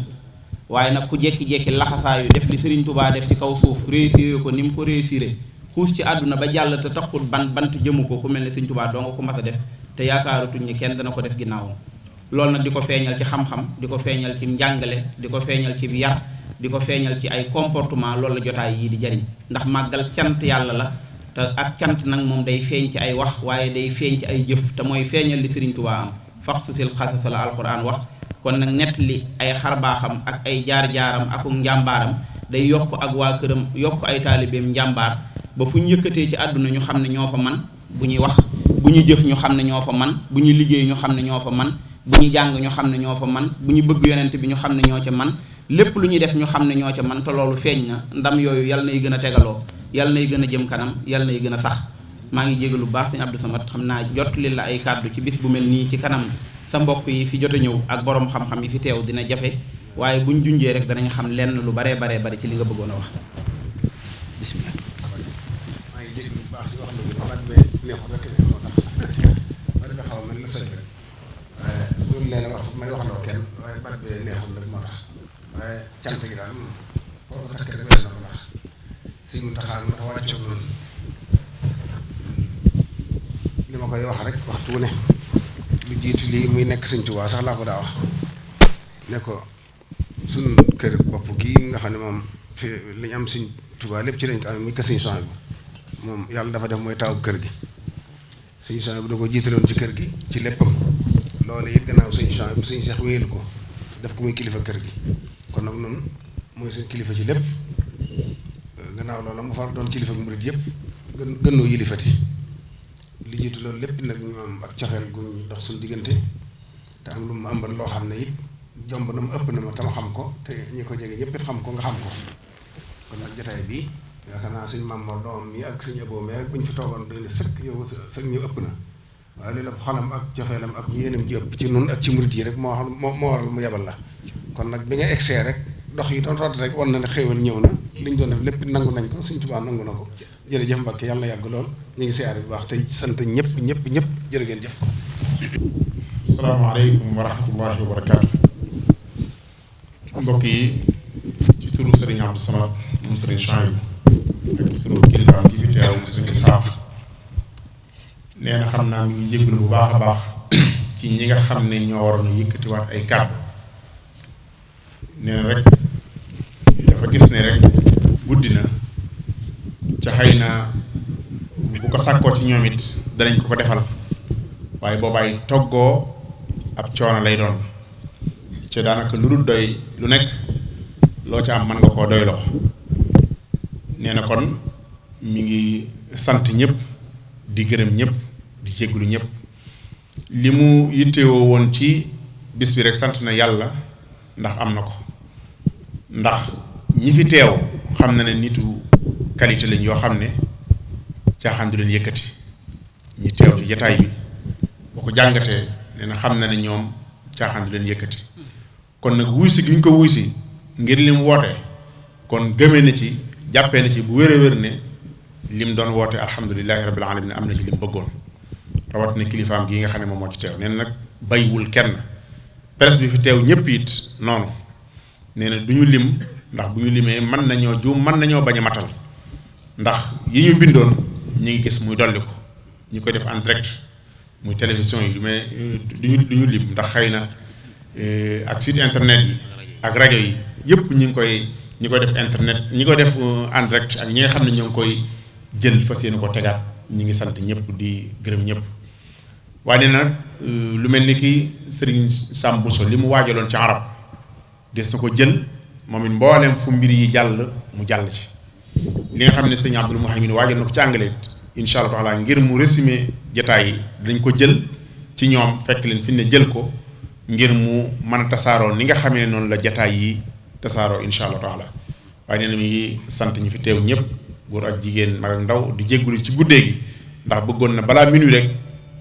waaye nag ku jekki-jekki laxasaayu def li Serigne Touba def ci kaw suuf réussir ko ni mu ko réussiré xuus ci àdduna ba jàll te taxul ban bant jëmu ko ku mel ne Serigne tubaa doo nga ko mas a def te yaakaaratuñ ni kenn dana ko def ginnaaw loolu nag di ko feeñal ci xam-xam di ko feeñal ci njàngale di ko feeñal ci bi yar di ko feeñal ci ay comportement loolu la jotaay yii di jariñ ndax màggal cant yàlla la te ak cant nag moom day feeñ ci ay wax waaye day feeñ ci ay jëf te mooy feeñal li Serigne Touba am faxsusil xasasa la alquran wax kon nag nettali ay xarbaaxam ak ay jaar-jaaram aku njàmbaaram day yokk ak waa këram yokk ay taalibeem njàmbaar ba fu ñu yëkkatee ci àdduna ñu xam ne ñoo fa man bu ñuy wax bu ñu jëf ñu xam ne ñoo fa man bu ñu liggéey ñu xam ne ñoo fa man bu ñu jàng ñu xam ne ñoo fa man bu ñu bëgg yonent bi ñu xam ne ñoo ca man lépp lu ñuy def ñu xam ne ñoo ca man te loolu feeñ na ndam yooyu yal nay gën a tegaloo yal nay gën a jëm kanam yal nay gën a sax maa ngi jégalu lu baax sëñ Abdou Samad xam naa jot li la ay kàddu ci bis bu mel nii ci kanam sa mbokk yi fi jot a ñëw ak boroom xam-xam yi fi teew dina jafe waaye buñ junjee rek danañ xam lenn lu baree baree bari ci li nga bëggoon a wax bisimilah. leen wax may wax loo kenn waaye baat bi neexul rek moo tax waaye gi daal foofu takk rek wér na ko ndax hmm. li ma koy wax rek waxtu ne lu jiitu lii muy nekk sëñ Tuubaa sax laa ko daa wax ne ko suñ kër bopp gii nga xam ne moom fi li am sëñ Tuubaa lépp ci lañ ko amee muy kër sëñ Sohaybu bi moom yàlla dafa def mooy taawu kër gi sëñ Sohaybu bi da ko jiitaloon ci kër gi ci léppam loolu it gannaaw sëñ Sohaybu bi sëñ Seex wéyal ko def ko muy kilifa kër gi kon nag noonu mooy seen kilifa ci lépp gannaaw loolu mu far doon kilifa murid yëpp gën gënnoo yilifati li jiitu loolu lépp nag ñu am ak cofeel gu ñu dox suñu diggante te am lu mu àmbal loo xam ne it jomb na ma ëpp na ma tam xam ko te ñu ko jege ñëpp xam ko nga xam ko kon nag jotaay bi yaakaar naa suñ Mamour doom mi ak suñu ëppoo mais buñ fi toogoon doy na sëkk yow ñëw ëpp na waaye li la xolam ak cofeelam ak yéenam ci nun ak ci murit yi rek moo xam moo waral mu yebal la kon nag bi nga egsee rek dox yi doon root rek war na ne xéewal ñëw na liñ doon def lépp nangu nañ ko suñ Tuubaa nangu na ko jërëjëf Mbacke yàlla yàgg lool ñu ngi siyaare bu baax te sant ñëpp ñëpp ñëpp jërë ngeen jëf. asalaamaaleykum wa rahmatullahi wa barakaatu. mbokk yi ci turu Serigne Abdou Samad moom Serigne Saaf nee xam naa mi ngi jégalu bu baax baax ci ñi nga xam ne ñoo waroon a yëkkatiwaat ay kàddu nee na rek dafa gis ne rek guddi na. ca xëy na bu ko sàkkoo ci ñoom danañ ko ko defal waaye boobaay toggoo ab coono lay doon ca daanaka lu dul doy lu nekk loo ca am mën nga koo doyloo nee na kon mi ngi sant ñëpp di gërëm ñépp di jégalu ñëpp li mu yittewoo woon ci bis bi rek sant na yàlla ndax am na ko ndax ñi fi teew xam na ne nitu qualité lañ yoo xam ne caaxaan du leen yëkkati ñi teew ci jataay bi boo ko jàngatee nee xam na ne ñoom caaxam du leen yëkkati kon nag wuy si gi ñu ko wuy si ngir lim woote kon gëmee na ci jàppee na ci bu wér a wér ne lim doon woote alhamdulilahi rabbil alamin am na ci lim bëggoon rawat na kilifaam gi nga xam ne moom moo ci teew nee na nag baywul kenn presse bi fi teew ñëpp it noonu nee na du ñu lim ndax bu ñu limee mën nañoo juum mën nañoo bañ a matal ndax yi ñu bindoon ñu ngi gis muy dolli ko ñu koy def en direct muy télévision yi du may euh, duñu du ñu lim ndax xëy na euh, ak site internet yi ak rajo yi yëpp ñu ngi koy ñu koy def internet ñi ko def euh, en direct ak ñi nga xam ne ñoo ngi koy jël fas yéene ko tegaat ñu ngi sant ñëpp di gërëm ñëpp waaye nag lu mel ni ki Serigne Sam li mu waajaloon ci arab des na ko jël moom it mbooleem fu mbir yi jàll mu jàll ci li nga xam ne sëñ Abdul Muhamin waajal na ko ci àngale allah taala ngir mu résumé jataay yi dañ ko jël ci ñoom fekk leen fi ne jël ko ngir mu mën a tasaaroo ni nga xamee noonu la jataay yi tasaaroo incha allah taala waaye nee sant ñi fi teew ñëpp góor ak jigéen mag ndaw di jéggulu ci guddee ndax bëggoon na balaa minuit rek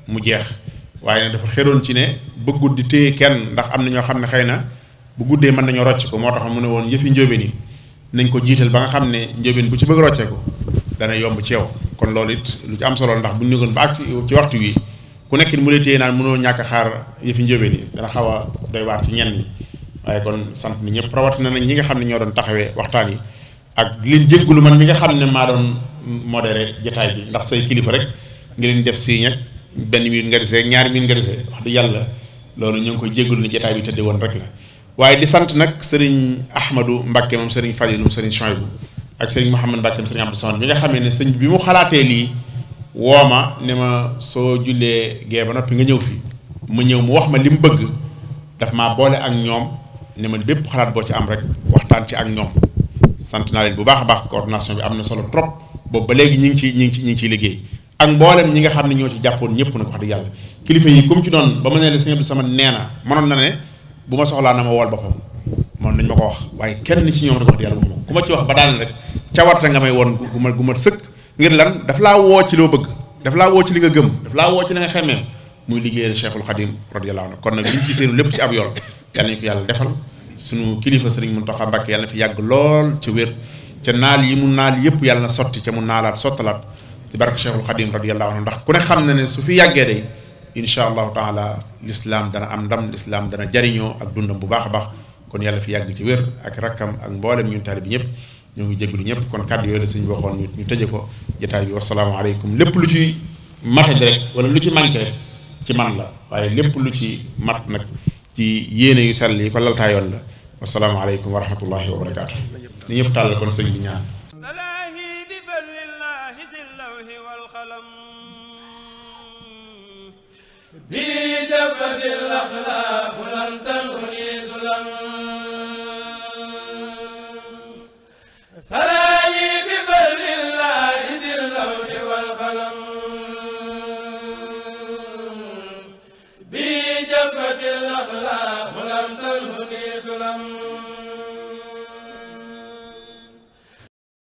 mu jeex waaye nag dafa xeroon ci ne bëggut di téye kenn ndax am na ñoo xam ne xëy na bu guddee mën nañoo rocc ko moo tax mu ne woon yëfi njóobe nii nañ ko jiital ba nga xam ne njëbin bu ci bëgg rocceeku dana yomb ci yow kon loolu it lu ci am solo ndax bu ñu ñëwoon ba agsi ci waxtu ku nekk mu lay téye naan mënoo ñàkk xaar yëfi njëbin yi dana xaw a doy ci ñenn ñi waaye kon sant ni ñëpp rawatina nag ñi nga xam ne ñoo doon taxawee waxtaan yi ak leen jéggulu man mi nga xam ne maa doon modéré jotaay bi ndax say kilifa rek ngi leen def si ñag benn minute nga dese ñaari minute nga dese wax du yàlla loolu ñu ngi koy lu ni jotaay bi tëdde woon rek la waaye di sant nag sëriñ Ahmadou Mbacke moom sëriñ Falilu moom sëriñ Chouaïbou ak sëriñ Mouhamad Mbacke moom sëriñ Abdou Samad bi nga xamee ne sëñ bi mu xalaatee lii woo ma ne ma soo jullee gee ba noppi nga ñëw fi mu ñëw mu wax ma li mu bëgg dafa maa boole ak ñoom ne ma bépp xalaat boo ci am rek waxtaan ci ak ñoom sant naa leen bu baax a baax coordination bi am na solo trop boobu ba léegi ñi ngi ci ñi ngi ci ñi ngi ciy liggéey ak mboolem ñi nga xam ne ñoo ci jàppoon ñëpp nag wax dëgg yàlla kilifa yi comme ci doon ba ma ne la sëñ Abdou Samad nee na mënoon na ne bu ma soxlaa na ma wool boppam moom nañ ma ko wax waaye kenn ci ñoom rek wax dëgg yàlla ku ma ci wax ba daal rek cawarte nga may woon gu ma gu ma sëkk ngir lan daf laa woo ci loo bëgg daf laa woo ci li nga gëm daf laa woo ci li nga xemmeem muy liggéeyal Cheikhul Khadim radiyallahu anhu kon nag liñ ci seenu lépp ci ab yool yàlla nañ yàlla defal suñu kilifa sëriñ Mountakha Mbacké yàlla na fi yàgg lool ca wér ca naal yi mu naal yëpp yàlla na sotti ca mu naalaat sottalaat ci barke Cheikhul Khadim radiyallahu anhu ndax ku ne xam na ne su fi yàggee day incha allahu taala l'islam dana am ndam l'islam dana jariñoo ak dundam bu baax a baax kon yàlla fi yàgg ci wér ak rakkam ak mboolem ñun taalibe bi ñëpp ñoo ngi jégalu ñëpp kon kàddu yooyu la sëñ waxoon ñu tëje ko jotaay bi wasalaamaaleykum lépp lu ci mataj rek wala lu ci manqué rek ci man la waaye lépp lu ci mat nag ci yéene yu sell yi ko laltaayoon la wasalaamaaleykum wa rahmatullahi wa barakaatu. ni ñëpp tàllal kon sëñ bi ñaar lam